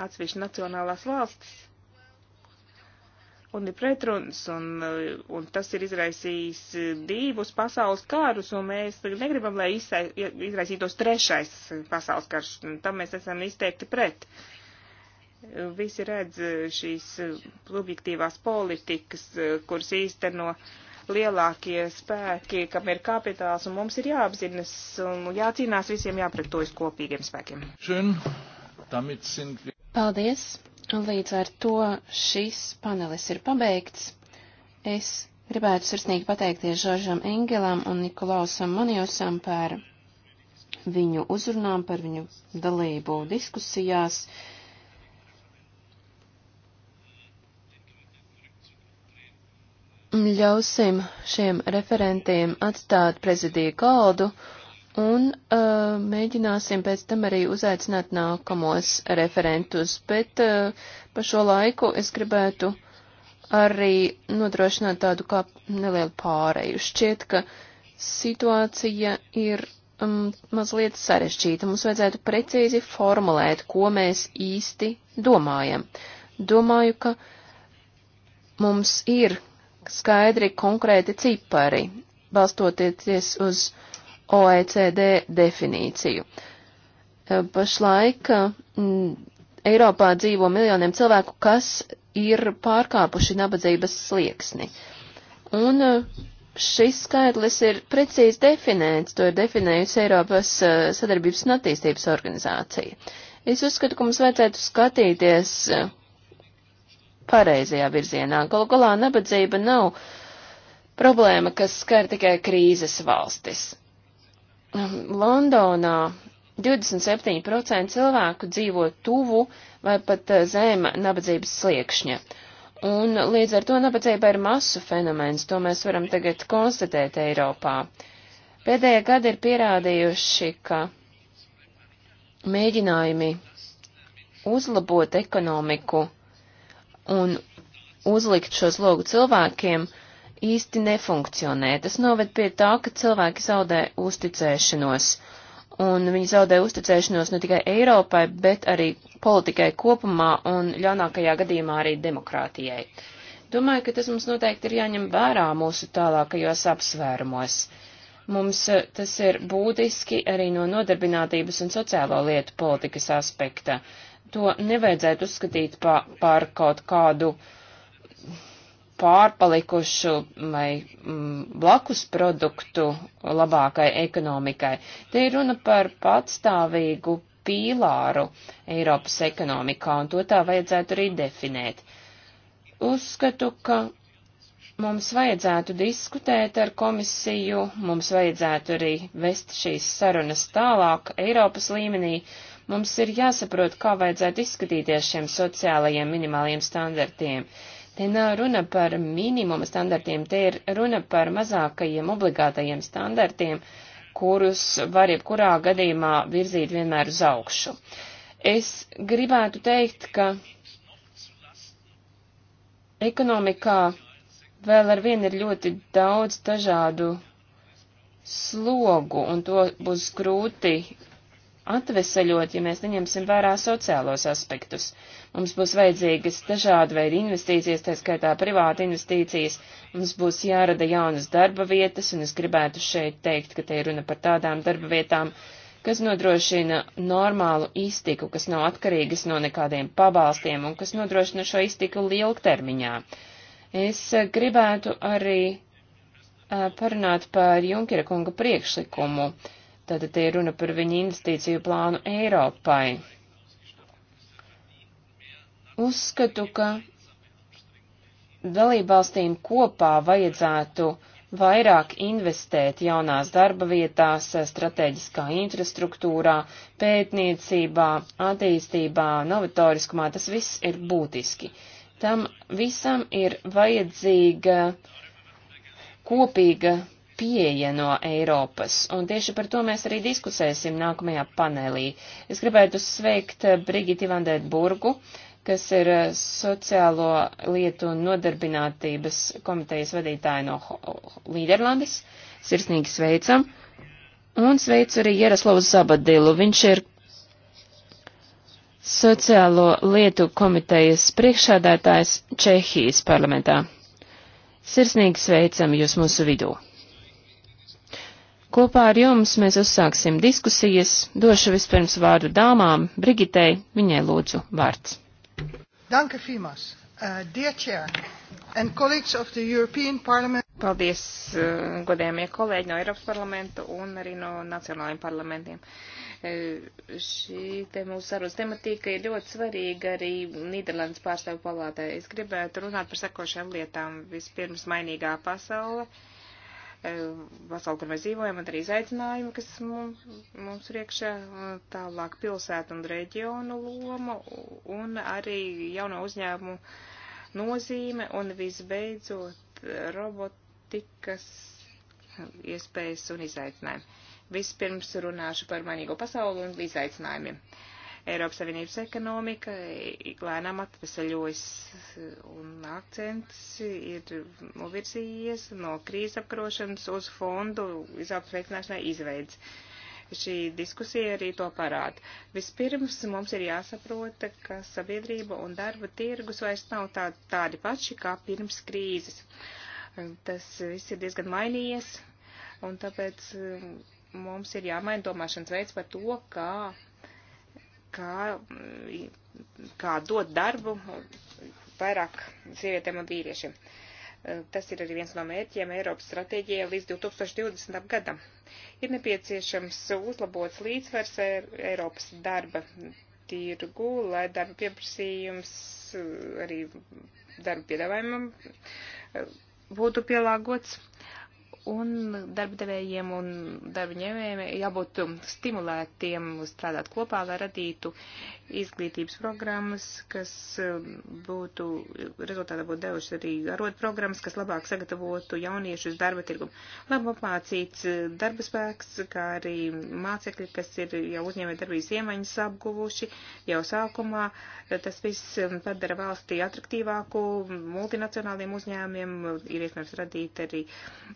atsevišķi nacionālās valstis un ir pretruns, un, eh, un tas ir izraisījis eh, divus pasaules kārus, un mēs negribam, lai izsa, izraisītos trešais pasaules karš, un tam mēs esam izteikti pret. Visi redz eh, šīs objektīvās politikas, kuras īsteno lielākie spēki, kam ir kapitāls, un mums ir jāapzinas un jācīnās visiem jāpretojas kopīgiem spēkiem. Paldies! Līdz ar to šis panelis ir pabeigts. Es gribētu sirsnīgi pateikties Žoržam Engelam un Nikolausam Moniosam par viņu uzrunām, par viņu dalību diskusijās. Ļausim šiem referentiem atstāt prezidiju galdu un uh, mēģināsim pēc tam arī uzaicināt nākamos referentus, bet uh, pa šo laiku es gribētu arī nodrošināt tādu kā nelielu pāreju. Šķiet, ka situācija ir um, mazliet sarežģīta. Mums vajadzētu precīzi formulēt, ko mēs īsti domājam. Domāju, ka mums ir skaidri konkrēti cipari, balstoties uz uh, OECD definīciju. E, pašlaik e, m, Eiropā dzīvo miljoniem cilvēku, kas ir pārkāpuši nabadzības slieksni. Un e, šis skaitlis ir precīzi definēts, to ir definējusi Eiropas sadarbības un attīstības organizācija. Es uzskatu, ka mums vajadzētu skatīties pareizajā virzienā. Galu galā nabadzība nav problēma, kas skar tikai krīzes valstis. Um, Londonā 27% cilvēku dzīvo tuvu vai pat uh, zem nabadzības sliekšņa. Un līdz ar to nabadzība ir masu fenomens, to mēs varam tagad konstatēt Eiropā. Pēdējie gadi ir pierādījuši, ka mēģinājumi uzlabot ekonomiku un uzlikt šo slogu cilvēkiem uh, īsti nefunkcionē. Tas noved pie tā, ka cilvēki zaudē uzticēšanos. Un viņi zaudē uzticēšanos ne tikai Eiropai, bet arī politikai kopumā un ļaunākajā gadījumā arī demokrātijai. Domāju, ka tas mums noteikti ir jāņem vērā mūsu tālākajos apsvērumos. Mums eh, tas ir būtiski arī no nodarbinātības un sociālo lietu politikas aspekta. To nevajadzētu uzskatīt pa, par kaut kādu uh, pārpalikušu vai mm, blakus produktu labākai ekonomikai. Te ir runa par patstāvīgu pīlāru Eiropas ekonomikā, un to tā vajadzētu arī definēt. Uzskatu, ka mums vajadzētu diskutēt ar komisiju, mums vajadzētu arī vest šīs sarunas tālāk Eiropas līmenī. Mums ir jāsaprot, kā vajadzētu izskatīties šiem sociālajiem minimāliem standartiem. Te nav runa par minimuma standartiem, te ir runa par mazākajiem obligātajiem standartiem, kurus var jebkurā gadījumā virzīt vienmēr uz augšu. Es gribētu teikt, ka ekonomikā vēl ar vienu ir ļoti daudz dažādu slogu, un to būs grūti atveseļot, ja mēs neņemsim vērā sociālos aspektus. Mums būs vajadzīgas dažāda veida investīcijas, tā skaitā privāta investīcijas, mums būs jārada jaunas darba vietas, un es gribētu šeit teikt, ka te ir runa par tādām darba vietām, kas nodrošina normālu iztiku, kas nav atkarīgas no nekādiem pabalstiem un kas nodrošina šo iztiku ilgtermiņā. Es eh, gribētu arī eh, parunāt par Junkera kunga priekšlikumu. Uh, Tātad te ir runa par viņu investīciju plānu Eiropai. Uzskatu, ka dalībvalstīm kopā vajadzētu vairāk investēt jaunās darba vietās, strateģiskā infrastruktūrā, pētniecībā, attīstībā, novatoriskumā, tas viss ir būtiski. Tam visam ir vajadzīga kopīga pieeja no Eiropas, un tieši par to mēs arī diskusēsim nākamajā panelī. Es gribētu sveikt eh, Brigiti Vandētburgu, kas ir eh, sociālo lietu un nodarbinātības komitejas vadītāja no Līderlandes. Sirsnīgi sveicam. Un sveicu arī Jaroslavu Zabadilu. Viņš ir sociālo lietu komitejas priekšādātājs Čehijas parlamentā. Sirsnīgi sveicam jūs mūsu vidū! Kopā ar jums mēs uzsāksim diskusijas. Došu vispirms vārdu dāmām. Brigitei, viņai lūdzu vārds. Danke vielmals, uh, dear chair and colleagues of the European Parliament. Paldies, uh, godējamie kolēģi no Eiropas parlamenta un arī no nacionālajiem parlamentiem. Uh, šī te mūsu sarunas tematika ir ļoti svarīga arī Nīderlandes pārstāvu palātē. Es gribētu runāt par sekošām lietām. Vispirms mainīgā pasaule. Uh, pasauli, e, kur mēs dzīvojam, un arī izaicinājumi, kas mums ir iekšā e, tālāk pilsētu un reģionu loma, un arī jauno uzņēmumu nozīme, un visbeidzot robotikas iespējas un izaicinājumi. Vispirms runāšu par mainīgo pasauli un izaicinājumiem. Uh, Eiropas Savienības ekonomika lēnām atvesaļojas un akcents ir novirzījies no krīzes apkarošanas uz fondu izaugsmes veicināšanai izveids. Šī diskusija arī to parāda. Vispirms mums ir jāsaprota, ka sabiedrība un darba tirgus vairs nav tā, tādi paši kā pirms krīzes. Tas viss ir diezgan mainījies, un tāpēc mm, mums ir jāmaina domāšanas veids par to, kā kā, kā dot darbu vairāk sievietēm un vīriešiem. Tas ir arī viens no mērķiem Eiropas stratēģijai līdz 2020. gadam. Ir nepieciešams uzlabots līdzsvers Eiropas darba tirgu, lai darba pieprasījums arī darba piedāvājumam būtu pielāgots. Un darbdevējiem un darba ņēmējiem jābūt stimulētiem strādāt kopā, lai radītu izglītības programmas, kas um, būtu, rezultātā būtu devušas arī arot programmas, kas labāk sagatavotu jauniešus darba tirgumu. Labi apmācīts uh, darba spēks, kā arī mācekļi, kas ir jau uzņēmē darbības iemaņas apguvuši jau sākumā. Tas viss um, padara valstī atraktīvāku multinacionāliem uzņēmiem, ir iespējams radīt arī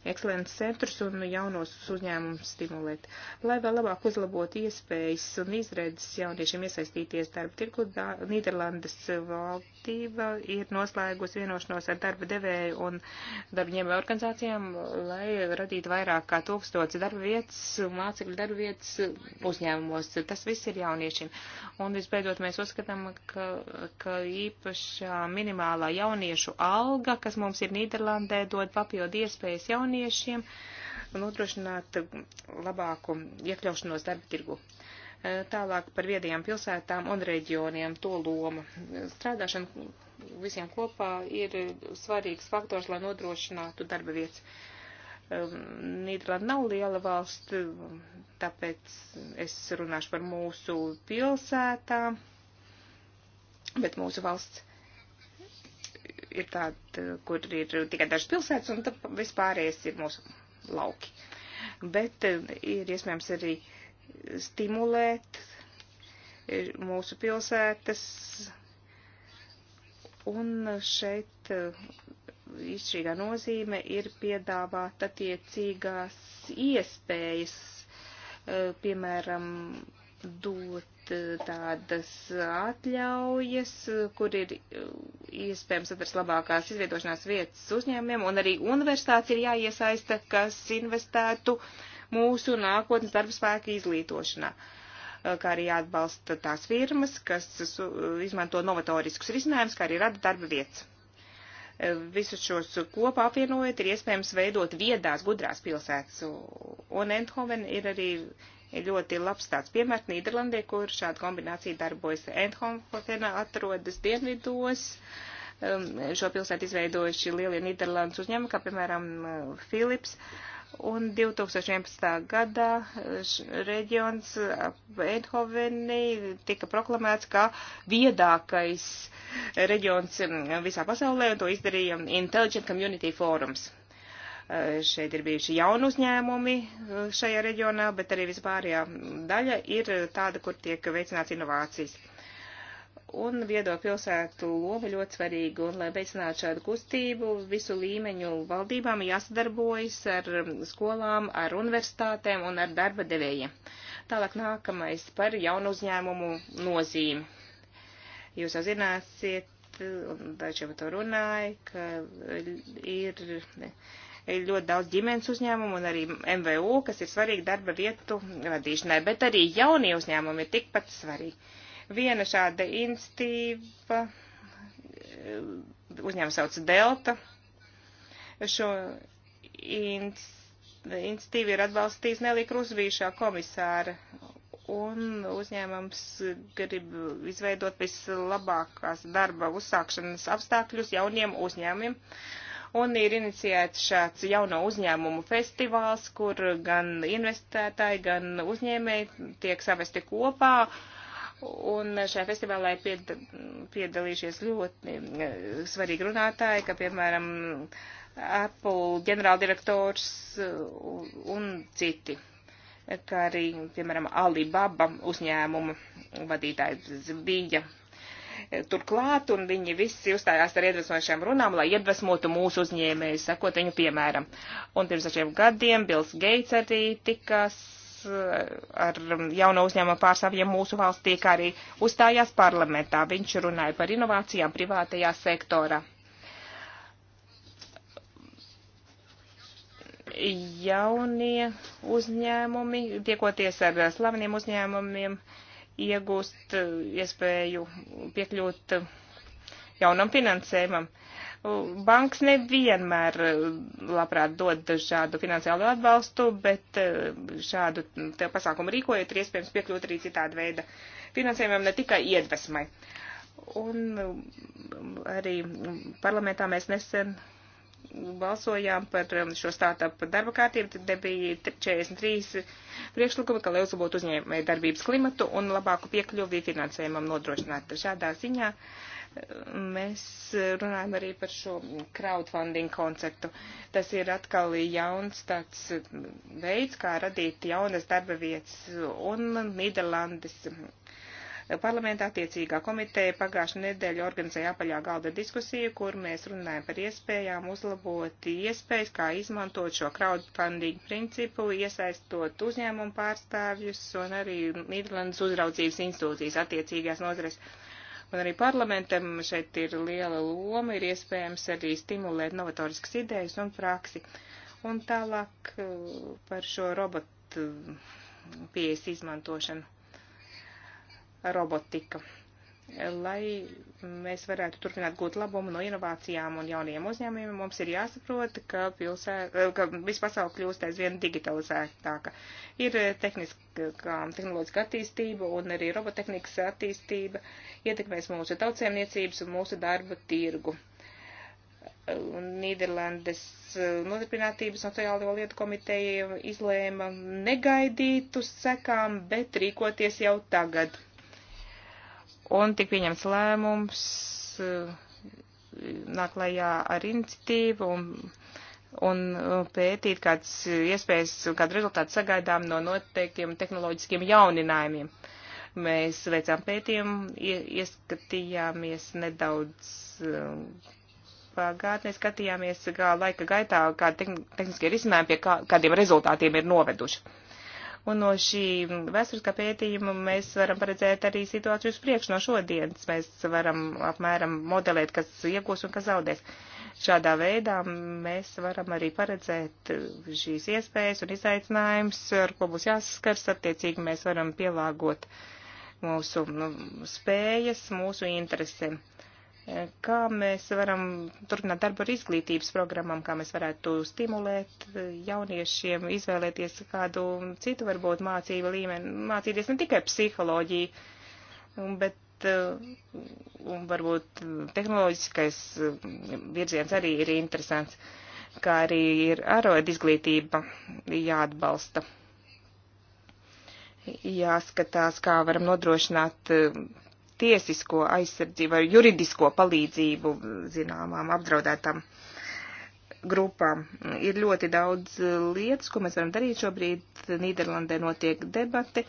ekscelences centrus un jaunos uzņēmumus stimulēt. Lai vēl labāk uzlabotu iespējas un izredzes jauniešiem iesaistīties piedalīties darba tirgu. Nīderlandes valdība ir noslēgusi vienošanos ar darba devēju un darbņēmēju organizācijām, lai radītu vairāk kā tūkstots darba vietas, mācekļu darba vietas uzņēmumos. Tas viss ir jauniešiem. Un visbeidzot mēs uzskatām, ka, ka īpašā minimālā jauniešu alga, kas mums ir Nīderlandē, dod papildu iespējas jauniešiem nodrošināt labāku iekļaušanos darba tirgu. Uh, Tālāk par viedajām pilsētām un reģioniem to loma. Strādāšana visiem kopā ir svarīgs faktors, lai nodrošinātu darba vietas. Um, Nīderlanda nav liela valsts, um, tāpēc es runāšu par mūsu pilsētām, bet mūsu valsts ir tāda, kur ir tikai dažas pilsētas, un vispārējais ir mūsu lauki. Bet um, ir iespējams arī uh, stimulēt e, mūsu pilsētas. Un šeit e, izšķirīgā nozīme ir piedāvāt attiecīgās iespējas, e, piemēram, dot tādas atļaujas, kur ir iespējams atrast labākās izvietošanās vietas uzņēmumiem, un arī universitātes ir jāiesaista, kas investētu uh, mūsu nākotnes darba spēka izglītošanā kā arī atbalsta tās firmas, kas izmanto novatoriskus risinājumus, kā arī rada darba vietas. Visus šos kopā apvienojot ir iespējams veidot viedās, gudrās pilsētas, un Endhoven ir arī ļoti labs tāds piemērs Nīderlandē, kur šāda kombinācija darbojas. Endhofenā atrodas dienvidos. Šo pilsētu izveidojuši lielie Nīderlandes uzņēmumi, kā piemēram Philips. Uh, Un 2011. gadā eh, reģions Eindhoveni eh, tika proklamēts kā viedākais reģions mm, visā pasaulē, un to izdarīja Intelligent Community Forums. Eh, šeit ir bijuši jauni uzņēmumi šajā reģionā, bet arī vispārējā daļa ir tāda, kur tiek veicināts inovācijas un viedo pilsētu loma ļoti svarīga, un lai veicinātu šādu kustību, visu līmeņu valdībām jāsadarbojas ar skolām, ar universitātēm un ar darba devējiem. Tālāk nākamais par jaunu uzņēmumu nozīmi. Jūs jau zināsiet, un dažiem to runāja, ka ir ļoti daudz ģimenes uzņēmumu un arī MVU, kas ir svarīgi darba vietu radīšanai, bet arī jaunie uzņēmumi ir tikpat svarīgi Viena šāda institīva eh, uzņēmums sauc Delta. Šo institīvu ir atbalstījis Nelī Krusvīšā komisāra, un uzņēmums grib izveidot vislabākās darba uzsākšanas apstākļus jauniem uzņēmumiem. Un ir inicijēts šāds jauno uzņēmumu festivāls, kur gan investētāji, gan uzņēmēji tiek savesti kopā, uh, Un šajā festivālā ir piedalījušies ļoti e, svarīgi runātāji, kā piemēram Apple ģenerāldirektors e, un citi, kā arī, piemēram, Alibaba uzņēmuma vadītājs bija e, turklāt, un viņi visi uzstājās ar iedvesmojušām runām, lai iedvesmotu mūsu uzņēmējus, sakot viņu piemēram. Un pirms dažiem gadiem Bils Geits arī tikās ar um, jauno uzņēmumu pārstāvjiem mūsu valstī, kā arī uzstājās parlamentā. Viņš runāja par inovācijām privātajā sektorā. Jaunie uzņēmumi, tiekoties ar slaveniem uzņēmumiem, iegūst uh, iespēju piekļūt uh, jaunam finansējumam. Banks nevienmēr eh, labprāt dod šādu finansiālu atbalstu, bet eh, šādu pasākumu rīkojot ir iespējams piekļūt arī citāda veida finansējumam, ne tikai iedvesmai. Un eh, arī parlamentā mēs nesen balsojām par šo startup darba kārtību, tad bija 43 priekšlikumi, ka, lai uzlabotu uzņēmēju darbības klimatu un labāku piekļuvi finansējumam nodrošināt. Šādā ziņā uh, Mēs runājam arī par šo crowdfunding konceptu. Tas ir atkal jauns tāds veids, kā radīt jaunas darba vietas. Un Nīderlandes parlamentā attiecīgā komiteja pagājušā nedēļa organizēja apaļā galda diskusiju, kur mēs runājam par iespējām uzlabot iespējas, kā izmantot šo crowdfunding principu, iesaistot uzņēmumu pārstāvjus un arī Nīderlandes uzraudzības institūcijas attiecīgās nozares. Uh, Un arī parlamentam šeit ir liela loma, ir iespējams arī stimulēt novatoriskas idejas un praksi. Un tālāk uh, par šo robotu uh, pieejas izmantošanu. Robotika lai mēs varētu turpināt gūt labumu no inovācijām un jauniem uzņēmumiem, mums ir jāsaprot, ka, pilsē, eh, ka visu pasauli kļūst aizvien digitalizētāka. Ir tehniskā, tehnoloģiska attīstība un arī robotehnikas attīstība ietekmēs mūsu tautsēmniecības un mūsu darba tirgu. Nīderlandes eh, nodarbinātības sociālo lietu komiteja izlēma negaidīt uz sekām, bet rīkoties jau tagad un tik pieņemts lēmums, eh, nāk lajā ar iniciatīvu un, un eh, pētīt kādas eh, iespējas un kādu rezultātu sagaidām no noteiktiem tehnoloģiskiem jauninājumiem. Mēs veicām pētījumu, ieskatījāmies nedaudz pagātnē, skatījāmies, kā laika gaitā, kā tehniskie risinājumi pie kā, kādiem rezultātiem ir noveduši. Un no šī vēsturiskā pētījuma mēs varam paredzēt arī situāciju uz priekšu no šodienas. Mēs varam apmēram modelēt, kas iegūs un kas zaudēs. Šādā veidā mēs varam arī paredzēt šīs iespējas un izaicinājumus, ar ko būs jāsaskars. Attiecīgi mēs varam pielāgot mūsu nu, spējas, mūsu interesēm Kā mēs varam turpināt darbu ar izglītības programmām, kā mēs varētu stimulēt jauniešiem izvēlēties kādu citu varbūt mācību līmeni, mācīties ne tikai psiholoģiju, bet uh, un varbūt tehnoloģiskais uh, virziens arī ir interesants, kā arī ir arod izglītība jāatbalsta jāskatās, kā varam nodrošināt uh, tiesisko aizsardzību vai juridisko palīdzību zināmām apdraudētām grupām. Ir ļoti daudz lietas, ko mēs varam darīt šobrīd. Nīderlandē notiek debate,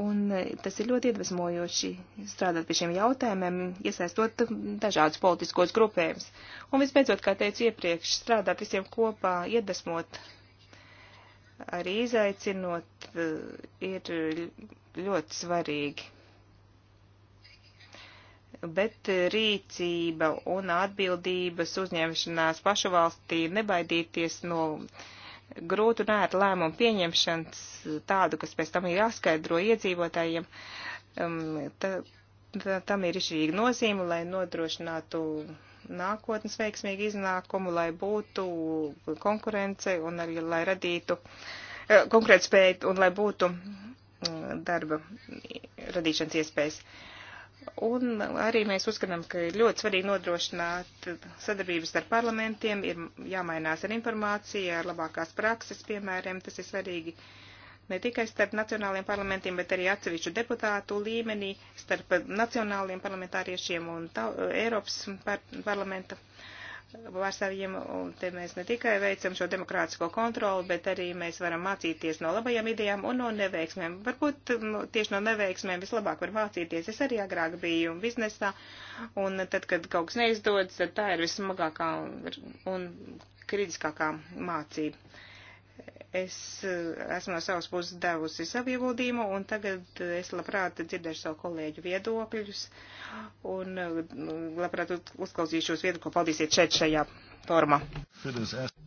un tas ir ļoti iedvesmojoši strādāt pie šiem jautājumiem, iesaistot dažādus politiskos grupējumus. Un visbeidzot, kā teicu iepriekš, strādāt visiem kopā, iedvesmot, arī izaicinot, ir ļoti svarīgi bet rīcība un atbildības uzņemšanās pašu valstī nebaidīties no grūtu un ētu lēmumu pieņemšanas tādu, kas pēc tam ir jāskaidro iedzīvotājiem, um, ta, ta, tam ir izšķirīga nozīme, lai nodrošinātu nākotnes veiksmīgu iznākumu, lai būtu konkurence un arī lai radītu eh, konkurētspēju un lai būtu mm, darba radīšanas iespējas. Uh, Un arī mēs uzskatām, ka ir ļoti svarīgi nodrošināt sadarbības ar parlamentiem, ir jāmainās ar informāciju, ar labākās prakses, piemēram, tas ir svarīgi ne tikai starp nacionāliem parlamentiem, bet arī atsevišķu deputātu līmenī, starp nacionāliem parlamentāriešiem un tā, Eiropas par, parlamenta pārstāvjiem, un te mēs ne tikai veicam šo demokrātisko kontroli, bet arī mēs varam mācīties no labajām idejām un no neveiksmēm. Varbūt tieši no neveiksmēm vislabāk var mācīties. Es arī agrāk biju biznesā, un tad, kad kaut kas neizdodas, tad tā ir vismagākā un kritiskākā mācība. Es eh, esmu no savas puses devusi savu ieguldījumu, un tagad eh, es labprāt dzirdēšu savu kolēģu viedokļus, un eh, labprāt uzklausīšu šos viedokļus, ko paldiesiet šeit šajā formā.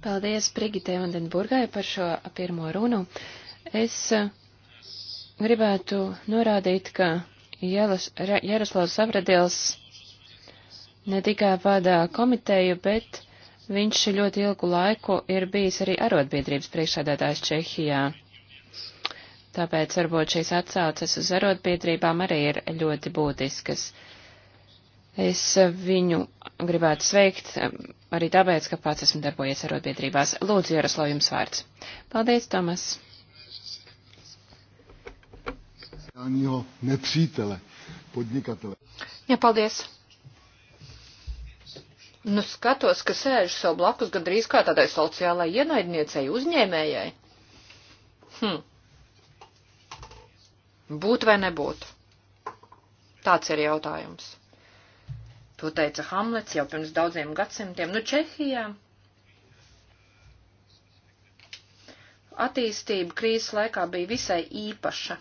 Paldies Brigitē Vandenburgai par šo pirmo runu. Es gribētu norādīt, ka Jaroslavs Savradils ne tikai vadā komiteju, bet Viņš ļoti ilgu laiku ir bijis arī arotbiedrības priekšādātājs Čehijā. Tāpēc varbūt šīs atsauces uz arotbiedrībām arī ir ļoti būtiskas. Es viņu gribētu sveikt um, arī tāpēc, ka pats esmu darbojies arotbiedrībās. Lūdzu, Jaroslav, jums vārds. Paldies, Tomas. Jā, paldies. Nu, skatos, ka sēžu sev blakus gandrīz kā tādai sociālai ienaidniecei, uzņēmējai. Hm. Būt vai nebūt? Tāds ir jautājums. To teica Hamlets jau pirms daudziem gadsimtiem. Nu, Čehijā attīstība krīzes laikā bija visai īpaša.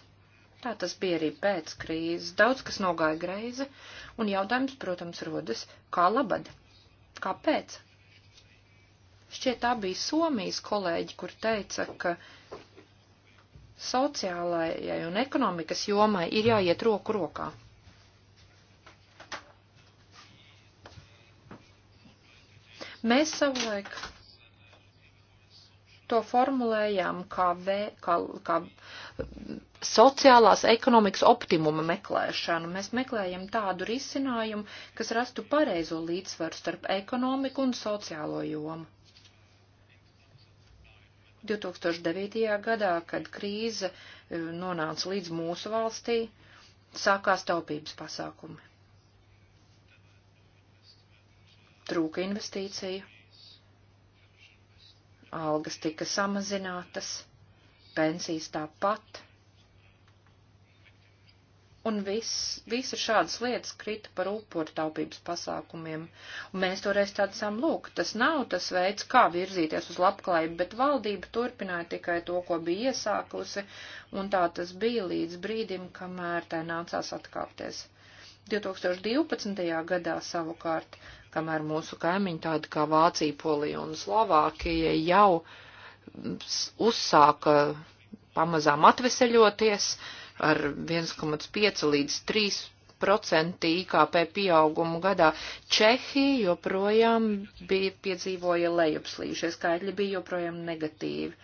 Tā tas bija arī pēc krīzes. Daudz kas nogāja greizi, un jautājums, protams, rodas, kā labad. Kāpēc? Šķiet, tā bija Somijas kolēģi, kur teica, ka sociālajai un ekonomikas jomai ir jāiet roku rokā. Mēs savulaik to formulējām kā, vē, kā, kā sociālās ekonomikas optimuma meklēšanu. Mēs meklējam tādu risinājumu, kas rastu pareizo līdzsvaru starp ekonomiku un sociālo jomu. 2009. gadā, kad krīze e, nonāca līdz mūsu valstī, sākās taupības pasākumi. Trūka investīciju algas tika samazinātas, pensijas tāpat. Un viss, visas šādas lietas krita par upuru taupības pasākumiem. Un mēs toreiz tādu sam lūk, tas nav tas veids, kā virzīties uz labklājību, bet valdība turpināja tikai to, ko bija iesākusi, un tā tas bija līdz brīdim, kamēr tai nācās atkāpties. 2012. gadā savukārt kamēr mūsu kaimiņi tādi kā Vācija, Polija un Slovākija jau uzsāka pamazām atveseļoties ar 1,5 līdz 3 procenti IKP pieaugumu gadā. Čehija joprojām bija piedzīvoja lejupslīdu, šie skaitļi bija joprojām negatīvi.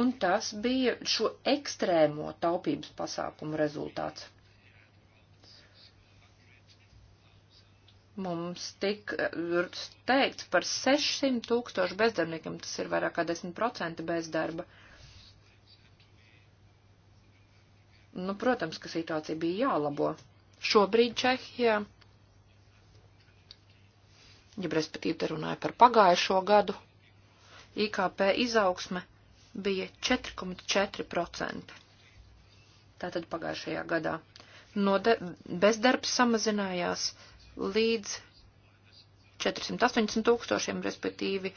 Un tas bija šo ekstrēmo taupības pasākumu rezultāts. Mums tik eh, teikts par 600 tūkstošu bezdarbniekiem, tas ir vairāk kā 10% bezdarba. Nu, protams, ka situācija bija jālabo. Šobrīd Čehijā, ja respektīvi te runāja par pagājušo gadu, IKP izaugsme bija 4,4%. Tātad pagājušajā gadā. No de, bezdarbs samazinājās 0,4% līdz 480 tūkstošiem, respektīvi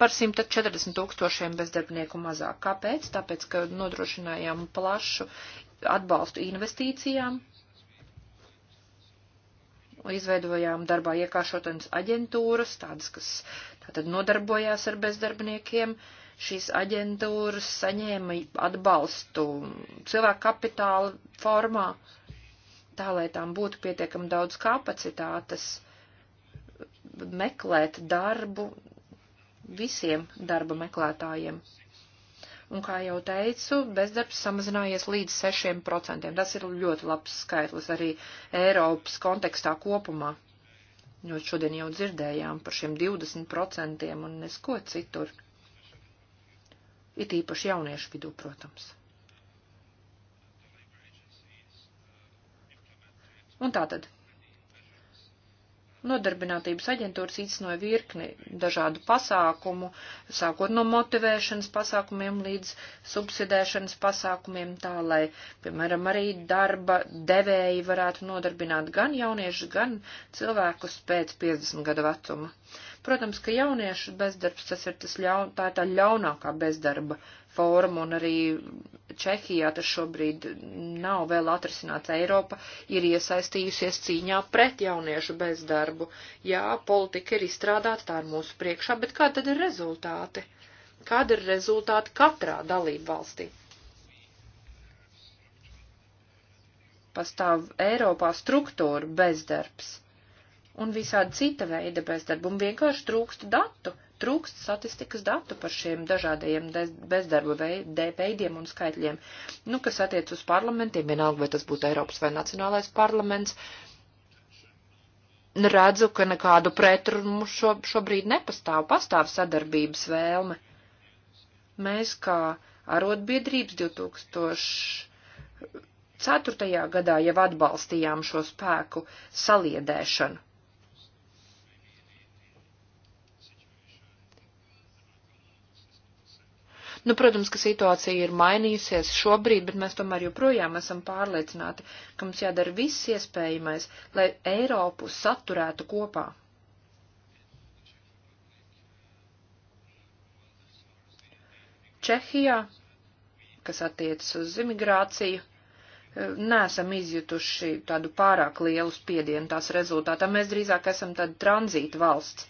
par 140 tūkstošiem bezdarbnieku mazāk. Kāpēc? Tāpēc, ka nodrošinājām plašu atbalstu investīcijām, izveidojām darbā iekāršotanas aģentūras, tādas, kas tātad nodarbojās ar bezdarbniekiem. Šīs aģentūras saņēma atbalstu cilvēku kapitāla formā. Uh, tā, lai tām būtu pietiekami daudz kapacitātes meklēt darbu visiem darba meklētājiem. Un, kā jau teicu, bezdarbs samazinājies līdz 6%. Tas ir ļoti labs skaitlis arī Eiropas kontekstā kopumā. Jo šodien jau dzirdējām par šiem 20% un nesko citur. It īpaši jauniešu vidū, protams. Un tātad. Nodarbinātības aģentūras īstenoja virkni dažādu pasākumu, sākot no motivēšanas pasākumiem līdz subsidēšanas pasākumiem, tā lai, piemēram, arī darba devēji varētu nodarbināt gan jauniešus, gan cilvēkus pēc 50 gada vecuma. Protams, ka jauniešu bezdarbs, tas ir tas ļaun, tā ir tā ļaunākā bezdarba forma, un arī Čehijā tas šobrīd nav vēl atrisināts. Eiropa ir iesaistījusies cīņā pret jauniešu bezdarbu. Jā, politika ir izstrādāta, tā ir mūsu priekšā, bet kā tad ir rezultāti? Kāda ir rezultāti katrā dalību valstī? Pastāv Eiropā struktūra bezdarbs un visādi cita veida bezdarbu, un vienkārši trūkst datu, trūkst statistikas datu par šiem dažādajiem bezdarba veidiem un skaitļiem, nu, kas attiec uz parlamentiem, vienalga, vai tas būtu Eiropas vai Nacionālais parlaments. Redzu, ka nekādu pretrunu šo, šobrīd nepastāv, pastāv sadarbības vēlme. Mēs kā arotbiedrības 2000. 4. gadā jau atbalstījām šo spēku saliedēšanu. Nu, protams, ka situācija ir mainījusies šobrīd, bet mēs tomēr joprojām esam pārliecināti, ka mums jādara viss iespējamais, lai Eiropu saturētu kopā. Čehijā, kas attiecas uz imigrāciju, neesam izjutuši tādu pārāk lielu spiedienu tās rezultātā. Mēs drīzāk esam tāda tranzīta valsts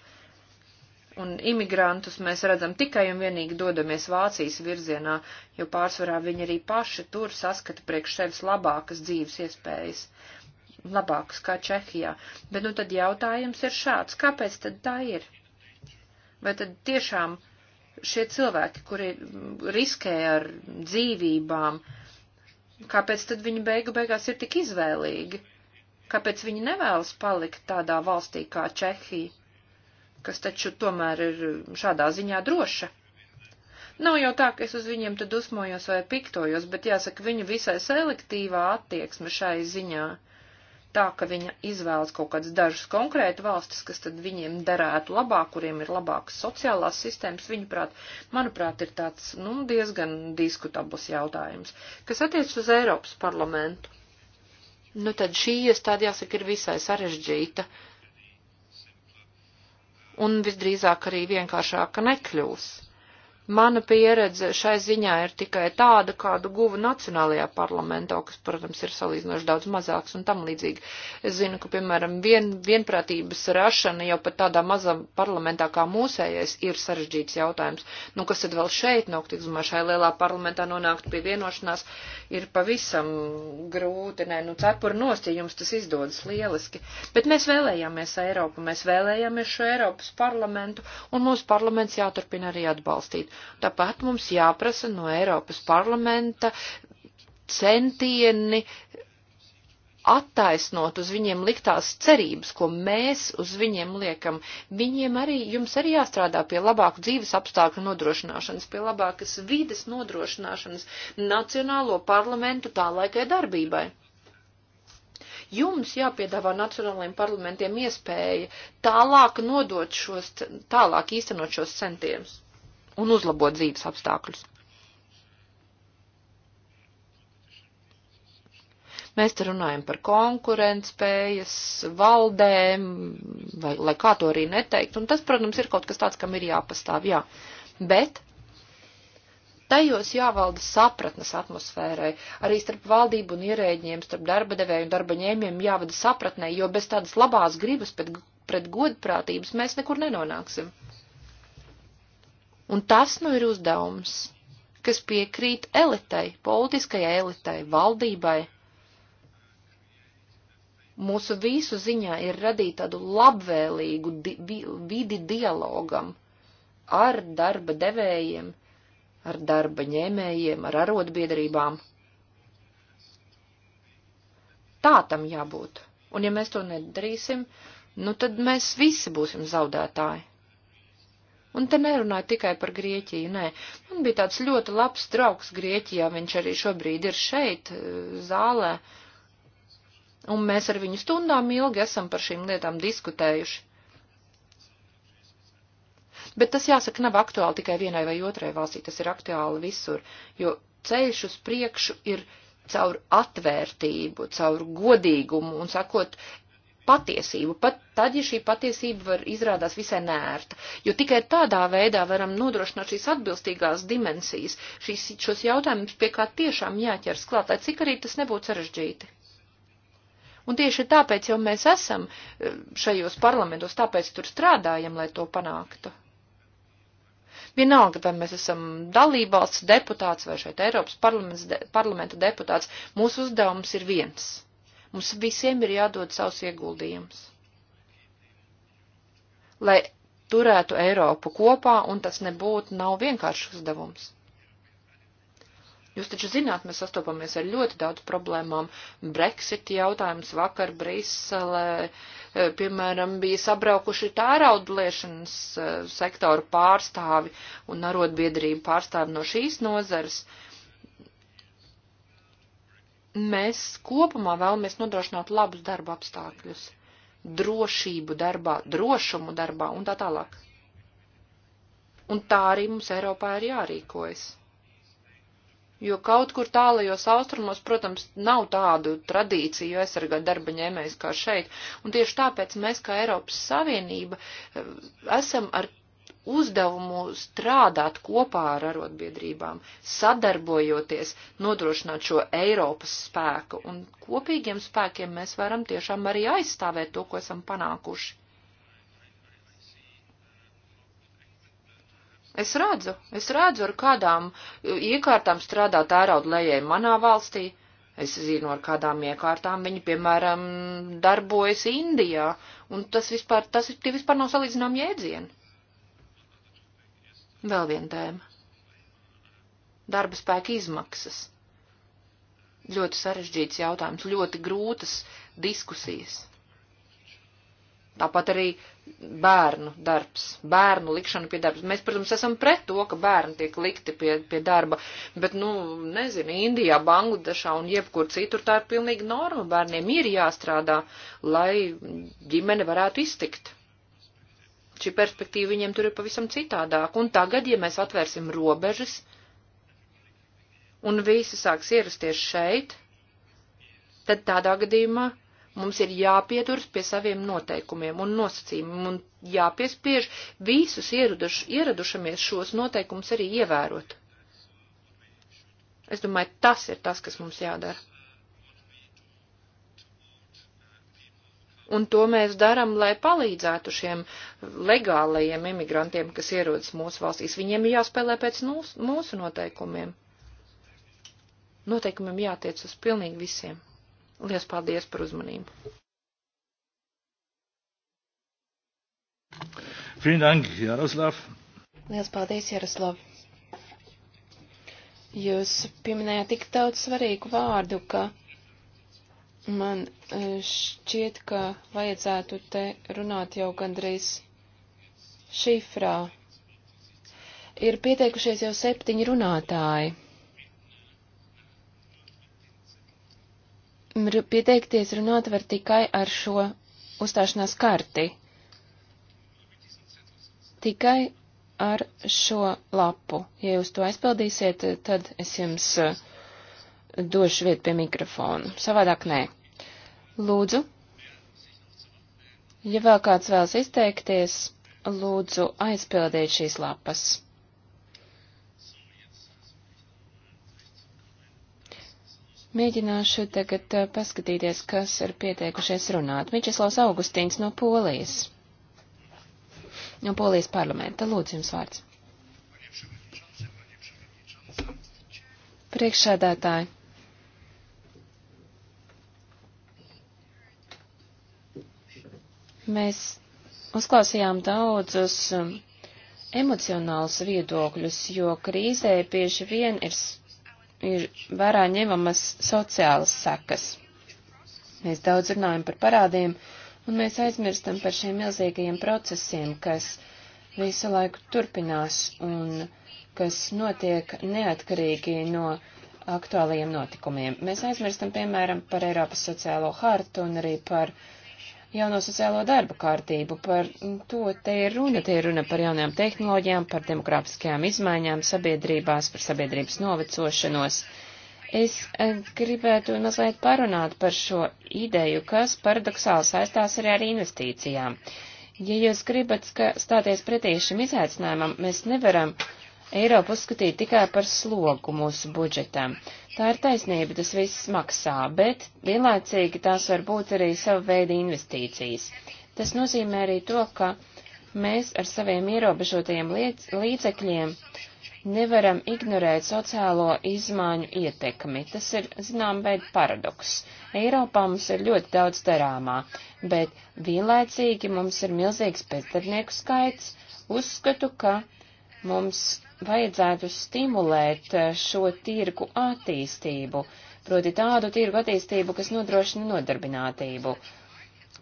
un imigrantus mēs redzam tikai un vienīgi dodamies Vācijas virzienā, jo pārsvarā viņi arī paši tur saskata priekš sevis labākas dzīves iespējas, labākas kā Čehijā. Bet nu tad jautājums ir šāds, kāpēc tad tā ir? Vai tad tiešām šie cilvēki, kuri riskē ar dzīvībām, kāpēc tad viņi beigu beigās ir tik izvēlīgi? Kāpēc viņi nevēlas palikt tādā valstī kā Čehija? kas taču tomēr ir šādā ziņā droša. Nav jau tā, ka es uz viņiem tad dusmojos vai piktojos, bet jāsaka, viņa visai selektīvā attieksme šai ziņā. Tā, ka viņa izvēlas kaut kādas dažas konkrētas valstis, kas tad viņiem derētu labāk, kuriem ir labākas sociālās sistēmas, viņuprāt, manuprāt, ir tāds, nu, diezgan diskutabls jautājums. Kas attiec uz Eiropas parlamentu? Nu, tad šī iestāde, jāsaka, ir visai sarežģīta. Uh, un visdrīzāk arī vienkāršāka nekļūs. Mana pieredze šai ziņā ir tikai tāda, kādu guvu Nacionālajā parlamentā, kas, protams, ir salīdzinoši daudz mazāks un tam līdzīgi. Es zinu, ka, piemēram, vien, vienprātības rašana jau pat tādā mazā parlamentā kā mūsējais ir sarežģīts jautājums. Nu, kas tad vēl šeit nāk, tik zumā, šai lielā parlamentā nonākt pie vienošanās ir pavisam grūti, nē, nu, cepur nost, ja jums tas izdodas lieliski. Bet mēs vēlējāmies Eiropu, mēs vēlējāmies šo Eiropas parlamentu, un mūsu parlaments jāturpina arī atbalstīt Tāpat mums jāprasa no Eiropas parlamenta centieni attaisnot uz viņiem liktās cerības, ko mēs uz viņiem liekam. Viņiem arī, jums arī jāstrādā pie labāku dzīves apstākļu nodrošināšanas, pie labākas vides nodrošināšanas nacionālo parlamentu tālaikai darbībai. Jums jāpiedāvā nacionālajiem parlamentiem iespēja tālāk nodot šos, tālāk īstenot šos centienus un uzlabot dzīves apstākļus. Mēs te runājam par konkurentspējas valdēm, vai, lai kā to arī neteikt, un tas, protams, ir kaut kas tāds, kam ir jāpastāv, jā. Bet tajos jāvalda sapratnes atmosfērai, arī starp valdību un ierēģiem, starp darba devēju un darba ņēmiem jāvada sapratnē, jo bez tādas labās gribas pret, pret godprātības mēs nekur nenonāksim. Un tas nu ir uzdevums, kas piekrīt elitai, politiskajai elitai, valdībai. Mūsu visu ziņā ir radīt tādu labvēlīgu di vidi dialogam ar darba devējiem, ar darba ņēmējiem, ar arotbiedrībām. Tā tam jābūt. Un ja mēs to nedarīsim, nu tad mēs visi būsim zaudētāji. Un te nerunāju tikai par Grieķiju, nē. Man bija tāds ļoti labs draugs Grieķijā, viņš arī šobrīd ir šeit, eh, zālē. Un mēs ar viņu stundām ilgi esam par šīm lietām diskutējuši. Bet tas, jāsaka, nav aktuāli tikai vienai vai otrai valstī, tas ir aktuāli visur, jo ceļš uz priekšu ir caur atvērtību, caur godīgumu un sakot, patiesību, pat tad, ja šī patiesība var izrādās visai nērta. Jo tikai tādā veidā varam nodrošināt šīs atbilstīgās dimensijas, šīs, šos jautājumus, pie kā tiešām jāķers klāt, lai cik arī tas nebūtu sarežģīti. Un tieši tāpēc jau mēs esam eh, šajos parlamentos, tāpēc tur strādājam, lai to panāktu. Vienalga, vai mēs esam dalībvalsts deputāts vai šeit Eiropas de, parlamenta deputāts, mūsu uzdevums ir viens Mums visiem ir jādod savs ieguldījums, lai turētu Eiropu kopā, un tas nebūtu nav vienkāršs uzdevums. Jūs taču zināt, mēs sastopamies ar ļoti daudz problēmām. Brexit jautājums vakar Briselē, e, piemēram, bija sabraukuši tērautliešanas e, sektoru pārstāvi un arotbiedrību pārstāvi no šīs nozares. Uh, mēs kopumā vēlamies nodrošināt labus darba apstākļus, drošību darbā, drošumu darbā un tā tālāk. Un tā arī mums Eiropā ir jārīkojas. Jo kaut kur tālajos austrumos, protams, nav tādu tradīciju aizsargāt darba ņēmējs kā šeit, un tieši tāpēc mēs, kā Eiropas Savienība, eh, esam ar uzdevumu strādāt kopā ar arotbiedrībām, sadarbojoties, nodrošināt šo Eiropas spēku, un kopīgiem spēkiem mēs varam tiešām arī aizstāvēt to, ko esam panākuši. Es redzu, es redzu, ar kādām iekārtām strādā tērauda lejai manā valstī. Es zinu, ar kādām iekārtām viņi, piemēram, darbojas Indijā, un tas vispār, tas ir, tie vispār nav salīdzinām jēdzieni. Vēl viena tēma. Darba spēka izmaksas. Ļoti sarežģīts jautājums, ļoti grūtas diskusijas. Tāpat arī bērnu darbs, bērnu likšana pie darba. Mēs, protams, esam pret to, ka bērni tiek likti pie, pie darba, bet, nu, nezinu, Indijā, Bangladešā un jebkur citur tā ir pilnīgi norma. Bērniem ir jāstrādā, lai ģimene varētu iztikt šī perspektīva viņiem tur ir pavisam citādāk. Un tagad, ja mēs atvērsim robežas un visi sāks ierasties šeit, tad tādā gadījumā mums ir jāpieturas pie saviem noteikumiem un nosacījumiem un jāpiespiež visus ieraduš, ieradušamies šos noteikumus arī ievērot. Es domāju, tas ir tas, kas mums jādara. Un to mēs darām, lai palīdzētu šiem legālajiem imigrantiem, kas ierodas mūsu valstīs. Viņiem ir jāspēlē pēc mūsu noteikumiem. Noteikumiem jātiec uz pilnīgi visiem. Lielas paldies par uzmanību. Vielen Dank, Jaroslav. Lielas paldies, Jaroslav. Jūs pieminējāt tik daudz svarīgu vārdu, ka Man e, šķiet, ka vajadzētu te runāt jau gandrīz šifrā. Ir pieteikušies jau septiņi runātāji. Pieteikties runāt var tikai ar šo uzstāšanās karti. Tikai ar šo lapu. Ja jūs to aizpildīsiet, tad es jums e, došu vietu pie mikrofonu. Savādāk nē. Lūdzu, ja vēl kāds vēlas izteikties, lūdzu aizpildiet šīs lapas. Mēģināšu tagad eh, paskatīties, kas ir pieteikušies runāt. Mičislavs Augustīns no Polijas. No Polijas parlamenta. Lūdzu, jums vārds. Priekšsēdētāji, Mēs uzklausījām daudzus um, emocionālus viedokļus, jo krīzē bieži vien ir, ir vērā ņemamas sociālas sekas. Mēs daudz runājam par parādiem, un mēs aizmirstam par šiem milzīgajiem procesiem, kas visu laiku turpinās un kas notiek neatkarīgi no aktuālajiem notikumiem. Mēs aizmirstam, piemēram, par Eiropas sociālo hartu un arī par uh, jauno sociālo darba kārtību. Par to te ir runa. Te ir runa par jaunajām tehnoloģijām, par demokrātiskajām izmaiņām sabiedrībās, par sabiedrības novecošanos. Es eh, gribētu mazliet parunāt par šo ideju, kas paradoxāli saistās arī ar investīcijām. Ja jūs gribat stāties pretī šim izaicinājumam, mēs nevaram uh, Eiropu uzskatīja tikai par slogu mūsu budžetam. Tā ir taisnība, tas viss maksā, bet vienlaicīgi tās var būt arī sava veida investīcijas. Tas nozīmē arī to, ka mēs ar saviem ierobežotajiem līdzekļiem nevaram ignorēt sociālo izmaiņu ietekmi. Tas ir, zinām, veid paradoks. Eiropā mums ir ļoti daudz darāmā, bet vienlaicīgi mums ir milzīgs bezdarbnieku skaits. Uzskatu, ka mums vajadzētu stimulēt eh, šo tirgu attīstību, proti tādu tirgu attīstību, kas nodrošina nodarbinātību,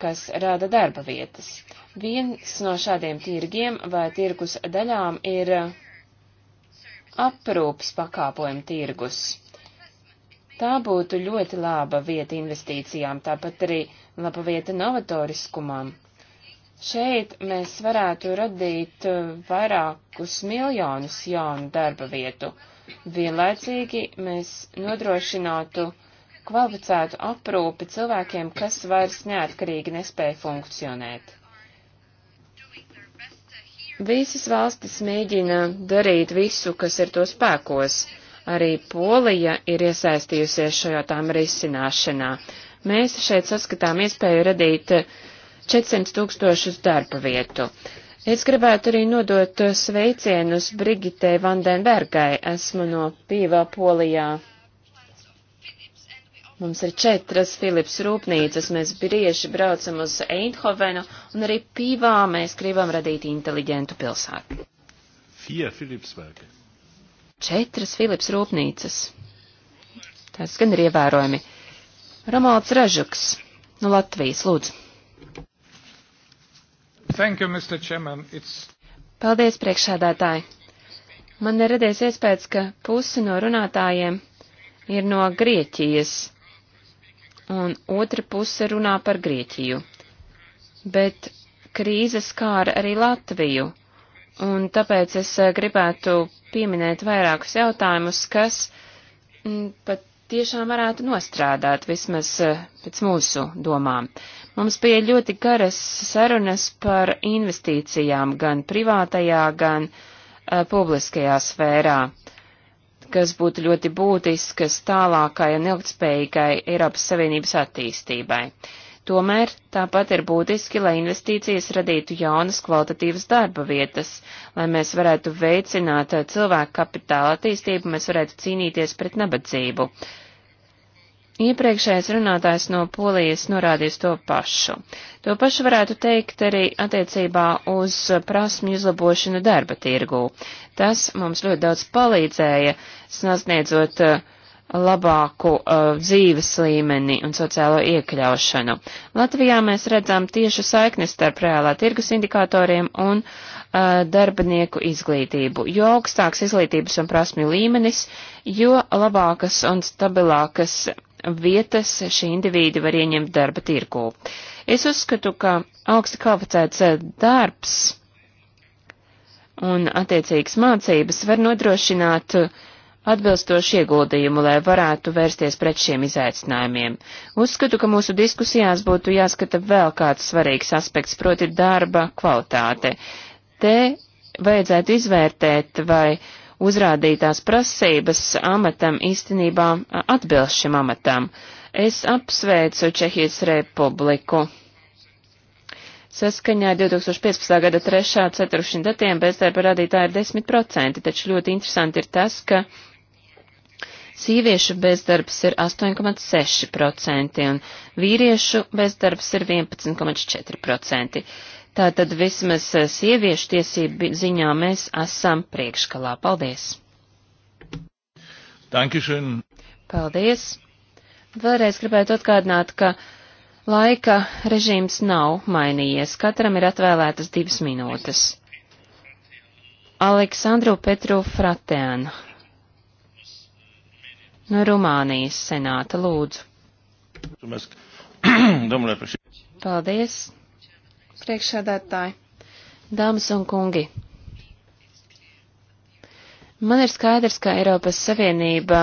kas rada darba vietas. Viens no šādiem tirgiem vai tirgus daļām ir eh, aprūps pakāpojumu tirgus. Tā būtu ļoti laba vieta investīcijām, tāpat arī laba vieta novatoriskumam Šeit mēs varētu radīt uh, vairākus miljonus jaunu darba vietu. Vienlaicīgi mēs nodrošinātu kvalificētu aprūpi cilvēkiem, kas vairs neatkarīgi nespēja funkcionēt. Visas valstis mēģina darīt visu, kas ir to spēkos. Arī Polija ir iesaistījusies šajā tām risināšanā. Mēs šeit saskatām iespēju radīt uh, 400 tūkstošus darba vietu. Es gribētu arī nodot sveicienus Brigitei Vandenbergai. Esmu no Pīvā, Polijā. Mums ir četras Philips rūpnīcas, mēs bieži braucam uz Eindhovenu, un arī Pīvā mēs gribam radīt inteliģentu pilsētu. Četras Philips rūpnīcas. Tas gan ir ievērojami. Romalds Ražuks no Latvijas, lūdzu. Thank you, Mr. Chairman. It's... Paldies, priekšsēdētāji. Man ir radies iespējas, ka pusi no runātājiem ir no Grieķijas, un otra puse runā par Grieķiju. Bet krīze skāra arī Latviju, un tāpēc es eh, gribētu pieminēt vairākus jautājumus, kas mm, pat tiešām varētu nostrādāt, vismaz eh, pēc mūsu domām. Mums bija ļoti garas sarunas par investīcijām gan privātajā, gan uh, publiskajā sfērā, kas būtu ļoti būtiskas tālākai un ilgtspējīgai Eiropas Savienības attīstībai. Uh, Tomēr tāpat ir būtiski, lai investīcijas radītu jaunas kvalitatīvas darba vietas, lai mēs varētu veicināt eh, cilvēku kapitāla attīstību, mēs varētu cīnīties pret nabadzību. Iepriekšējais runātājs no Polijas norādījis to pašu. To pašu varētu teikt arī attiecībā uz prasmju uzlabošanu darba tirgū. Tas mums ļoti daudz palīdzēja, sasniedzot uh, labāku uh, dzīves līmeni un sociālo iekļaušanu. Latvijā mēs redzam tiešu saiknes starp reālā tirgus indikatoriem un uh, darbinieku izglītību. Jo augstāks izglītības un prasmju līmenis, jo labākas un stabilākas vietas šī indivīdi var ieņemt darba tirgū. Es uzskatu, ka augsti kvalificēts uh, darbs un attiecīgas mācības var nodrošināt uh, atbilstošu ieguldījumu, lai varētu vērsties pret šiem izaicinājumiem. Uzskatu, ka mūsu diskusijās būtu jāskata vēl kāds svarīgs aspekts, proti darba kvalitāte. Te vajadzētu izvērtēt, vai uzrādītās prasības amatam īstenībā atbilst šim amatam. Es apsveicu Čehijas republiku. Saskaņā 2015. gada 3. ceturkšņa datiem bezdarba radītāji ir 10%, taču ļoti interesanti ir tas, ka Sīviešu bezdarbs ir 8,6% un vīriešu bezdarbs ir 11,4%. Tātad vismaz eh, sieviešu tiesību ziņā mēs esam priekškalā. Paldies! Dankišen. Paldies! Vēlreiz gribētu atgādināt, ka laika režīms nav mainījies. Katram ir atvēlētas divas minūtes. Aleksandru Petru Fratēnu no Rumānijas senāta lūdzu. Paldies, priekšsēdētāji, dāmas un kungi. Man ir skaidrs, ka Eiropas Savienība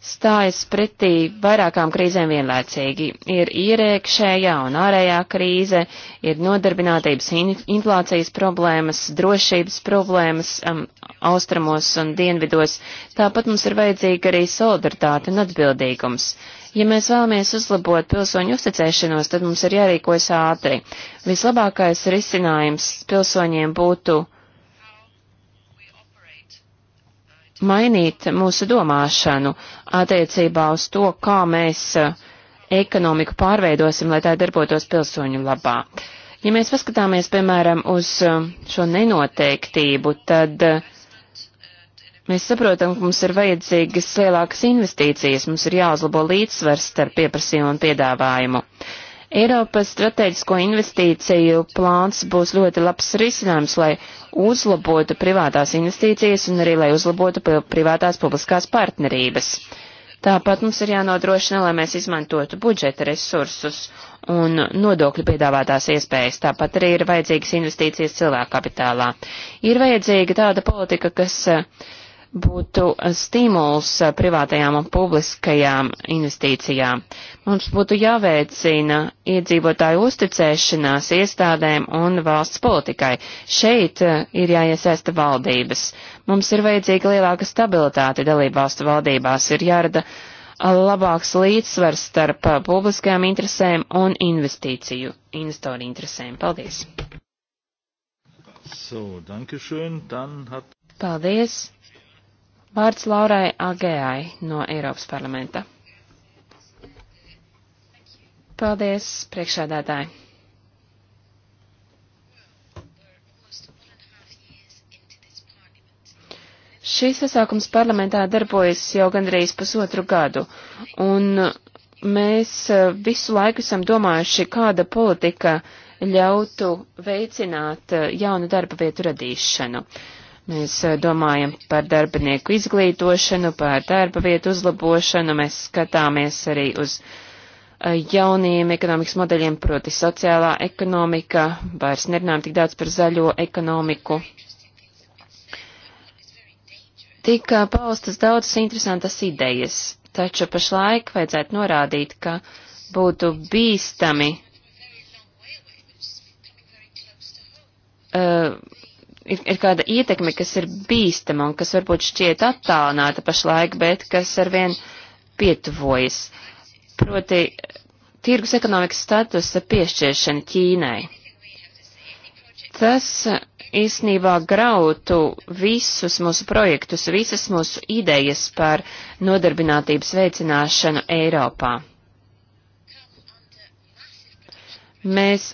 stājas pretī vairākām krīzēm vienlaicīgi. Ir ieriekšējā un ārējā krīze, ir nodarbinātības inflācijas problēmas, drošības problēmas um, austrumos un dienvidos. Tāpat mums ir vajadzīga arī solidaritāte un atbildīgums. Ja mēs vēlamies uzlabot pilsoņu uzticēšanos, tad mums ir jārīkojas ātri. Vislabākais risinājums pilsoņiem būtu mainīt mūsu domāšanu attiecībā uz to, kā mēs uh, ekonomiku pārveidosim, lai tā darbotos pilsoņu labā. Ja mēs paskatāmies, piemēram, uz uh, šo nenoteiktību, tad uh, mēs saprotam, ka mums ir vajadzīgas lielākas investīcijas, mums ir jāuzlabo līdzsvars starp pieprasījumu un piedāvājumu. Eiropas strateģisko investīciju plāns būs ļoti labs risinājums, lai uzlabotu privātās investīcijas un arī lai uzlabotu privātās publiskās partnerības. Tāpat mums ir jānodrošina, lai mēs izmantotu budžeta resursus un nodokļu piedāvātās iespējas. Tāpat arī ir vajadzīgas investīcijas cilvēku kapitālā. Ir vajadzīga tāda politika, kas uh, būtu stimuls privātajām un publiskajām investīcijām. Mums būtu jāveicina iedzīvotāju uzticēšanās iestādēm un valsts politikai. Šeit eh, ir jāiesaista valdības. Mums ir vajadzīga lielāka stabilitāte dalību valstu valdībās, ir jārada labāks līdzsvars starp eh, publiskajām interesēm un investīciju investoru interesēm. Paldies! So, danke schön, dann hat... Paldies! Vārds Laurai Agējai no Eiropas parlamenta. Paldies, priekšādātāji. Šīs sasākums parlamentā darbojas jau gandrīz pusotru gadu, un mēs e, visu laiku esam domājuši, kāda politika ļautu veicināt e, jaunu darba vietu radīšanu. Uh, Mēs eh, domājam par darbinieku izglītošanu, par darba vietu uzlabošanu, mēs skatāmies arī uz eh, jauniem ekonomikas modeļiem, proti sociālā ekonomika, vairs nerunājam tik daudz par zaļo ekonomiku. Tika paustas daudzas interesantas idejas, taču pašlaik vajadzētu norādīt, ka būtu bīstami uh, ir, ir kāda ietekme, kas ir bīstama un kas varbūt šķiet attālināta pašlaik, bet kas arvien pietuvojas. Proti, tirgus ekonomikas statusa piešķiešana Ķīnai. Tas īsnībā grautu visus mūsu projektus, visas mūsu idejas par nodarbinātības veicināšanu Eiropā. Mēs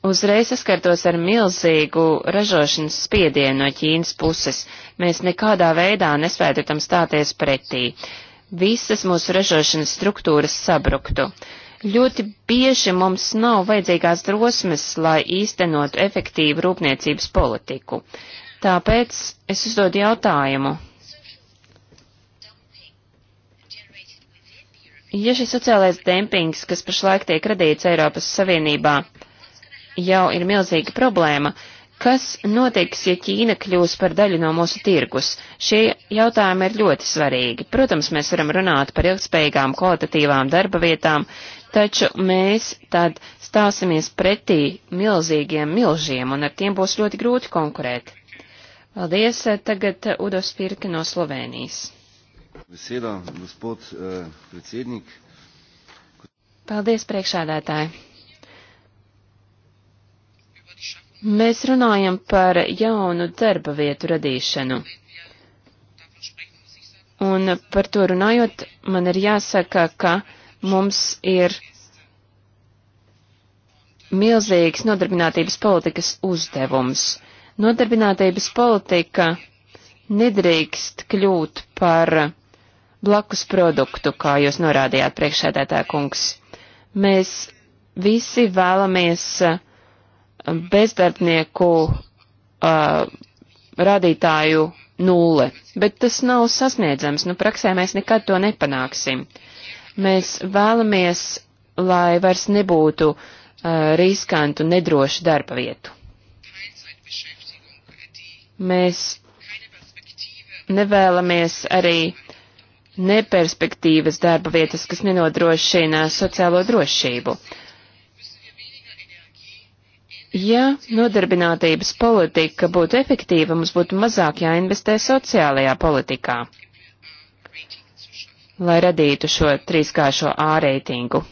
Uzreiz saskartos ar milzīgu ražošanas spiedienu no Ķīnas puses. Mēs nekādā veidā nespētu tam stāties pretī. Visas mūsu ražošanas struktūras sabruktu. Ļoti bieži mums nav vajadzīgās drosmes, lai īstenotu efektīvu rūpniecības politiku. Tāpēc es uzdodu jautājumu. Ja šis sociālais dempings, kas pašlaik tiek radīts Eiropas Savienībā, jau ir milzīga problēma. Kas notiks, ja Ķīna kļūs par daļu no mūsu tirgus? Šie jautājumi ir ļoti svarīgi. Protams, mēs varam runāt par ilgspējīgām kvalitatīvām darba vietām, taču mēs tad stāsimies pretī milzīgiem milžiem, un ar tiem būs ļoti grūti konkurēt. Paldies, tagad Udo Spirka no Slovenijas. Beseda, gospod, uh, Paldies, priekšādātāji. Mēs runājam par jaunu darba vietu radīšanu. Un par to runājot, man ir jāsaka, ka mums ir milzīgs nodarbinātības politikas uzdevums. Nodarbinātības politika nedrīkst kļūt par blakus produktu, kā jūs norādījāt priekšsēdētā kungs. Mēs visi vēlamies uh, bezdarbnieku uh, radītāju nulle, bet tas nav sasniedzams, nu praksē mēs nekad to nepanāksim. Mēs vēlamies, lai vairs nebūtu uh, riskantu, nedrošu darba vietu. Mēs nevēlamies arī neperspektīvas darba vietas, kas nenodrošina sociālo drošību. Uh, Ja nodarbinātības politika būtu efektīva, mums būtu mazāk jāinvestē sociālajā politikā, lai radītu šo trīskāršo A reitingu,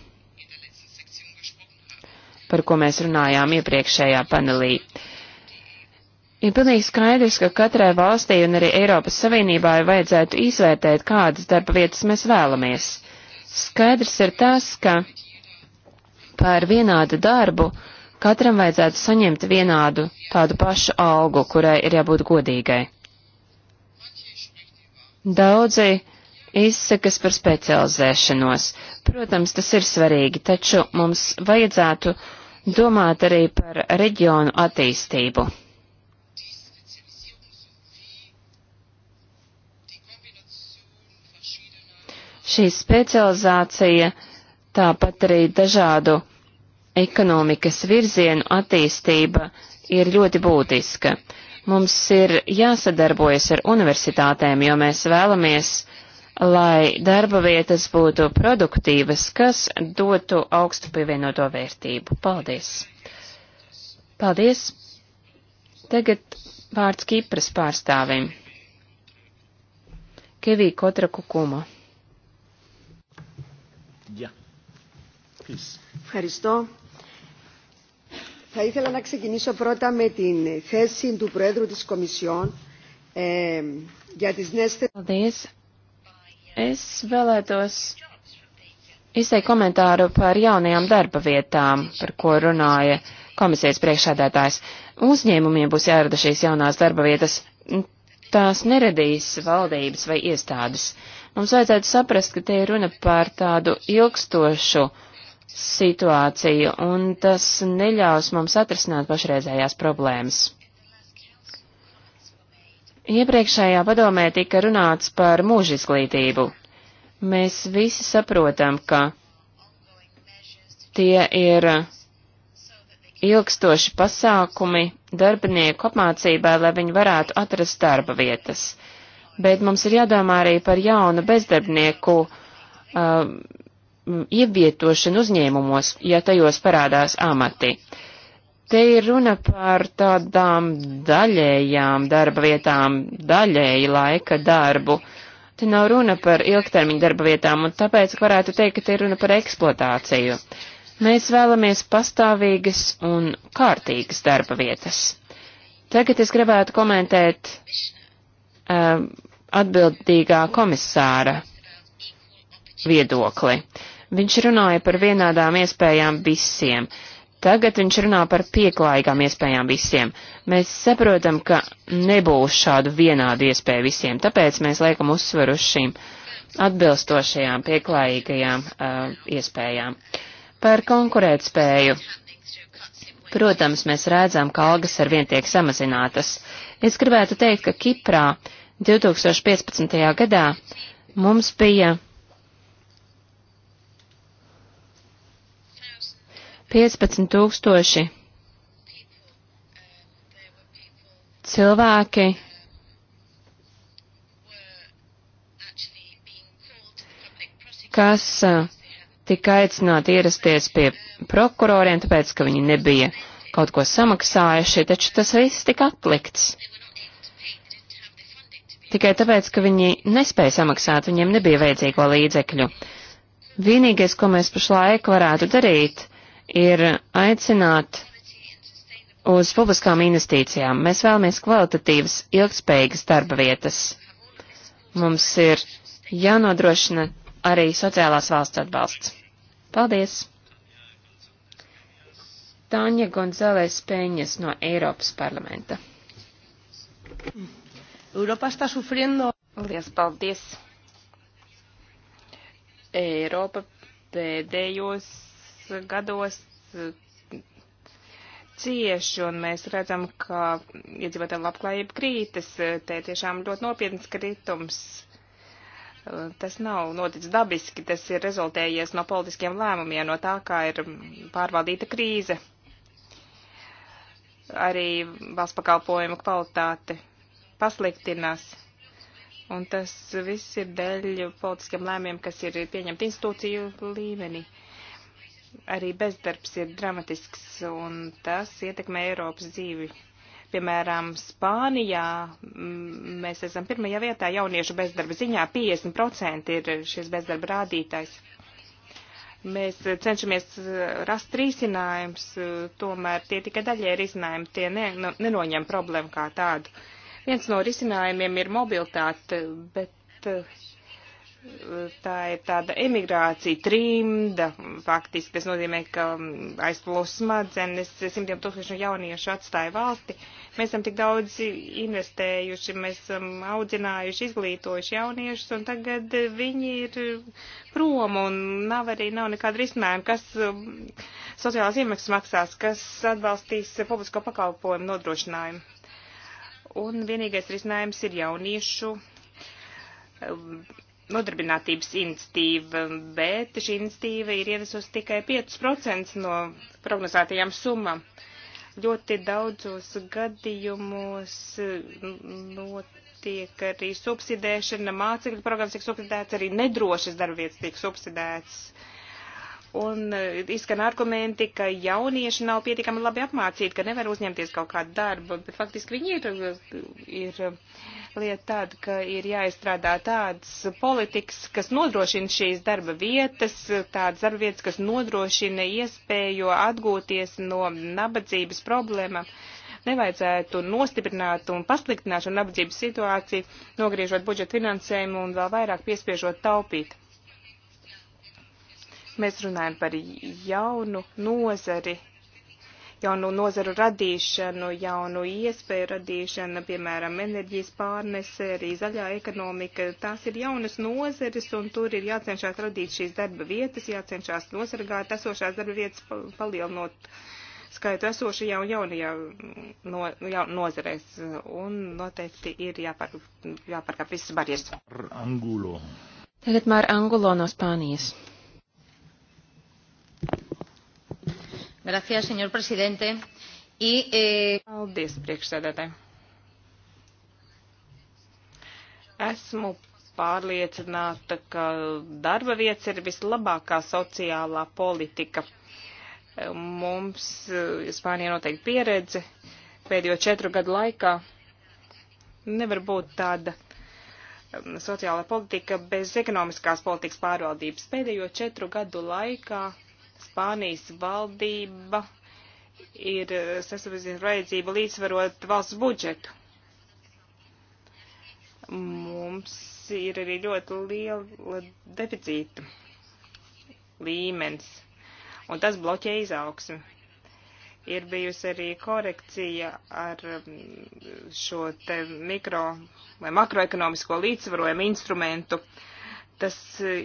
par ko mēs runājām iepriekšējā panelī. Ir pilnīgi skaidrs, ka katrai valstī un arī Eiropas Savienībai vajadzētu izvērtēt, kādas darba vietas mēs vēlamies. Skaidrs ir tas, ka par vienādu darbu katram vajadzētu saņemt vienādu tādu pašu algu, kurai ir jābūt godīgai. Daudzi izsakas par specializēšanos. Protams, tas ir svarīgi, taču mums vajadzētu domāt arī par reģionu attīstību. Šī specializācija, tāpat arī dažādu ekonomikas virzienu attīstība ir ļoti būtiska. Mums ir jāsadarbojas ar universitātēm, jo mēs vēlamies, lai darba vietas būtu produktīvas, kas dotu augstu pievienoto vērtību. Paldies! Paldies! Tagad vārds Kipras pārstāvim. Kevī Kotra Kukuma. Jā. Ja. Peace. Ευχαριστώ. Θα ήθελα να ξεκινήσω πρώτα με την θέση του Προέδρου της Κομισιόν ε, για τις νέες θέσεις. Es vēlētos izteikt komentāru par jaunajām darba vietām, par ko runāja komisijas priekšādātājs. Uzņēmumiem būs jārada šīs jaunās darba vietas. Tās neradīs valdības vai iestādes. Mums vajadzētu saprast, ka te ir runa par tādu ilgstošu uh, situāciju, un tas neļaus mums atrisināt pašreizējās problēmas. Iepriekšējā padomē tika runāts par mūža izglītību. Mēs visi saprotam, ka tie ir ilgstoši pasākumi darbinieku apmācībai, lai viņi varētu atrast darba vietas. Bet mums ir jādomā arī par jaunu bezdarbnieku uh, Mm, ievietošanu uzņēmumos, ja tajos parādās amati. Te ir runa par tādām daļējām darba vietām, daļēji laika darbu. Te nav runa par ilgtermiņa darba vietām, un tāpēc varētu teikt, ka te ir runa par eksploatāciju. Mēs vēlamies pastāvīgas un kārtīgas darba vietas. Tagad es gribētu komentēt uh, atbildīgā komisāra viedokli. Uh, Viņš runāja par vienādām iespējām visiem. Tagad viņš runā par pieklājīgām iespējām visiem. Mēs saprotam, ka nebūs šādu vienādu iespēju visiem, tāpēc mēs liekam uzsvaru uz šīm atbilstošajām pieklājīgajām uh, iespējām. Par konkurētspēju. Protams, mēs redzam, ka algas ar vien tiek samazinātas. Es gribētu teikt, ka Kiprā 2015. gadā mums bija 15 tūkstoši cilvēki kas tika aicināti ierasties pie prokuroriem, tāpēc, ka viņi nebija kaut ko samaksājuši, taču tas viss tika atlikts. Tikai tāpēc, ka viņi nespēja samaksāt, viņiem nebija vajadzīgo līdzekļu. Vienīgais, ko mēs pašlaik varētu darīt, ir aicināt uz publiskām investīcijām. Mēs vēlamies kvalitatīvas, ilgspējīgas darba vietas. Mums ir jānodrošina arī sociālās valsts atbalsts. Paldies! Tāņa Gonzales Peņas no Eiropas parlamenta. Europa está sufriendo. Lielas paldies! Eiropa pēdējos gados eh, cieši, un mēs redzam, ka iedzīvotāju labklājība krītas, eh, te tiešām ļoti nopietnas kritums. Eh, tas nav noticis dabiski, tas ir rezultējies no politiskiem lēmumiem, no tā, kā ir pārvaldīta krīze. Arī valsts pakalpojuma kvalitāte pasliktinās. Un tas viss ir dēļ politiskiem lēmiem, kas ir pieņemti institūciju līmenī. Uh, arī bezdarbs ir dramatisks un tas ietekmē Eiropas dzīvi. Piemēram, Spānijā mm, mēs esam pirmajā vietā jauniešu bezdarba ziņā, 50% ir šis bezdarba rādītājs. Mēs cenšamies rast risinājumus, tomēr tie tikai daļai risinājumi, tie ne, nu, nenoņem problēmu kā tādu. Viens no risinājumiem ir mobilitāte, bet uh, tā ir tāda emigrācija, trimda, faktiski tas nozīmē, ka aizplūs smadzenes, simtiem tūkstošu jauniešu atstāja valsti. Mēs esam tik daudz investējuši, mēs esam audzinājuši, izglītojuši jauniešus, un tagad viņi ir prom, un nav arī nav nekāda risinājuma, kas um, sociālās iemaksas maksās, kas atbalstīs publisko pakalpojumu nodrošinājumu. Un vienīgais risinājums ir jauniešu um, nodarbinātības iniciatīva, bet šī iniciatīva ir ievesusi tikai 5% no prognozētajām summām. Ļoti daudzos gadījumos nu, notiek arī subsidēšana, mācekļu programmas tiek subsidēts, arī nedrošas darbvietas tiek subsidēts. Uh, Un eh, izskan argumenti, ka jaunieši nav pietiekami labi apmācīti, ka nevar uzņemties kaut kādu darbu, bet faktiski viņi ir, ir eh, lieta tāda, ka ir jāizstrādā tādas politikas, kas nodrošina šīs darba vietas, tādas darba vietas, kas nodrošina iespēju atgūties no nabadzības problēmām nevajadzētu nostiprināt un pasliktināt šo nabadzības situāciju, nogriežot budžeta finansējumu un vēl vairāk piespiežot taupīt. Mēs runājam par jaunu nozari, jaunu nozaru radīšanu, jaunu iespēju radīšanu, piemēram, enerģijas pārnese, arī zaļā ekonomika. Tās ir jaunas nozeres, un tur ir jācenšās radīt šīs darba vietas, jācenšās nosargāt esošās darba vietas, palielinot skaitu esošajā un jaunajā no, ja, nozerēs. Un noteikti ir jāpār, jāpārkāp visas barjeras. Angulo. Tagad mār Angulo no Spānijas. Gracias, senor presidente. I, e... Eh, Paldies, priekšsēdētāji. Esmu pārliecināta, ka darba vietas ir vislabākā sociālā politika. Mums eh, Spānija noteikti pieredze pēdējo četru gadu laikā nevar būt tāda um, sociālā politika bez ekonomiskās politikas pārvaldības. Pēdējo četru gadu laikā Spānijas valdība ir eh, sasavazījusi vajadzību līdzsvarot valsts budžetu. Mums ir arī ļoti liela deficīta līmenis, un tas bloķē izaugsmi. Ir bijusi arī korekcija ar mm, šo te mikro vai makroekonomisko līdzsvarojumu instrumentu. Uh, Tas eh,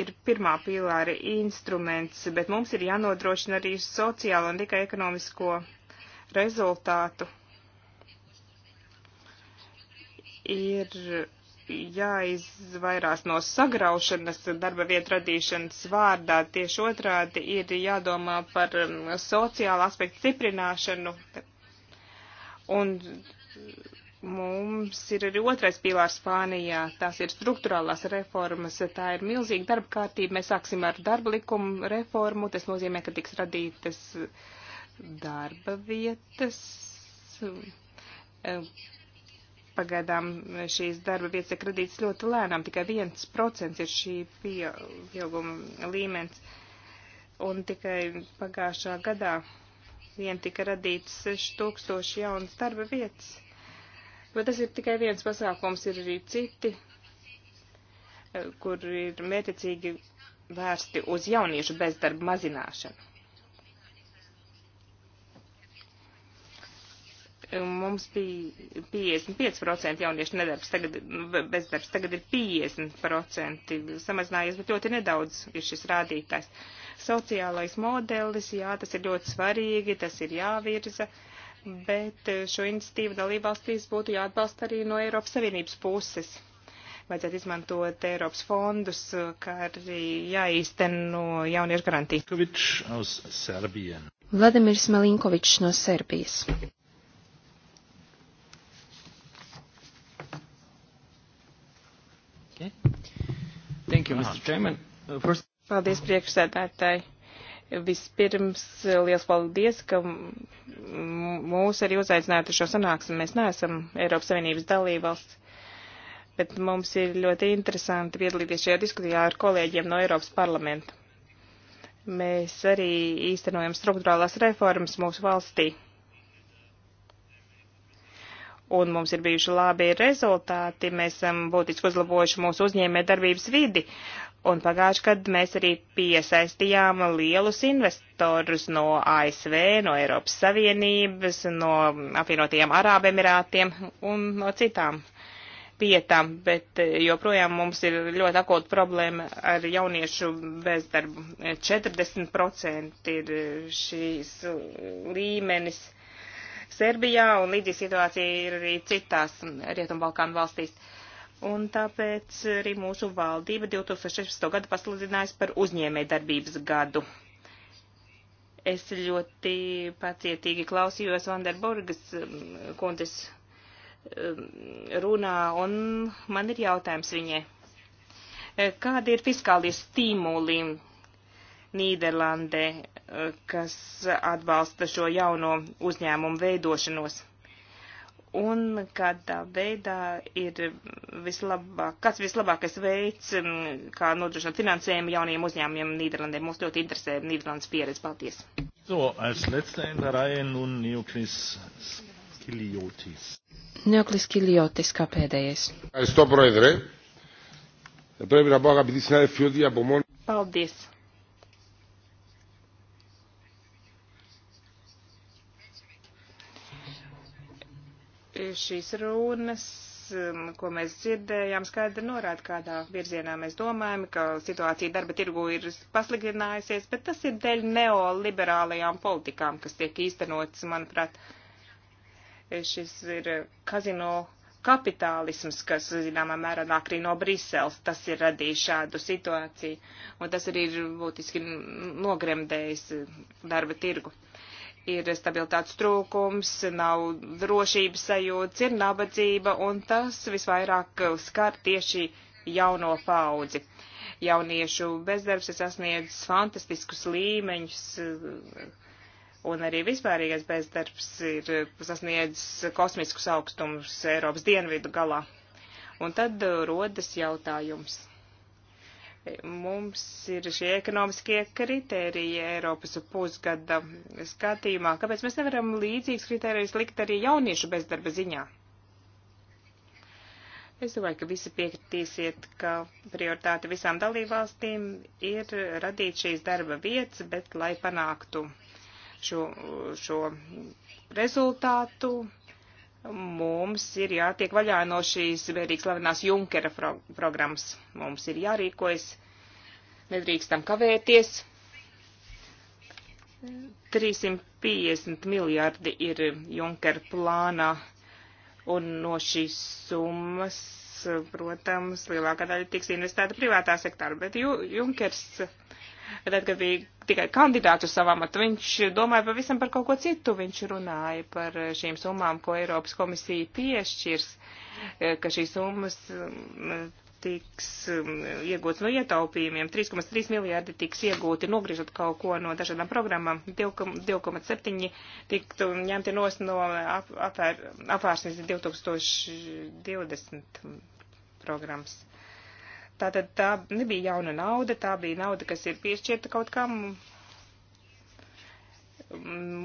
ir pirmā pīlāra instruments, bet mums ir jānodrošina arī sociālo un tikai ekonomisko rezultātu. Ir jāizvairās no sagraušanas darba vietu radīšanas vārdā. Tieši otrādi ir jādomā par mm, sociālu aspektu stiprināšanu. Un mums ir arī otrais pīlārs Spānijā. Tās ir struktūrālās reformas, tā ir milzīga darba kārtība. Mēs sāksim ar darba likumu reformu, tas nozīmē, ka tiks radītas darba vietas. Pagaidām šīs darba vietas tiek radītas ļoti lēnām, tikai viens procents ir šī pieauguma līmenis. Un tikai pagājušā gadā vien tika radīts 6000 jaunas darba vietas Bet tas ir tikai viens pasākums, ir arī citi, eh, kur ir mērķicīgi vērsti uz jauniešu bezdarba mazināšanu. Eh, mums bija 55% jauniešu nedarbs, tagad, nu, bezdarbs, tagad ir 50% samazinājies, bet ļoti nedaudz ir šis rādītājs. Sociālais modelis, jā, tas ir ļoti svarīgi, tas ir jāvirza. Uh, bet eh, šo iniciatīvu dalībvalstīs būtu jāatbalsta arī no Eiropas Savienības puses. Vajadzētu izmantot Eiropas fondus, eh, kā arī jāīsteno jauniešu garantija. Vladimirs Malinkovičs no Serbijas. Okay. Thank you, Mr. Chairman. Uh, first... Paldies priekšsēdētāji. Vispirms liels paldies, ka mūs arī uzaicinājāt uz šo sanāksmi. Mēs neesam Eiropas Savienības dalībvalsts, bet mums ir ļoti interesanti piedalīties šajā diskusijā ar kolēģiem no Eiropas parlamenta. Mēs arī īstenojam struktūrālās reformas mūsu valstī. Un mums ir bijuši labi rezultāti, mēs esam būtiski uzlabojuši mūsu uzņēmē darbības vidi Un pagājuši, kad mēs arī piesaistījām lielus investorus no ASV, no Eiropas Savienības, no apvienotajiem Arābemirātiem un no citām vietām, bet eh, joprojām mums ir ļoti akūta problēma ar jauniešu bezdarbu. 40% ir eh, šīs līmenis Serbijā, un līdzīga situācija ir arī citās Rietumbalkānu valstīs. Uh, Un tāpēc arī mūsu valdība 2016. gadu pasludinājusi par uzņēmē darbības gadu. Es ļoti pacietīgi klausījos Vanderburgas um, kundes um, runā, un man ir jautājums viņai. E, kādi ir fiskālie stimuli Nīderlandē, e, kas atbalsta šo jauno uzņēmumu veidošanos? un kādā veidā ir vislabāk, kāds vislabākais veids, mm, kā nodrošināt finansējumu jauniem uzņēmumiem Nīderlandē. Mums ļoti interesē Nīderlandes pieredze. Paldies! So, als letzter in der Reihe nun Neoklis Kiliotis. Neoklis Kiliotis, kā pēdējais. Paldies! šīs runas, um, ko mēs dzirdējām, skaidri norāda, kādā virzienā mēs domājam, ka situācija darba tirgu ir pasliktinājusies, bet tas ir dēļ neoliberālajām politikām, kas tiek īstenotas, manuprāt, šis ir kazino kapitālisms, kas, zināmā mērā, nāk arī no Briseles, tas ir radījis šādu situāciju, un tas arī ir būtiski nogremdējis darba tirgu ir stabilitātes trūkums, nav drošības sajūtas, ir nabadzība, un tas visvairāk skar tieši jauno paudzi. Jauniešu bezdarbs ir sasniedzis fantastiskus līmeņus, un arī vispārīgais bezdarbs ir sasniedzis kosmiskus augstumus Eiropas dienvidu galā. Un tad rodas jautājums Mums ir šie ekonomiskie kriteriji Eiropas pusgada skatījumā. Kāpēc mēs nevaram līdzīgs kriterijus likt arī jauniešu bezdarba ziņā? Es domāju, ka visi piekritīsiet, ka prioritāte visām dalībvalstīm ir radīt šīs darba vietas, bet lai panāktu šo, šo rezultātu, mums ir jātiek vaļā no šīs bēdīgas slavenās Junkera programmas. Mums ir jārīkojas, nedrīkstam kavēties. 350 miljardi ir Junkera plānā, un no šīs summas, protams, lielākā daļa tiks investēta privātā sektāra, bet Junkers tad, kad bija tikai kandidāts uz savu amatu, viņš domāja pavisam par kaut ko citu. Viņš runāja par šīm summām, ko Eiropas komisija piešķirs, e, ka šīs summas mm, tiks mm, iegūts no ietaupījumiem. 3,3 miljārdi tiks iegūti, nogriežot kaut ko no dažādām programmām. 2,7 tiktu ņemti nos no apvērsnes 2020 programmas. Tātad tā nebija jauna nauda, tā bija nauda, kas ir piešķirta kaut kam.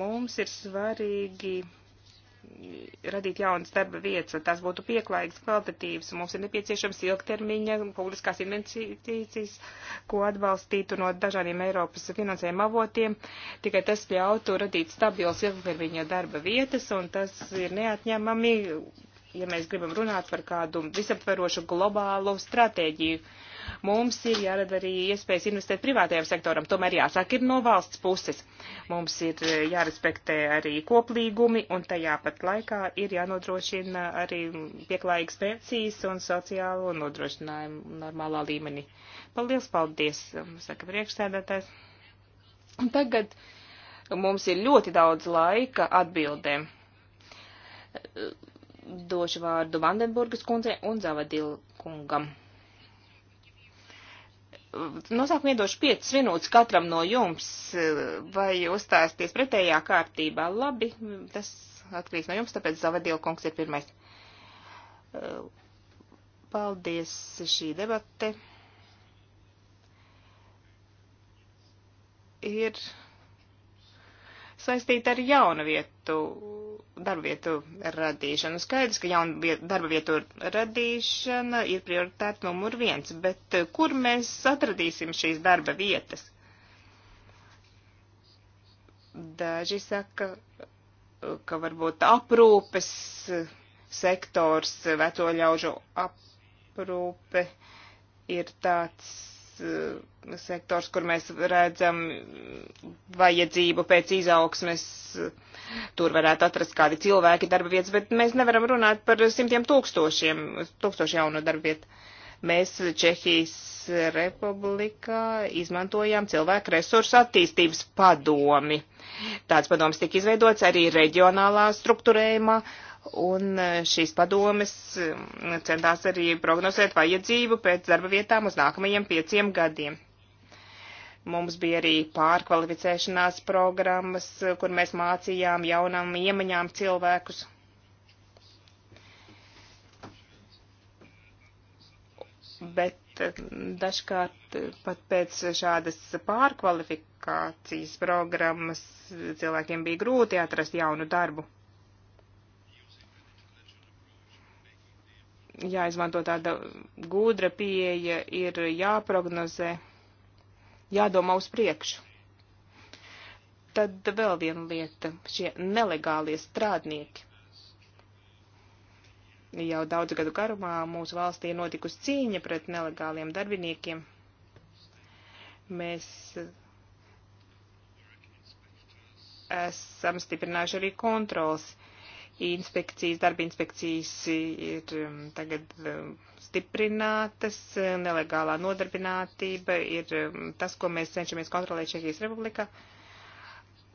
Mums ir svarīgi radīt jaunas darba vietas, lai tās būtu pieklājīgas, kvalitatīvas. Mums ir nepieciešams ilgtermiņa publiskās investīcijas, ko atbalstītu no dažādiem Eiropas finansējuma avotiem. Tikai tas ļautu radīt stabilas ilgtermiņa darba vietas, un tas ir neatņemami ja mēs gribam runāt par kādu visaptverošu globālu stratēģiju, mums ir jārada arī iespējas investēt privātajam sektoram. Tomēr jāsāk ir no valsts puses. Mums ir jārespektē arī koplīgumi un tajā pat laikā ir jānodrošina arī pieklājīgas pensijas un sociālo nodrošinājumu normālā līmenī. Paldies, paldies, saka priekšsēdētājs. Un tagad mums ir ļoti daudz laika atbildēm došu vārdu Vandenburgas kundzei un Zavadil kungam. Nosākumā iedošu 5 minūtes katram no jums, vai uzstāsties pretējā kārtībā. Labi, tas atkarīgs no jums, tāpēc Zavadil kungs ir pirmais. Paldies šī debate. Ir saistīta ar jaunu vietu, darba vietu radīšanu. Skaidrs, ka jaunu vietu, darba vietu radīšana ir prioritāte numur viens, bet eh, kur mēs atradīsim šīs darba vietas? Daži saka, eh, ka varbūt aprūpes eh, sektors, veco ļaužu aprūpe ir tāds Eh, sektors, kur mēs redzam vajadzību pēc izaugsmes, tur varētu atrast kādi cilvēki darba vietas, bet mēs nevaram runāt par simtiem tūkstošiem, tūkstošu jaunu darba vietu. Mēs Čehijas republikā izmantojām cilvēku resursu attīstības padomi. Tāds padoms tika izveidots arī reģionālā struktūrējumā, uh, Un e, šīs padomes mm, centās arī prognozēt vajadzību pēc darba vietām uz nākamajiem pieciem gadiem. Mums bija arī pārkvalificēšanās programmas, kur mēs mācījām jaunam iemaņām cilvēkus. Bet e, dažkārt e, pat pēc šādas pārkvalifikācijas programmas cilvēkiem bija grūti atrast jaunu darbu. jāizmanto tāda gudra pieeja, ir jāprognozē, jādomā uz priekšu. Tad vēl viena lieta - šie nelegālie strādnieki. Jau daudz gadu garumā mūsu valstī ir notikusi cīņa pret nelegāliem darbiniekiem. Mēs esam stiprinājuši arī kontrols inspekcijas, darba inspekcijas ir um, tagad um, stiprinātas, um, nelegālā nodarbinātība ir tas, ko mēs cenšamies kontrolēt Čehijas Republikā.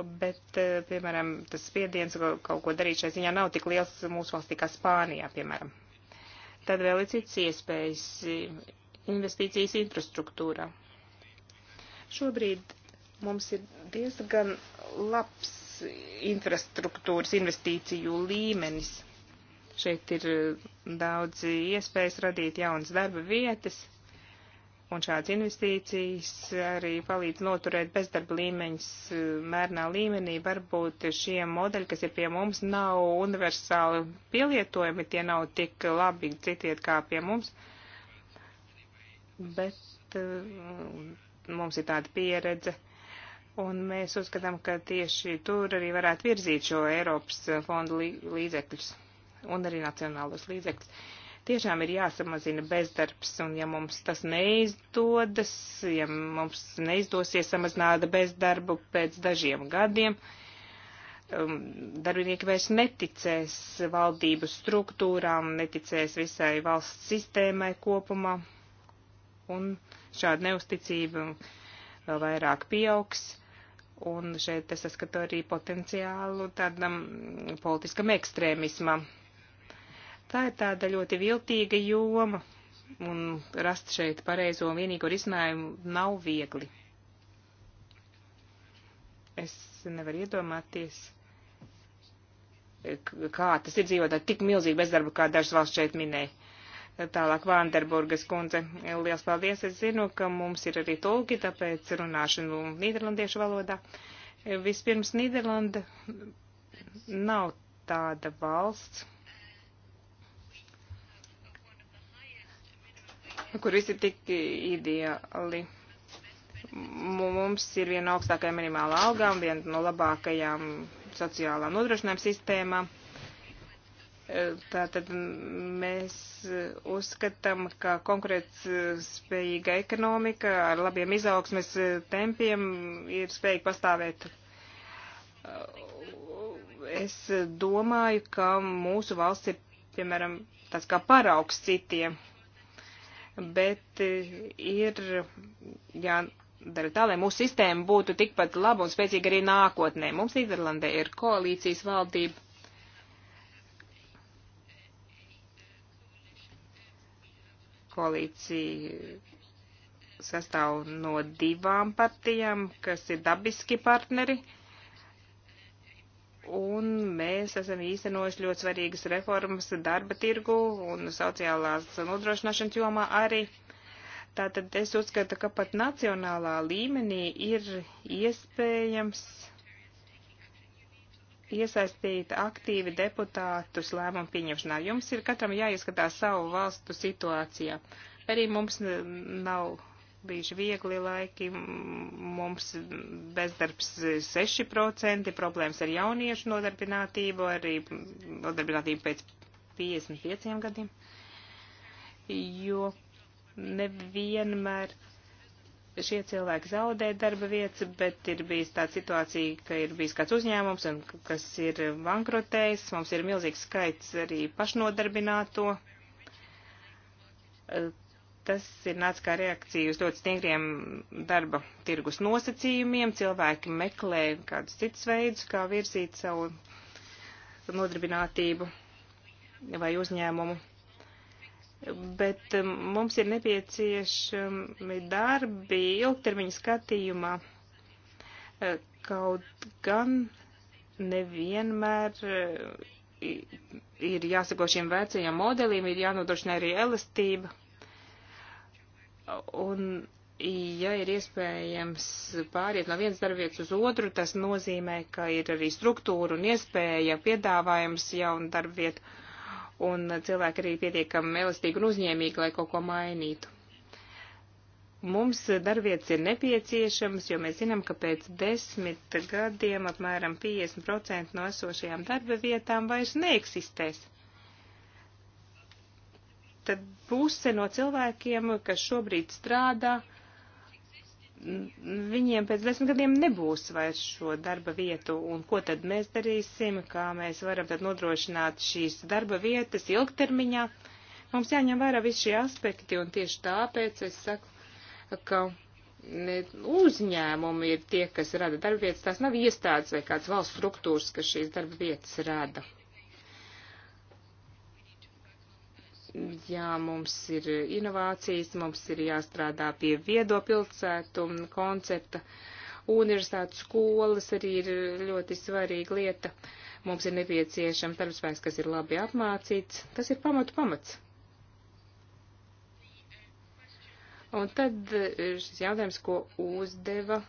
Bet, uh, piemēram, tas spiediens kaut ko darīt šai ziņā nav tik liels mūsu valstī kā Spānijā, piemēram. Tad vēl ir cits iespējas investīcijas infrastruktūrā. Šobrīd mums ir diezgan labs infrastruktūras investīciju līmenis. Šeit ir eh, daudz iespējas radīt jaunas darba vietas, un šāds investīcijas arī palīdz noturēt bezdarba līmeņus eh, mērnā līmenī. Varbūt šie modeļi, kas ir pie mums, nav universāli pielietojami, tie nav tik labi citiet kā pie mums, bet eh, mums ir tāda pieredze Un mēs uzskatām, ka tieši tur arī varētu virzīt šo Eiropas fondu līdzekļus un arī nacionālos līdzekļus. Tiešām ir jāsamazina bezdarbs, un ja mums tas neizdodas, ja mums neizdosies samazināt bezdarbu pēc dažiem gadiem, um, darbinieki vairs neticēs valdības struktūrām, neticēs visai valsts sistēmai kopumā, un šāda neusticība vēl vairāk pieaugs Un šeit es saskatu arī potenciālu tādam politiskam ekstrēmismam. Tā ir tāda ļoti viltīga joma, un rast šeit pareizo un vienīgo risinājumu nav viegli. Es nevaru iedomāties, kā tas ir dzīvot ar tik milzīgu bezdarbu, kā dažas valsts šeit minēja. Tālāk Vanderburgas kundze. Liels paldies. Es zinu, ka mums ir arī tulki, tāpēc runāšanu nīderlandiešu valodā. Vispirms Nīderlanda nav tāda valsts, kur visi ir tik ideāli. Mums ir viena augstākajām minimālā algām, viena no labākajām sociālām nodrošinājuma sistēmām Tātad mēs uzskatām, ka konkurētspējīga ekonomika ar labiem izaugsmes tempiem ir spējīga pastāvēt. Es domāju, ka mūsu valsts ir, piemēram, tāds kā paraugs citiem, bet ir jādara tā, lai mūsu sistēma būtu tikpat laba un spēcīga arī nākotnē. Mums Nīderlandē ir koalīcijas valdība Koalīcija sastāv no divām partijām, kas ir dabiski partneri. Un mēs esam īstenojuši ļoti svarīgas reformas darba tirgu un sociālās nodrošināšanas jomā arī. Tātad es uzskatu, ka pat nacionālā līmenī ir iespējams iesaistīt aktīvi deputātus lēmumu pieņemšanā. Jums ir katram jāieskatās savu valstu situācijā. Arī mums nav bijuši viegli laiki, mums bezdarbs 6%, problēmas ar jauniešu nodarbinātību, arī nodarbinātību pēc 55 gadiem, jo nevienmēr šie cilvēki zaudē darba vietas, bet ir bijis tā situācija, ka ir bijis kāds uzņēmums, un, kas ir bankrotējis. Mums ir milzīgs skaits arī pašnodarbināto. Tas ir nācis kā reakcija uz ļoti stingriem darba tirgus nosacījumiem. Cilvēki meklē kādus citus veidus, kā virzīt savu nodarbinātību vai uzņēmumu bet um, mums ir nepieciešami darbi ilgtermiņa skatījumā. Uh, kaut gan nevienmēr uh, ir jāsako šiem vecajiem modeliem, ir jānodrošina arī elastība. Un, ja ir iespējams pāriet no vienas darbvietas uz otru, tas nozīmē, ka ir arī struktūra un iespēja piedāvājums jaunu darbvietu. Uh, un cilvēki arī pietiekami elastīgi un uzņēmīgi, lai kaut ko mainītu. Mums darbvietas ir nepieciešamas, jo mēs zinām, ka pēc desmit gadiem apmēram 50% no esošajām darba vietām vairs neeksistēs. Tad puse no cilvēkiem, kas šobrīd strādā, uh, viņiem pēc desmit gadiem nebūs vairs šo darba vietu, un ko tad mēs darīsim, kā mēs varam tad nodrošināt šīs darba vietas ilgtermiņā. Mums jāņem vērā visi šie aspekti, un tieši tāpēc es saku, ka uzņēmumi ir tie, kas rada darba vietas, tās nav iestādes vai kāds valsts struktūras, kas šīs darba vietas rada. Jā, mums ir inovācijas, mums ir jāstrādā pie viedo pilsētu koncepta. Universitātes skolas arī ir ļoti svarīga lieta. Mums ir nepieciešama darbspēks, kas ir labi apmācīts. Tas ir pamatu pamats. Un tad eh, šis jautājums, ko uzdeva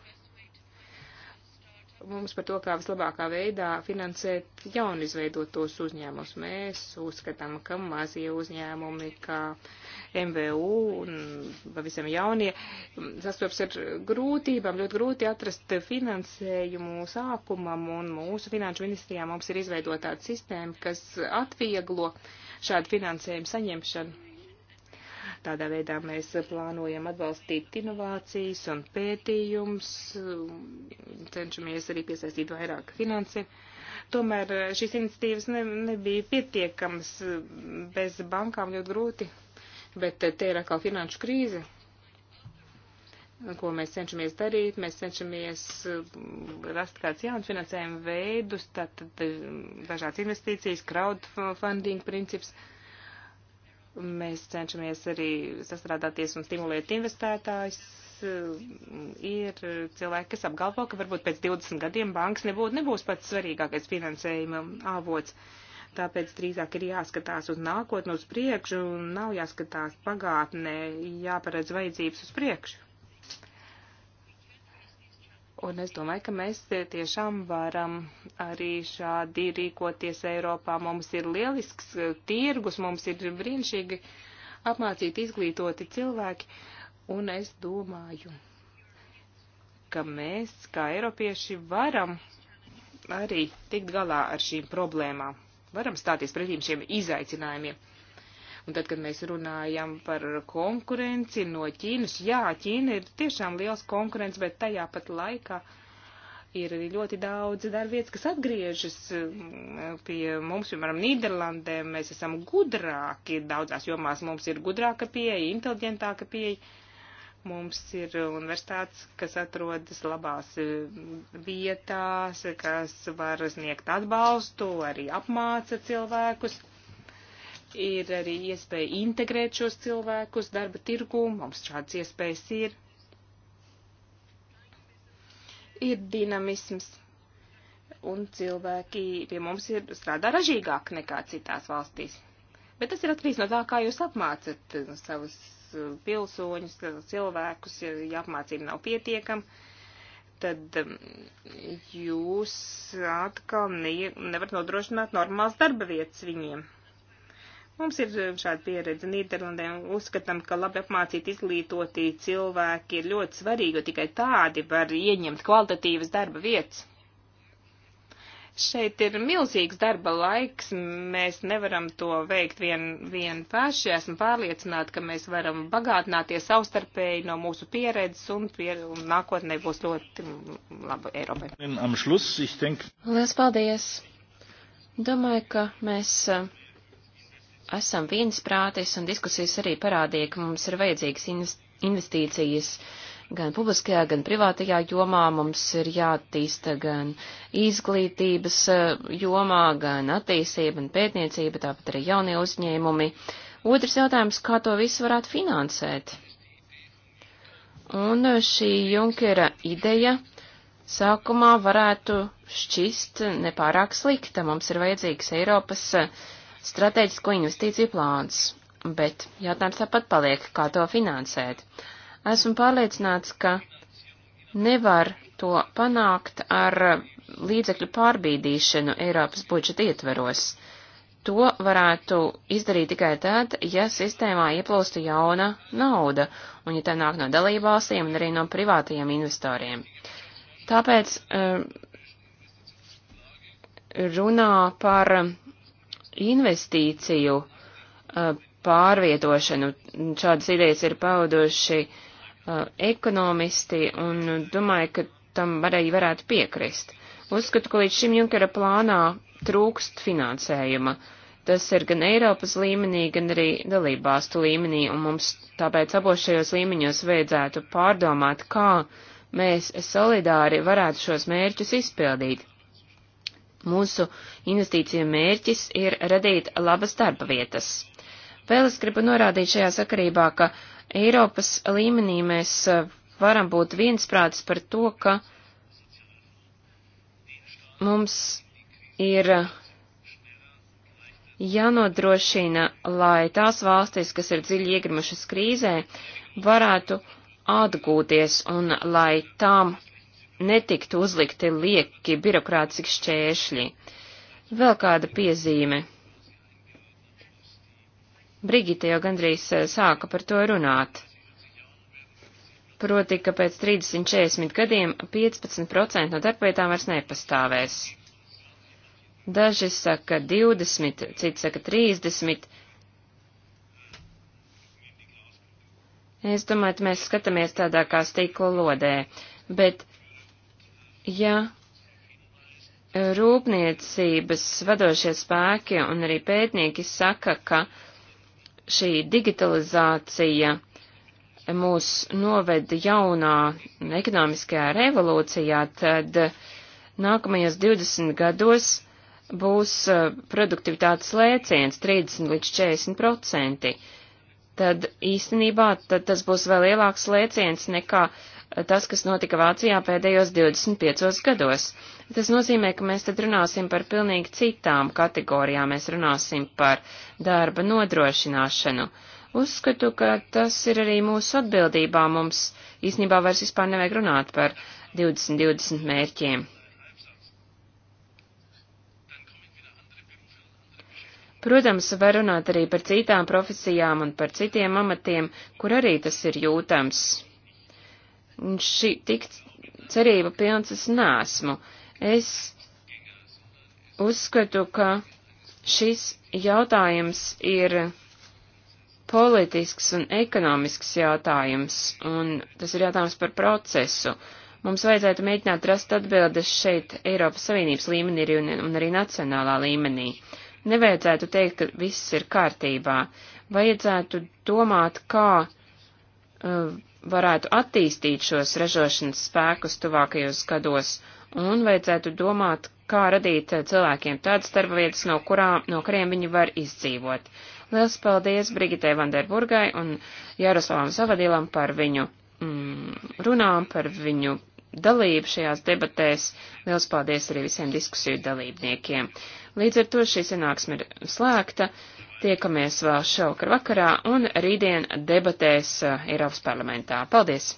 mums par to, kā vislabākā veidā finansēt jaunizveidotos uzņēmumus. Mēs uzskatām, ka mazie uzņēmumi, kā MVU un pavisam jaunie, sastopas ar grūtībām, ļoti grūti atrast finansējumu sākumam, un mūsu finanšu ministrijā mums ir izveidota tāda sistēma, kas atvieglo šādu finansējumu saņemšanu Tādā veidā mēs plānojam atbalstīt inovācijas un pētījums, um, cenšamies arī piesaistīt vairāk finansēm. Tomēr uh, šīs iniciatīvas ne, nebija pietiekamas bez bankām ļoti grūti, bet uh, te ir atkal finanšu krīze ko mēs cenšamies darīt, mēs cenšamies um, rast kāds jauns finansējuma veidus, tātad um, dažādas investīcijas, crowdfunding princips. Uh, Mēs cenšamies arī sastrādāties un stimulēt investētājus. Ir cilvēki, kas apgalvo, ka varbūt pēc 20 gadiem banks nebūtu, nebūs pats svarīgākais finansējuma avots. Tāpēc drīzāk ir jāskatās uz nākotnu, uz priekšu, un nav jāskatās pagātnē, jāparedz vajadzības uz priekšu. Un es domāju, ka mēs tiešām varam arī šādi rīkoties Eiropā. Mums ir lielisks e, tirgus, mums ir brīnišķīgi apmācīti, izglītoti cilvēki. Un es domāju, ka mēs, kā eiropieši, varam arī tikt galā ar šīm problēmām, varam stāties pretīm šiem izaicinājumiem. Un tad, kad mēs runājam par konkurenci no Ķīnas, jā, Ķīna ir tiešām liels konkurents, bet tajā pat laikā ir arī ļoti daudz darbvietas, kas atgriežas mm, pie mums, piemēram, Nīderlandē. Mēs esam gudrāki, daudzās jomās mums ir gudrāka pieeja, inteliģentāka pieeja. Mums ir universitātes, kas atrodas labās mm, vietās, kas var sniegt atbalstu, arī apmāca cilvēkus ir arī iespēja integrēt šos cilvēkus darba tirgū, mums šāds iespējas ir. Ir dinamisms, un cilvēki pie mums ir strādā ražīgāk nekā citās valstīs. Bet tas ir atkarīgs no tā, kā jūs apmācat savus uh, pilsoņus, cilvēkus, ja apmācība nav pietiekama tad um, jūs atkal ne, nevarat nodrošināt normālas darba vietas viņiem. Mums ir eh, šāda pieredze Nīderlandē un uzskatām, ka labi apmācīti, izglītoti cilvēki ir ļoti svarīgi, jo tikai tādi var ieņemt kvalitatīvas darba vietas. Šeit ir milzīgs darba laiks, mēs nevaram to veikt vien, vien paši. Esmu pārliecināta, ka mēs varam bagātināties savstarpēji no mūsu pieredzes un, pier, un nākotnē būs ļoti laba Eiropai. Lielas paldies! Domāju, ka mēs. Uh, esam viensprātis, un diskusijas arī parādīja, ka mums ir vajadzīgas investīcijas gan publiskajā, gan privātajā jomā. Mums ir jātīsta gan izglītības eh, jomā, gan attīstība, gan pētniecība, tāpat arī jaunie uzņēmumi. Otrs jautājums, kā to visu varētu finansēt? Un eh, šī Junkera ideja sākumā varētu šķist nepārāk slikta. Mums ir vajadzīgs Eiropas uh, strateģisko investīciju plāns, bet jautājums tāpat paliek, kā to finansēt. Esmu pārliecināts, ka nevar to panākt ar līdzekļu pārbīdīšanu Eiropas budžeta ietveros. To varētu izdarīt tikai tad, ja sistēmā ieplūstu jauna nauda, un ja tā nāk no dalībvalstīm un arī no privātajiem investoriem. Tāpēc uh, runā par investīciju uh, pārvietošanu. Šādas idejas ir pauduši uh, ekonomisti un domāju, ka tam varēja varētu piekrist. Uzskatu, ka līdz šim Junkera plānā trūkst finansējuma. Tas ir gan Eiropas līmenī, gan arī dalībvalstu līmenī, un mums tāpēc abos šajos līmeņos vajadzētu pārdomāt, kā mēs solidāri varētu šos mērķus izpildīt mūsu investīciju mērķis ir radīt labas darba vietas. Vēl es gribu norādīt šajā sakarībā, ka Eiropas līmenī mēs e, varam būt viensprātis par to, ka mums ir e, jānodrošina, lai tās valstis, kas ir dziļi iegrimušas krīzē, varētu atgūties un lai tām netiktu uzlikti lieki birokrātiski šķēršļi. Vēl kāda piezīme. Brigita jau gandrīz eh, sāka par to runāt. Proti, ka pēc 30-40 gadiem 15% no darbvietām vairs nepastāvēs. Daži saka 20, citi saka 30. Es domāju, ka mēs skatāmies tādā kā stīkla lodē, bet ja e, rūpniecības vadošie spēki un arī pētnieki saka, ka šī digitalizācija mūs noveda jaunā ekonomiskajā revolūcijā, tad nākamajos 20 gados būs e, produktivitātes lēciens 30 līdz 40 procenti. Tad īstenībā tad tas būs vēl lielāks lēciens nekā uh, tas, kas notika Vācijā pēdējos 25 gados. Tas nozīmē, ka mēs tad runāsim par pilnīgi citām kategorijām, mēs runāsim par darba nodrošināšanu. Uzskatu, ka tas ir arī mūsu atbildībā, mums īsnībā vairs vispār nevajag runāt par 2020 mērķiem. Protams, var runāt arī par citām profesijām un par citiem amatiem, kur arī tas ir jūtams šī tik cerība pilns es nesmu. Es uzskatu, ka šis jautājums ir politisks un ekonomisks jautājums, un tas ir jautājums par procesu. Mums vajadzētu mēģināt rast atbildes šeit Eiropas Savienības līmenī un, un arī nacionālā līmenī. Nevajadzētu teikt, ka viss ir kārtībā. Vajadzētu domāt, kā uh, varētu attīstīt šos ražošanas spēkus tuvākajos gados, un vajadzētu domāt, kā radīt eh, cilvēkiem tādas darba vietas, no, kurā, no kuriem viņi var izdzīvot. Liels paldies Brigitei Vanderburgai un Jaroslavam Savadilam par viņu mm, runām, par viņu dalību šajās debatēs. Liels paldies arī visiem diskusiju dalībniekiem. Līdz ar to šī sanāksme ir slēgta. Tiekamies vēl šovakar vakarā un rītdien debatēs eh, Eiropas parlamentā. Paldies!